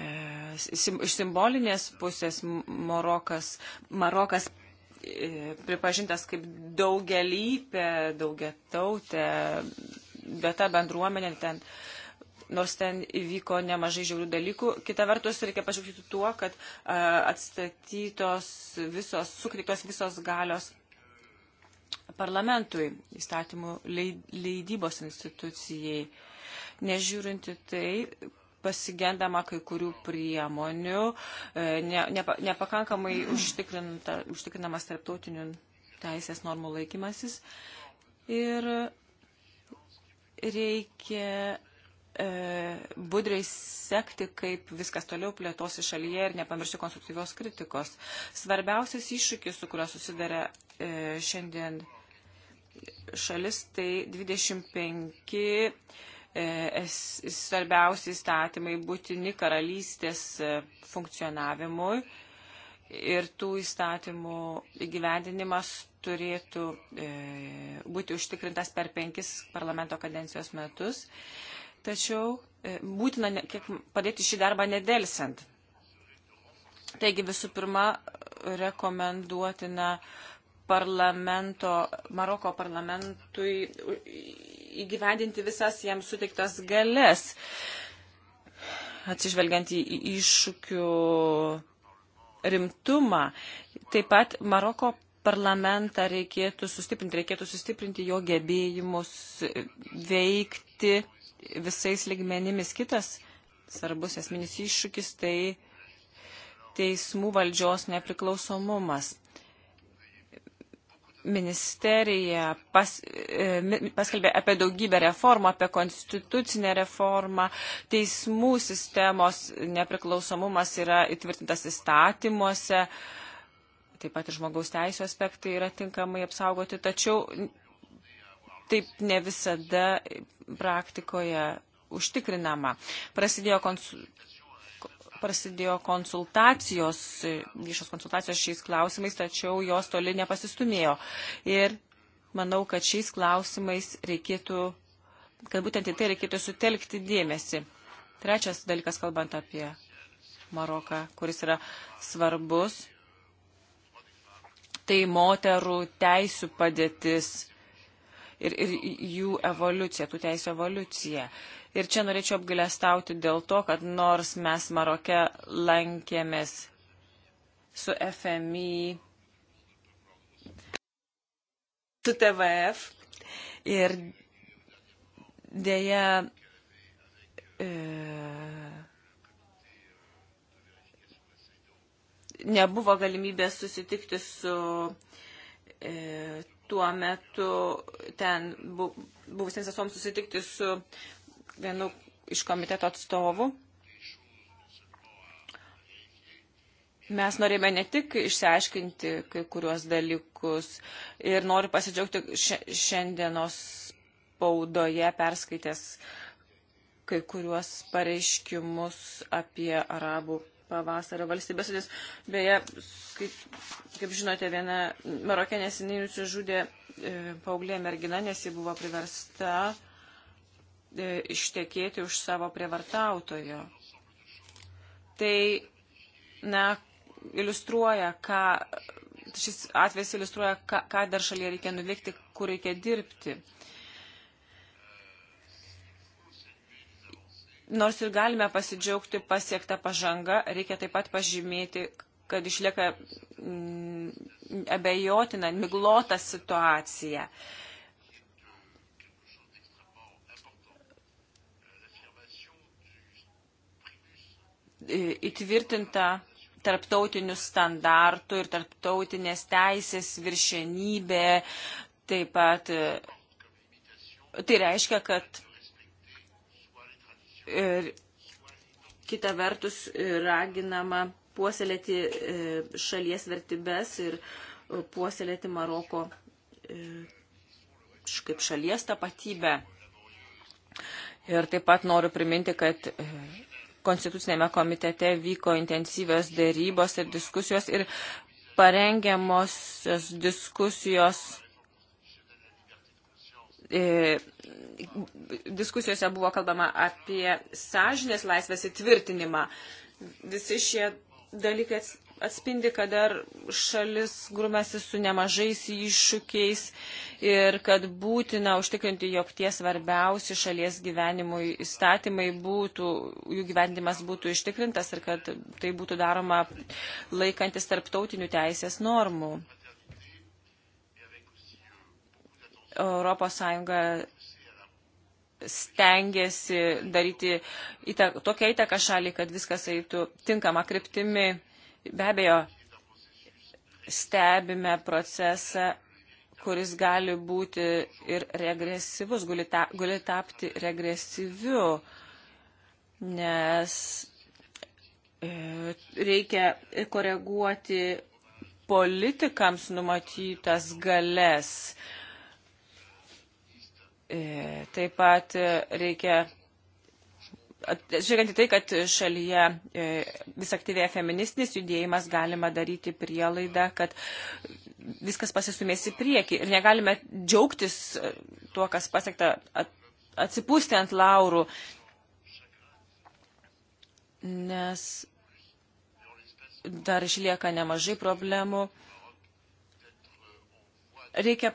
iš simbolinės pusės Marokas, Marokas e, pripažintas kaip daugelypė, daugiatautė, bet ta bendruomenė ten, nors ten įvyko nemažai žiaurių dalykų. Kita vertus, reikia pažiūrėti tuo, kad e, atstatytos visos, sukritos visos galios parlamentui, įstatymų leidybos institucijai. Nežiūrinti tai, pasigendama kai kurių priemonių, e, ne, ne, nepakankamai užtikrinamas tarptautinių teisės normų laikymasis. Ir reikia e, budriai sekti, kaip viskas toliau plėtosi šalyje ir nepamiršti konstruktyvios kritikos. Svarbiausias iššūkis, su kuriuo susidarė e, šiandien šalis, tai 25 E, svarbiausi įstatymai būtini karalystės e, funkcionavimui ir tų įstatymų įgyvendinimas turėtų e, būti užtikrintas per penkis parlamento kadencijos metus. Tačiau būtina padėti šį darbą nedelsiant. Taigi visų pirma rekomenduotina parlamento, Maroko parlamentui įgyvendinti visas jiems suteiktas galės, atsižvelgiant į iššūkių rimtumą. Taip pat Maroko parlamentą reikėtų sustiprinti, reikėtų sustiprinti jo gebėjimus veikti visais ligmenimis. Kitas svarbus esminis iššūkis tai teismų valdžios nepriklausomumas ministerija pas, e, paskelbė apie daugybę reformų, apie konstitucinę reformą, teismų sistemos nepriklausomumas yra įtvirtintas įstatymuose, taip pat ir žmogaus teisų aspektai yra tinkamai apsaugoti, tačiau taip ne visada praktikoje užtikrinama. Prasidėjo konsultacija prasidėjo konsultacijos, viešos konsultacijos šiais klausimais, tačiau jos toli nepasistumėjo. Ir manau, kad šiais klausimais reikėtų, kad būtent į tai reikėtų sutelkti dėmesį. Trečias dalykas, kalbant apie Maroką, kuris yra svarbus, tai moterų teisų padėtis ir, ir jų evoliucija, tų teisų evoliucija. Ir čia norėčiau apgailestauti dėl to, kad nors mes Maroke lankėmės su FMI, su TVF ir dėja. E, nebuvo galimybės susitikti su e, tuo metu ten bu, buvusiems sesoms susitikti su vienu iš komiteto atstovų. Mes norėjome ne tik išsiaiškinti kai kuriuos dalykus ir noriu pasidžiaugti šiandienos spaudoje perskaitęs kai kuriuos pareiškimus apie arabų pavasario valstybės. Nes beje, kaip, kaip žinote, viena Marokė neseniai nusižudė e, paauglė mergina, nes ji buvo priversta e, ištekėti už savo prievartautojo. Tai, na, iliustruoja, ką, šis atvejs iliustruoja, ką, ką dar šalyje reikia nuveikti, kur reikia dirbti. Nors ir galime pasidžiaugti pasiektą pažangą, reikia taip pat pažymėti, kad išlieka mm, abejotina, miglota situacija. Įtvirtinta tarptautinių standartų ir tarptautinės teisės viršenybė, taip pat e, tai reiškia, kad Ir kita vertus raginama puoselėti e, šalies vertybės ir e, puoselėti Maroko e, kaip šalies tapatybę. Ir taip pat noriu priminti, kad Konstitucinėme komitete vyko intensyvios dėrybos ir diskusijos ir parengiamosios diskusijos E, diskusijose buvo kalbama apie sąžinės laisvės įtvirtinimą. Visi šie dalykai atspindi, kad dar šalis grumėsi su nemažais iššūkiais ir kad būtina užtikrinti, jog tie svarbiausi šalies gyvenimui įstatymai būtų, jų gyvendimas būtų ištikrintas ir kad tai būtų daroma laikantis tarptautinių teisės normų. Europos Sąjunga stengiasi daryti įtak, tokią įtaką šalį, kad viskas eitų tinkama kryptimi. Be abejo, stebime procesą, kuris gali būti ir regresyvus, gali, ta, gali tapti regresyviu, nes e, reikia koreguoti politikams numatytas galės. E, E, taip pat e, reikia žiūrint į tai, kad šalyje e, vis aktyvėja feministinis judėjimas, galima daryti prielaidą, kad viskas pasistumės į priekį ir negalime džiaugtis tuo, kas pasiekta, atsipūsti ant laurų, nes dar išlieka nemažai problemų. Reikia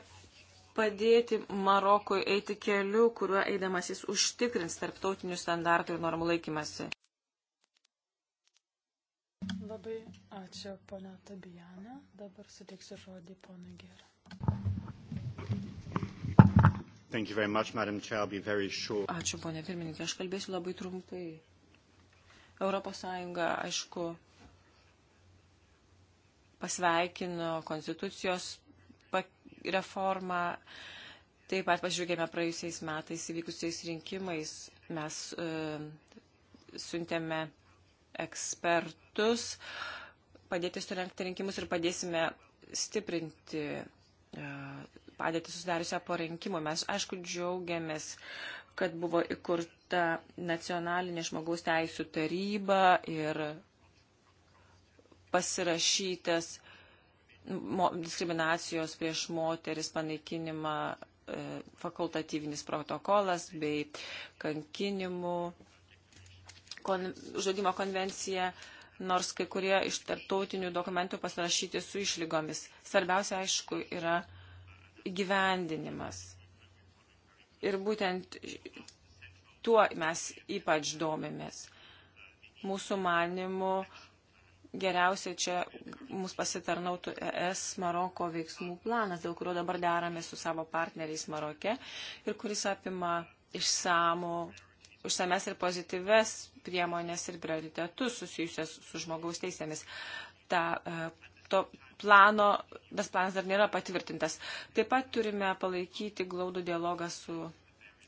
padėti Marokui eiti keliu, kuriuo eidamas jis užtikrins tarptautinių standartų ir normų laikymasi. Labai ačiū, ponia Tabijana. Dabar suteiksiu žodį ponui Gerą. Much, sure. Ačiū, ponė pirmininkė. Aš kalbėsiu labai trumpai. Europos Sąjunga, aišku, pasveikino konstitucijos reformą. Taip pat pažiūrėjome praėjusiais metais įvykusiais rinkimais. Mes e, suntėme ekspertus padėti surenkti rinkimus ir padėsime stiprinti e, padėtį susidariusią po rinkimų. Mes, aišku, džiaugiamės, kad buvo įkurta nacionalinė žmogaus teisų taryba ir pasirašytas diskriminacijos prieš moteris panaikinimą e, fakultatyvinis protokolas bei kankinimų kon, žudimo konvencija, nors kai kurie iš tarptautinių dokumentų pasirašyti su išlygomis. Svarbiausia, aišku, yra gyvendinimas. Ir būtent tuo mes ypač domimės. Mūsų manimu, geriausiai čia mus pasitarnautų ES Maroko veiksmų planas, dėl kurio dabar deramės su savo partneriais Maroke ir kuris apima išsamų, išsames ir pozityves priemonės ir prioritetus susijusias su žmogaus teisėmis. Ta, e, to plano, tas planas dar nėra patvirtintas. Taip pat turime palaikyti glaudų dialogą su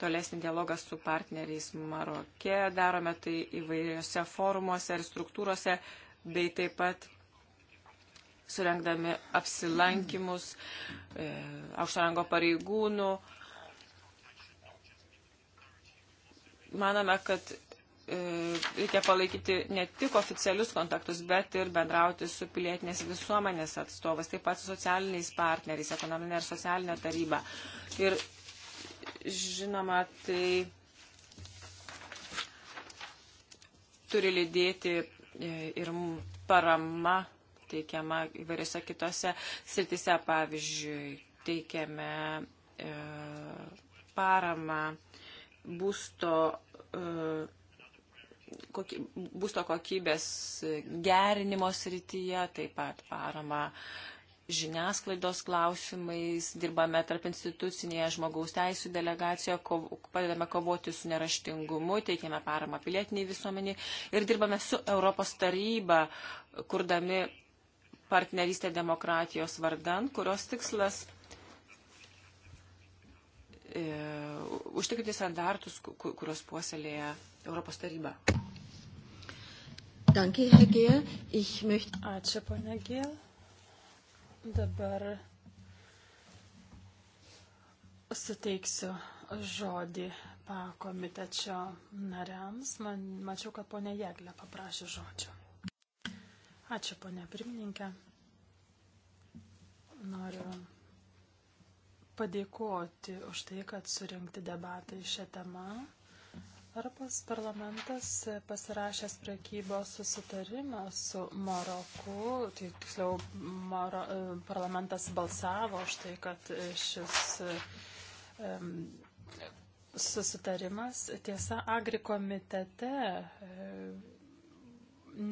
tolesnį dialogą su partneriais Maroke, darome tai įvairiose forumuose ir struktūrose, bei taip pat surengdami apsilankimus e, aukštarango pareigūnų. Manome, kad e, reikia palaikyti ne tik oficialius kontaktus, bet ir bendrauti su pilietinės visuomenės atstovas, taip pat su socialiniais partneriais, ekonominė ir socialinė taryba. Ir žinoma, tai turi lydėti E, ir parama teikiama įvairiose kitose sritise, pavyzdžiui, teikiame e, paramą būsto, e, kokį, būsto kokybės gerinimo srityje, taip pat paramą e, žiniasklaidos klausimais, dirbame tarp institucinėje žmogaus teisų delegacijoje, kov, padedame kovoti su neraštingumu, teikiame paramą pilietiniai visuomeniai ir dirbame su Europos taryba, kurdami partnerystę demokratijos vardan, kurios tikslas e, užtikrinti standartus, kurios puoselėja Europos taryba. Danke, Herr Gehr. Ich möchte. Ačiū, ponia Gehr. Dabar suteiksiu žodį pakomitečio nariams. Man, mačiau, kad ponė Jeglė paprašė žodžio. Ačiū, ponė pirmininkė. Noriu padėkoti už tai, kad surinkti debatai šią temą. Europos parlamentas pasirašęs prekybos susitarimą su Maroku, tai tiksliau Maro, e, parlamentas balsavo už tai, kad šis um, susitarimas tiesa Agri komitete e,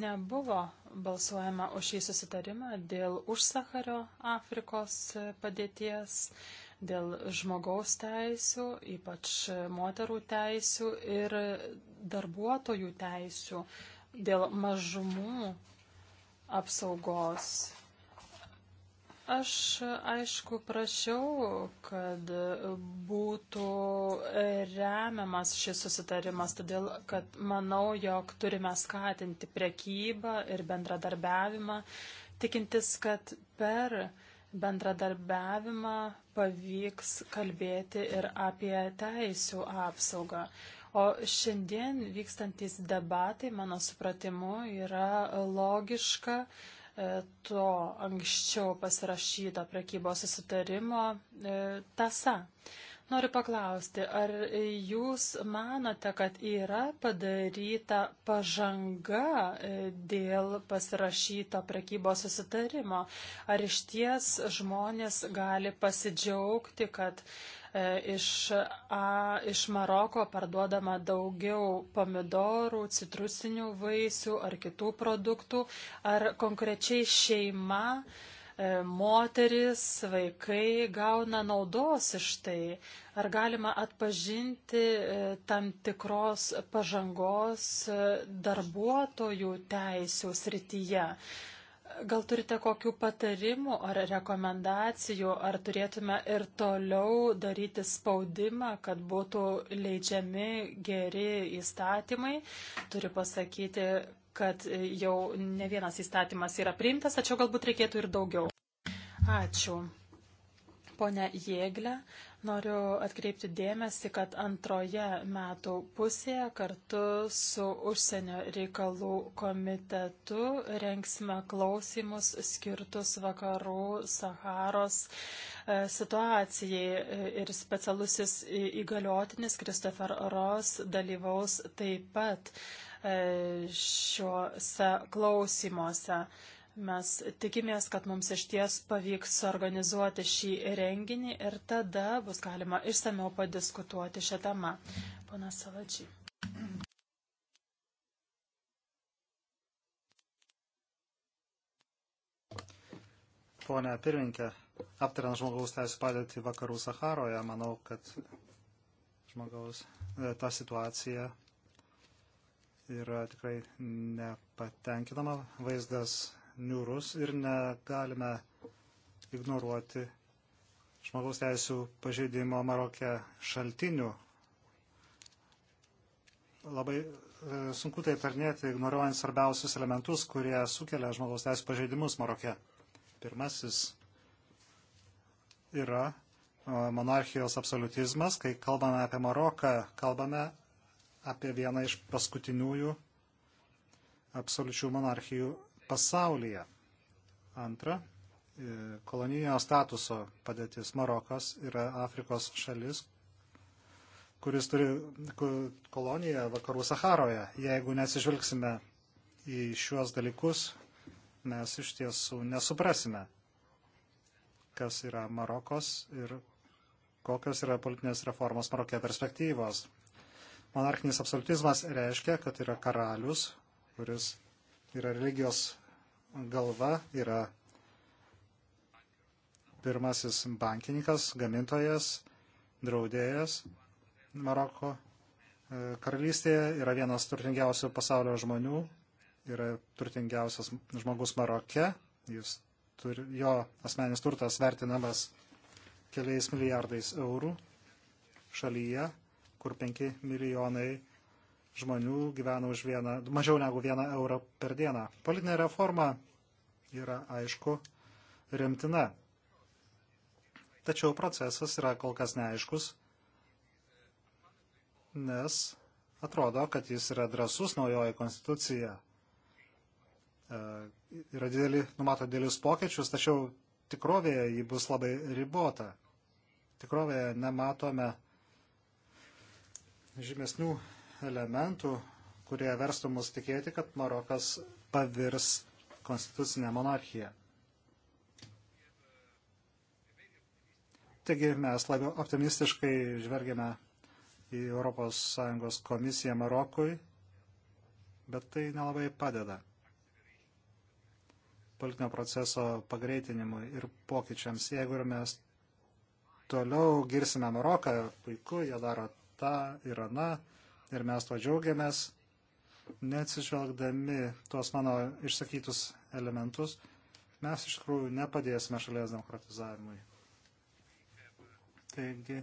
nebuvo balsuojama už šį susitarimą dėl užsakario Afrikos padėties. Um, dėl žmogaus teisų, ypač moterų teisų ir darbuotojų teisų, dėl mažumų apsaugos. Aš aišku prašiau, kad būtų remiamas šis susitarimas, todėl kad manau, jog turime skatinti prekybą ir bendradarbiavimą, tikintis, kad per uh, bendradarbiavimą pavyks kalbėti ir apie teisų apsaugą. O šiandien vykstantis debatai, mano supratimu, yra logiška e, to anksčiau pasirašyto prekybos susitarimo tasa. E, Noriu paklausti, ar jūs manote, kad yra padaryta pažanga e, dėl pasirašyto prekybos susitarimo? Ar iš ties žmonės gali pasidžiaugti, kad e, iš, a, iš Maroko parduodama daugiau pomidorų, citrusinių vaisių ar kitų produktų? Ar konkrečiai šeima? E, moteris, vaikai gauna naudos iš tai. Ar galima atpažinti e, tam tikros pažangos e, darbuotojų teisų srityje? Gal turite kokių patarimų ar rekomendacijų, ar turėtume ir toliau daryti spaudimą, kad būtų leidžiami geri įstatymai? Turiu pasakyti, kad jau ne vienas įstatymas yra priimtas, tačiau galbūt reikėtų ir daugiau. Ačiū. Pone Jėglė, noriu atkreipti dėmesį, kad antroje metų pusėje kartu su užsienio reikalų komitetu renksime klausimus skirtus vakarų Saharos e, situacijai ir specialusis įgaliotinis Kristofer Ros dalyvaus taip pat. E, šiuose klausimuose. Mes tikimės, kad mums iš ties pavyks organizuoti šį renginį ir tada bus galima išsameu padiskutuoti šią temą. Pana Saladžiai. Pone pirminkė, aptariant žmogaus teisų padėtį vakarų Saharoje, manau, kad žmogaus e, ta situacija yra tikrai nepatenkinama, vaizdas niūrus ir negalime ignoruoti žmogaus teisų pažeidimo Marokė šaltinių. Labai e, sunku tai tarnėti, ignoruojant svarbiausius elementus, kurie sukelia žmogaus teisų pažeidimus Marokė. Pirmasis yra e, monarchijos absolutizmas. Kai kalbame apie Maroką, kalbame apie vieną iš paskutiniųjų absoliučių monarchijų pasaulyje. Antra, e, kolonijinio statuso padėtis Marokas yra Afrikos šalis, kuris turi koloniją vakarų Saharoje. Jeigu nesižvelgsime į šiuos dalykus, mes iš tiesų nesuprasime, kas yra Marokos ir kokios yra politinės reformos Marokė perspektyvos. Monarchinis absoliutizmas reiškia, kad yra karalius, kuris yra religijos galva, yra pirmasis bankininkas, gamintojas, draudėjas Maroko e, karalystėje, yra vienas turtingiausių pasaulio žmonių, yra turtingiausias žmogus Maroke, jis turi, jo asmeninis turtas vertinamas keliais milijardais eurų šalyje kur 5 milijonai žmonių gyvena už vieną, mažiau negu vieną eurą per dieną. Politinė reforma yra, aišku, rimtina. Tačiau procesas yra kol kas neaiškus, nes atrodo, kad jis yra drasus naujoji konstitucija. E, yra dideli, numato didelius pokyčius, tačiau tikrovėje jį bus labai ribota. Tikrovėje nematome žymesnių elementų, kurie verstų mus tikėti, kad Marokas pavirs konstitucinę monarchiją. Taigi mes labiau optimistiškai žvelgiame į ES komisiją Marokui, bet tai nelabai padeda politinio proceso pagreitinimui ir pokyčiams. Jeigu ir mes toliau girsime Maroką, puiku, jie daro tą ir aną ir mes to džiaugiamės, neatsižvelgdami tuos mano išsakytus elementus, mes iš tikrųjų nepadėsime šalies demokratizavimui. Taigi,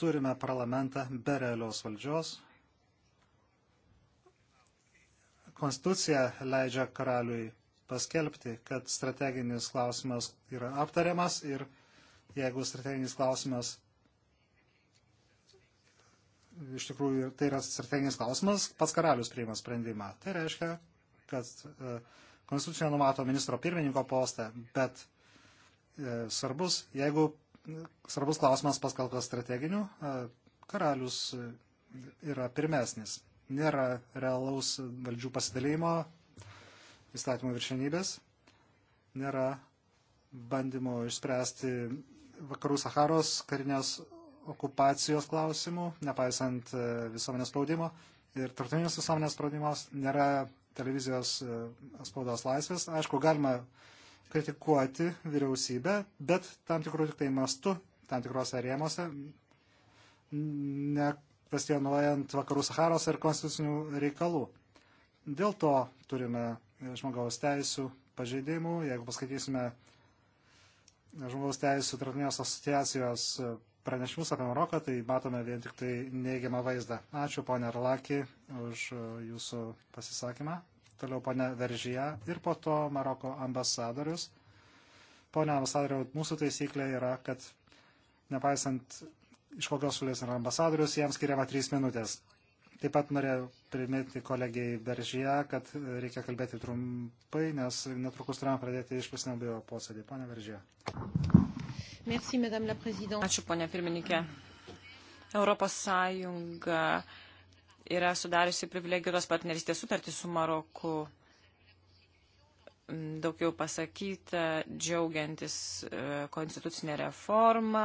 turime parlamentą be realios valdžios. Konstitucija leidžia karaliui paskelbti, kad strateginis klausimas yra aptariamas ir jeigu strateginis klausimas iš tikrųjų tai yra strateginis klausimas, pats karalius priima sprendimą. Tai reiškia, kad e, konstitucija numato ministro pirmininko postą, bet e, svarbus, jeigu svarbus klausimas paskaltas strateginiu, e, karalius yra pirmesnis. Nėra realaus valdžių pasidalymo, įstatymų viršenybės, nėra bandymo išspręsti vakarų Saharos karinės okupacijos klausimų, nepaisant e, visuomenės spaudimo. Ir tarptautinis visuomenės spaudimas nėra televizijos e, spaudos laisvės. Aišku, galima kritikuoti vyriausybę, bet tam tikrų tik tai mastu, tam tikrose rėmose, nekvestionuojant vakarų Saharos ir konstitucinių reikalų. Dėl to turime žmogaus teisų pažeidimų. Jeigu paskaitysime žmogaus teisų tarptautinės asociacijos pranešimus apie Maroką, tai matome vien tik tai neigiamą vaizdą. Ačiū ponė Arlaki už e, jūsų pasisakymą. Toliau ponė Veržyje ir po to Maroko ambasadorius. Pone ambasadoriau, mūsų taisyklė yra, kad nepaisant iš kokios šalies yra ambasadorius, jam skiriama 3 minutės. Taip pat norėjau priminti kolegijai Beržyje, kad reikia kalbėti trumpai, nes netrukus turime pradėti išpasnabėjo posėdį. Pane Beržyje. Merci, Ačiū, ponė pirmininkė. Europos Sąjunga yra sudariusi privilegijuotos partnerystės sutartį su Maroku. Mm, Daug jau pasakyta, džiaugiantis e, konstitucinė reforma,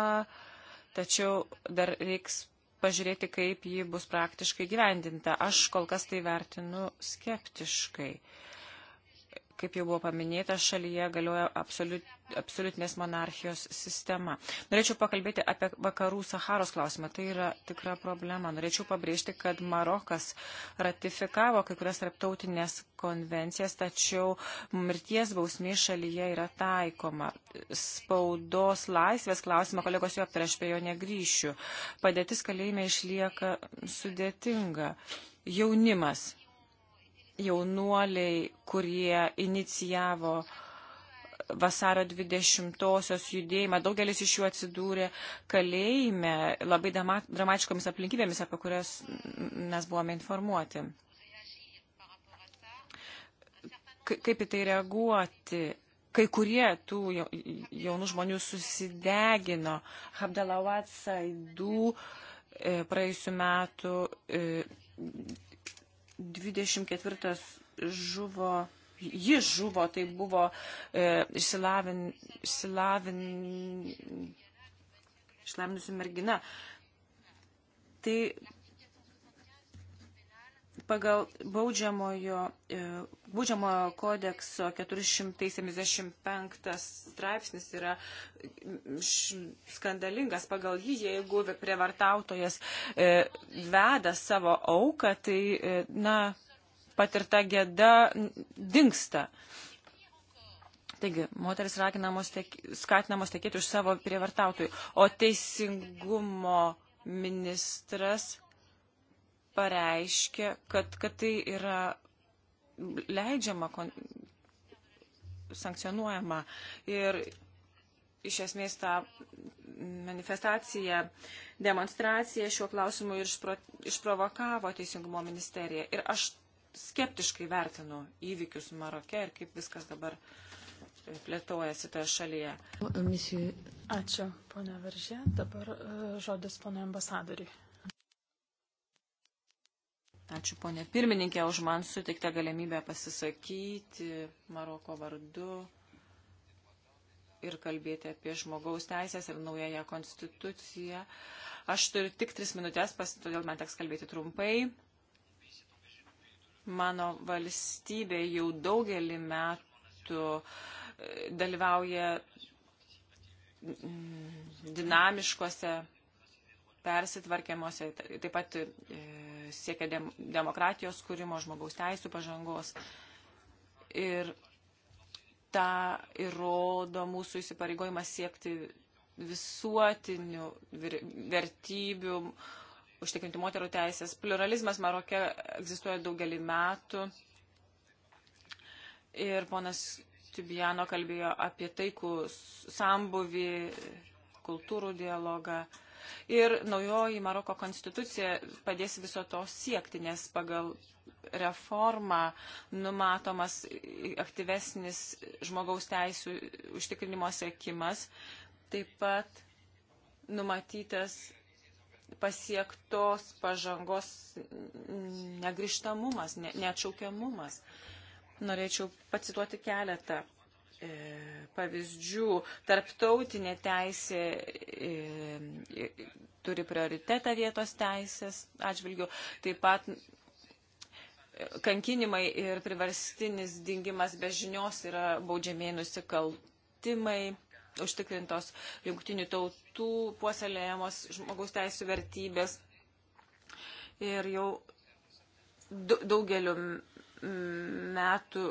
tačiau dar reiks pažiūrėti, kaip ji bus praktiškai gyvendinta. Aš kol kas tai vertinu skeptiškai. Uh, kaip jau buvo paminėta, šalyje galioja absoliut, absoliutinės monarchijos sistema. Norėčiau pakalbėti apie vakarų Saharos klausimą. Tai yra tikra problema. Norėčiau pabrėžti, kad Marokas ratifikavo kai kurias tarptautinės konvencijas, tačiau mirties bausmė šalyje yra taikoma. Spaudos laisvės klausimą kolegos jau aptarė, aš prie jo negryšiu. Padėtis kalėjime išlieka sudėtinga. Jaunimas jaunuoliai, kurie inicijavo vasaro 20-osios judėjimą. Daugelis iš jų atsidūrė kalėjime labai dramatiškomis aplinkybėmis, apie kurias mes buvome informuoti. Kaip į tai reaguoti? Kai kurie tų jaunų žmonių susidegino. Habdalawat Saidų e, praėjusiu metu e, 24 žuvo, ji žuvo, tai buvo e, išsilavin, išsilavin, išlavinusi mergina. Tai pagal baudžiamojo, e, baudžiamojo kodekso 475 straipsnis yra skandalingas. Pagal jį, jeigu prievartautojas e, veda savo auką, tai e, na, patirta gėda dinksta. Taigi, moteris raginamos tiek, skatinamos tekėti už savo prievartautojų. O teisingumo ministras pareiškė, kad, kad tai yra leidžiama, kon, sankcionuojama. Ir iš esmės tą manifestaciją, demonstraciją šiuo klausimu išpro, išprovokavo Teisingumo ministerija. Ir aš skeptiškai vertinu įvykius Maroke ir kaip viskas dabar e, plėtojasi toje šalyje. Ačiū, ponia Veržė. Dabar e, žodis ponia ambasadoriui. Ačiū ponė pirmininkė už man suteiktą galimybę pasisakyti Maroko vardu ir kalbėti apie žmogaus teisės ir naująją konstituciją. Aš turiu tik tris minutės, pas, todėl man teks kalbėti trumpai. Mano valstybė jau daugelį metų e, dalyvauja mm, dinamiškose persitvarkiamuose, taip pat e, siekia dem, demokratijos kūrimo, žmogaus teisų pažangos. Ir tą įrodo mūsų įsipareigojimas siekti visuotinių vertybių, užtikrinti moterų teisės. Pluralizmas Marokė egzistuoja daugelį metų. Ir ponas Tibijano kalbėjo apie taikų sambuvį, kultūrų dialogą. Ir naujoji Maroko konstitucija padės viso to siekti, nes pagal reformą numatomas aktyvesnis žmogaus teisų užtikrinimo sėkimas, taip pat numatytas pasiektos pažangos negrižtamumas, ne, neatšaukiamumas. Norėčiau pacituoti keletą E, pavyzdžių. Tarptautinė teisė e, e, turi prioritetą vietos teisės atžvilgių. Taip pat kankinimai ir priverstinis dingimas be žinios yra baudžiamiai nusikaltimai užtikrintos jungtinių tautų puoselėjamos žmogaus teisų vertybės. Ir jau daugeliu metų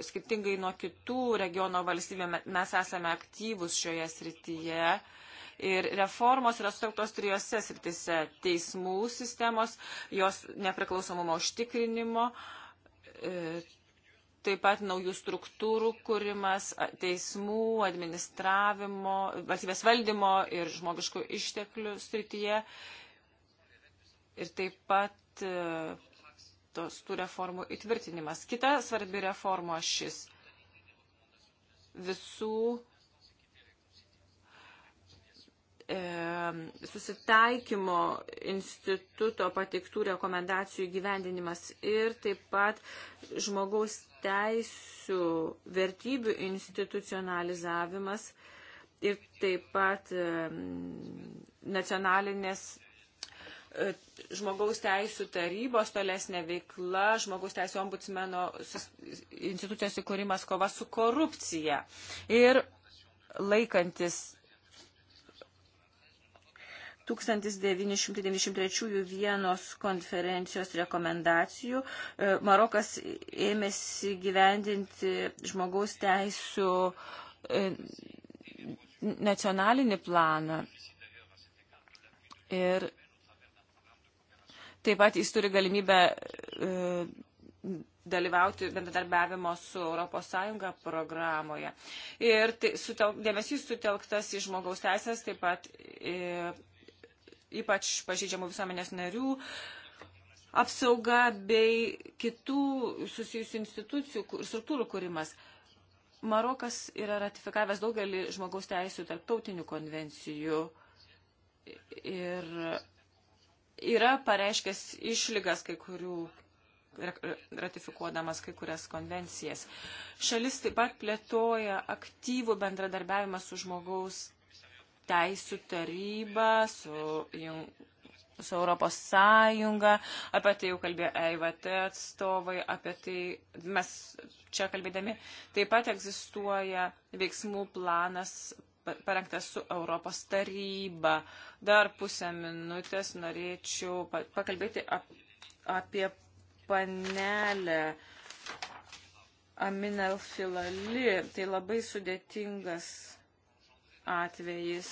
skirtingai nuo kitų regiono valstybių, mes esame aktyvus šioje srityje. Ir reformos yra sutrauktos trijose sritise - teismų sistemos, jos nepriklausomumo užtikrinimo, e, taip pat naujų struktūrų kūrimas, teismų, administravimo, valstybės valdymo ir žmogiškų išteklių srityje. Ir taip pat e, tos, tų reformų įtvirtinimas. Kita svarbi reforma šis visų e, susitaikymo instituto pateiktų rekomendacijų gyvendinimas ir taip pat žmogaus teisų vertybių institucionalizavimas ir taip pat e, nacionalinės E, žmogaus teisų tarybos tolesnė veikla, žmogaus teisų ombudsmeno institucijos įkūrimas, kova su korupcija. Ir laikantis 1993 vienos konferencijos rekomendacijų e, Marokas ėmėsi gyvendinti žmogaus teisų e, nacionalinį planą. Ir Taip pat jis turi galimybę e, dalyvauti bendradarbiavimo su ES programoje. Ir tai, sutel, dėmesys sutelktas į žmogaus teisės, taip pat e, ypač pažydžiamų visuomenės narių apsauga bei kitų susijusių institucijų ir struktūrų kūrimas. Marokas yra ratifikavęs daugelį žmogaus teisų tarptautinių konvencijų ir yra pareiškęs išlygas kai kurių ratifikuodamas kai kurias konvencijas. Šalis taip pat plėtoja aktyvų bendradarbiavimą su žmogaus teisų taryba, su, su Europos Sąjunga, apie tai jau kalbėjo EIVT atstovai, apie tai mes čia kalbėdami taip pat egzistuoja veiksmų planas parengtas su Europos taryba. Dar pusę minutės norėčiau pakalbėti ap, apie panelę Aminel Filali. Tai labai sudėtingas atvejis.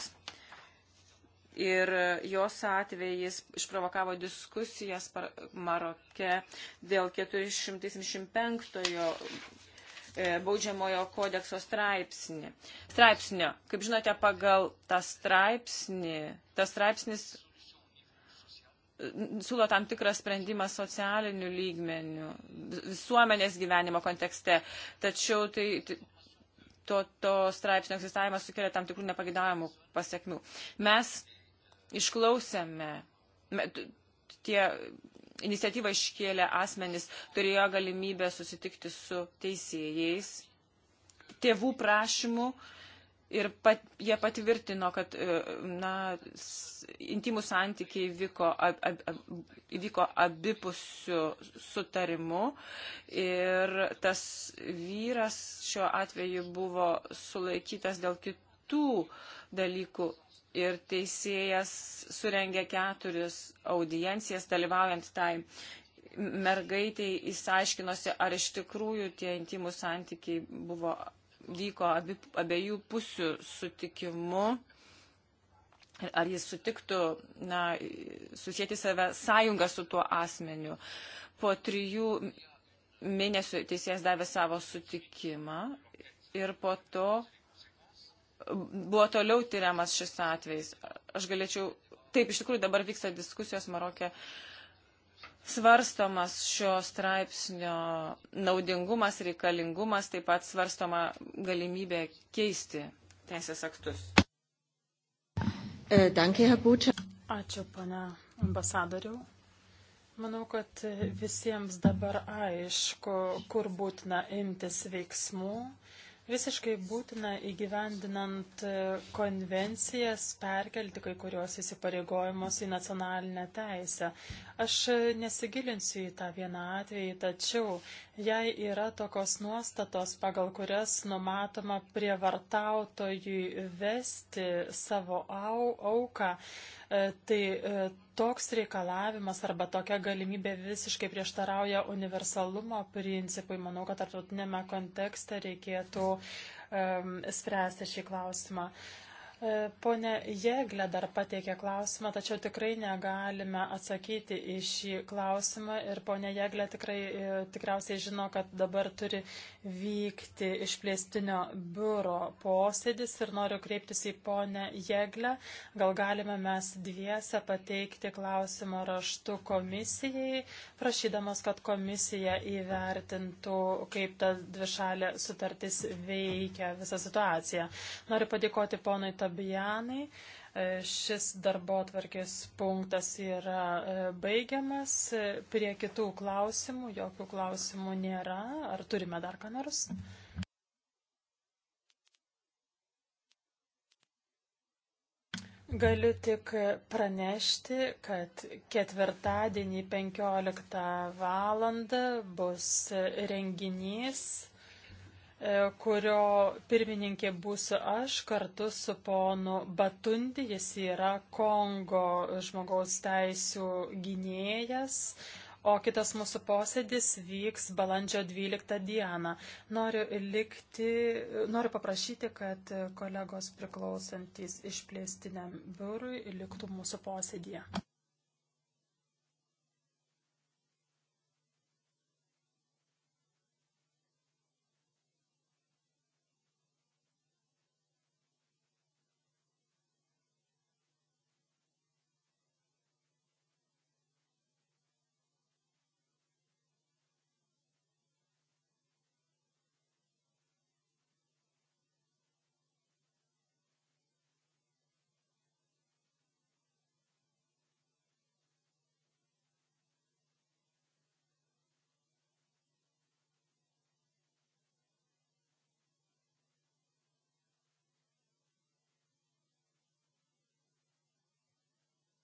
Ir jos atvejis išprovokavo diskusijas Maroke dėl 475 E, baudžiamojo kodekso straipsnį. straipsnio. Kaip žinote, pagal tą straipsnį, tas straipsnis e, siūlo tam tikrą sprendimą socialiniu lygmeniu, visuomenės gyvenimo kontekste. Tačiau tai, tai, to, to straipsnio egzistavimas sukelia tam tikrų nepagidavimų pasiekmių. Mes išklausėme, tie iniciatyvą iškėlę asmenys turėjo galimybę susitikti su teisėjais, tėvų prašymų ir pat, jie patvirtino, kad e, na, intimų santykiai vyko, ab, ab, vyko abipusių sutarimu ir tas vyras šiuo atveju buvo sulaikytas dėl kitų dalykų ir teisėjas surengė keturis audiencijas, dalyvaujant tai mergaitiai įsiaiškinosi, ar iš tikrųjų tie intimų santykiai buvo, vyko abi, abiejų pusių sutikimu, ar jis sutiktų na, susijęti save sąjungą su tuo asmeniu. Po trijų mėnesių teisėjas davė savo sutikimą ir po to buvo toliau tyriamas šis atvejs. Aš galėčiau, taip, iš tikrųjų dabar vyksta diskusijos Marokė, svarstomas šio straipsnio naudingumas, reikalingumas, taip pat svarstoma galimybė keisti teisės aktus. E, danke, Herr Būčia. Ačiū, pana ambasadoriau. Manau, kad visiems dabar aišku, kur būtina imtis veiksmų. Uh, visiškai būtina įgyvendinant e, konvencijas perkelti kai kurios įsipareigojimus į nacionalinę teisę. Aš e, nesigilinsiu į tą vieną atvejį, tačiau jei yra tokios nuostatos, pagal kurias numatoma prievartautojui vesti savo au, auką, e, tai toks reikalavimas arba tokia galimybė visiškai prieštarauja universalumo principui. Manau, kad tarptautinėme kontekste reikėtų um, spręsti šį klausimą. Uh, Pone Jėglė dar pateikė klausimą, tačiau tikrai negalime atsakyti į šį klausimą ir ponė Jėglė tikrai, e, tikriausiai žino, kad dabar turi vykti išplėstinio biuro posėdis ir noriu kreiptis į ponę Jėglę. Gal galime mes dviese pateikti klausimą raštu komisijai, prašydamos, kad komisija įvertintų, kaip ta dvišalė sutartis veikia visą situaciją. Noriu padėkoti ponui Tavirui Fabianai. E, šis darbo atvarkės punktas yra e, baigiamas. E, prie kitų klausimų, jokių klausimų nėra. Ar turime dar ką nors? Galiu tik pranešti, kad ketvirtadienį 15 val. bus renginys E, kurio pirmininkė būsiu aš kartu su ponu Batundi. Jis yra Kongo žmogaus teisų gynėjas. O kitas mūsų posėdis vyks balandžio 12 dieną. Noriu, likti, noriu paprašyti, kad kolegos priklausantis išplėstiniam biurui liktų mūsų posėdėje.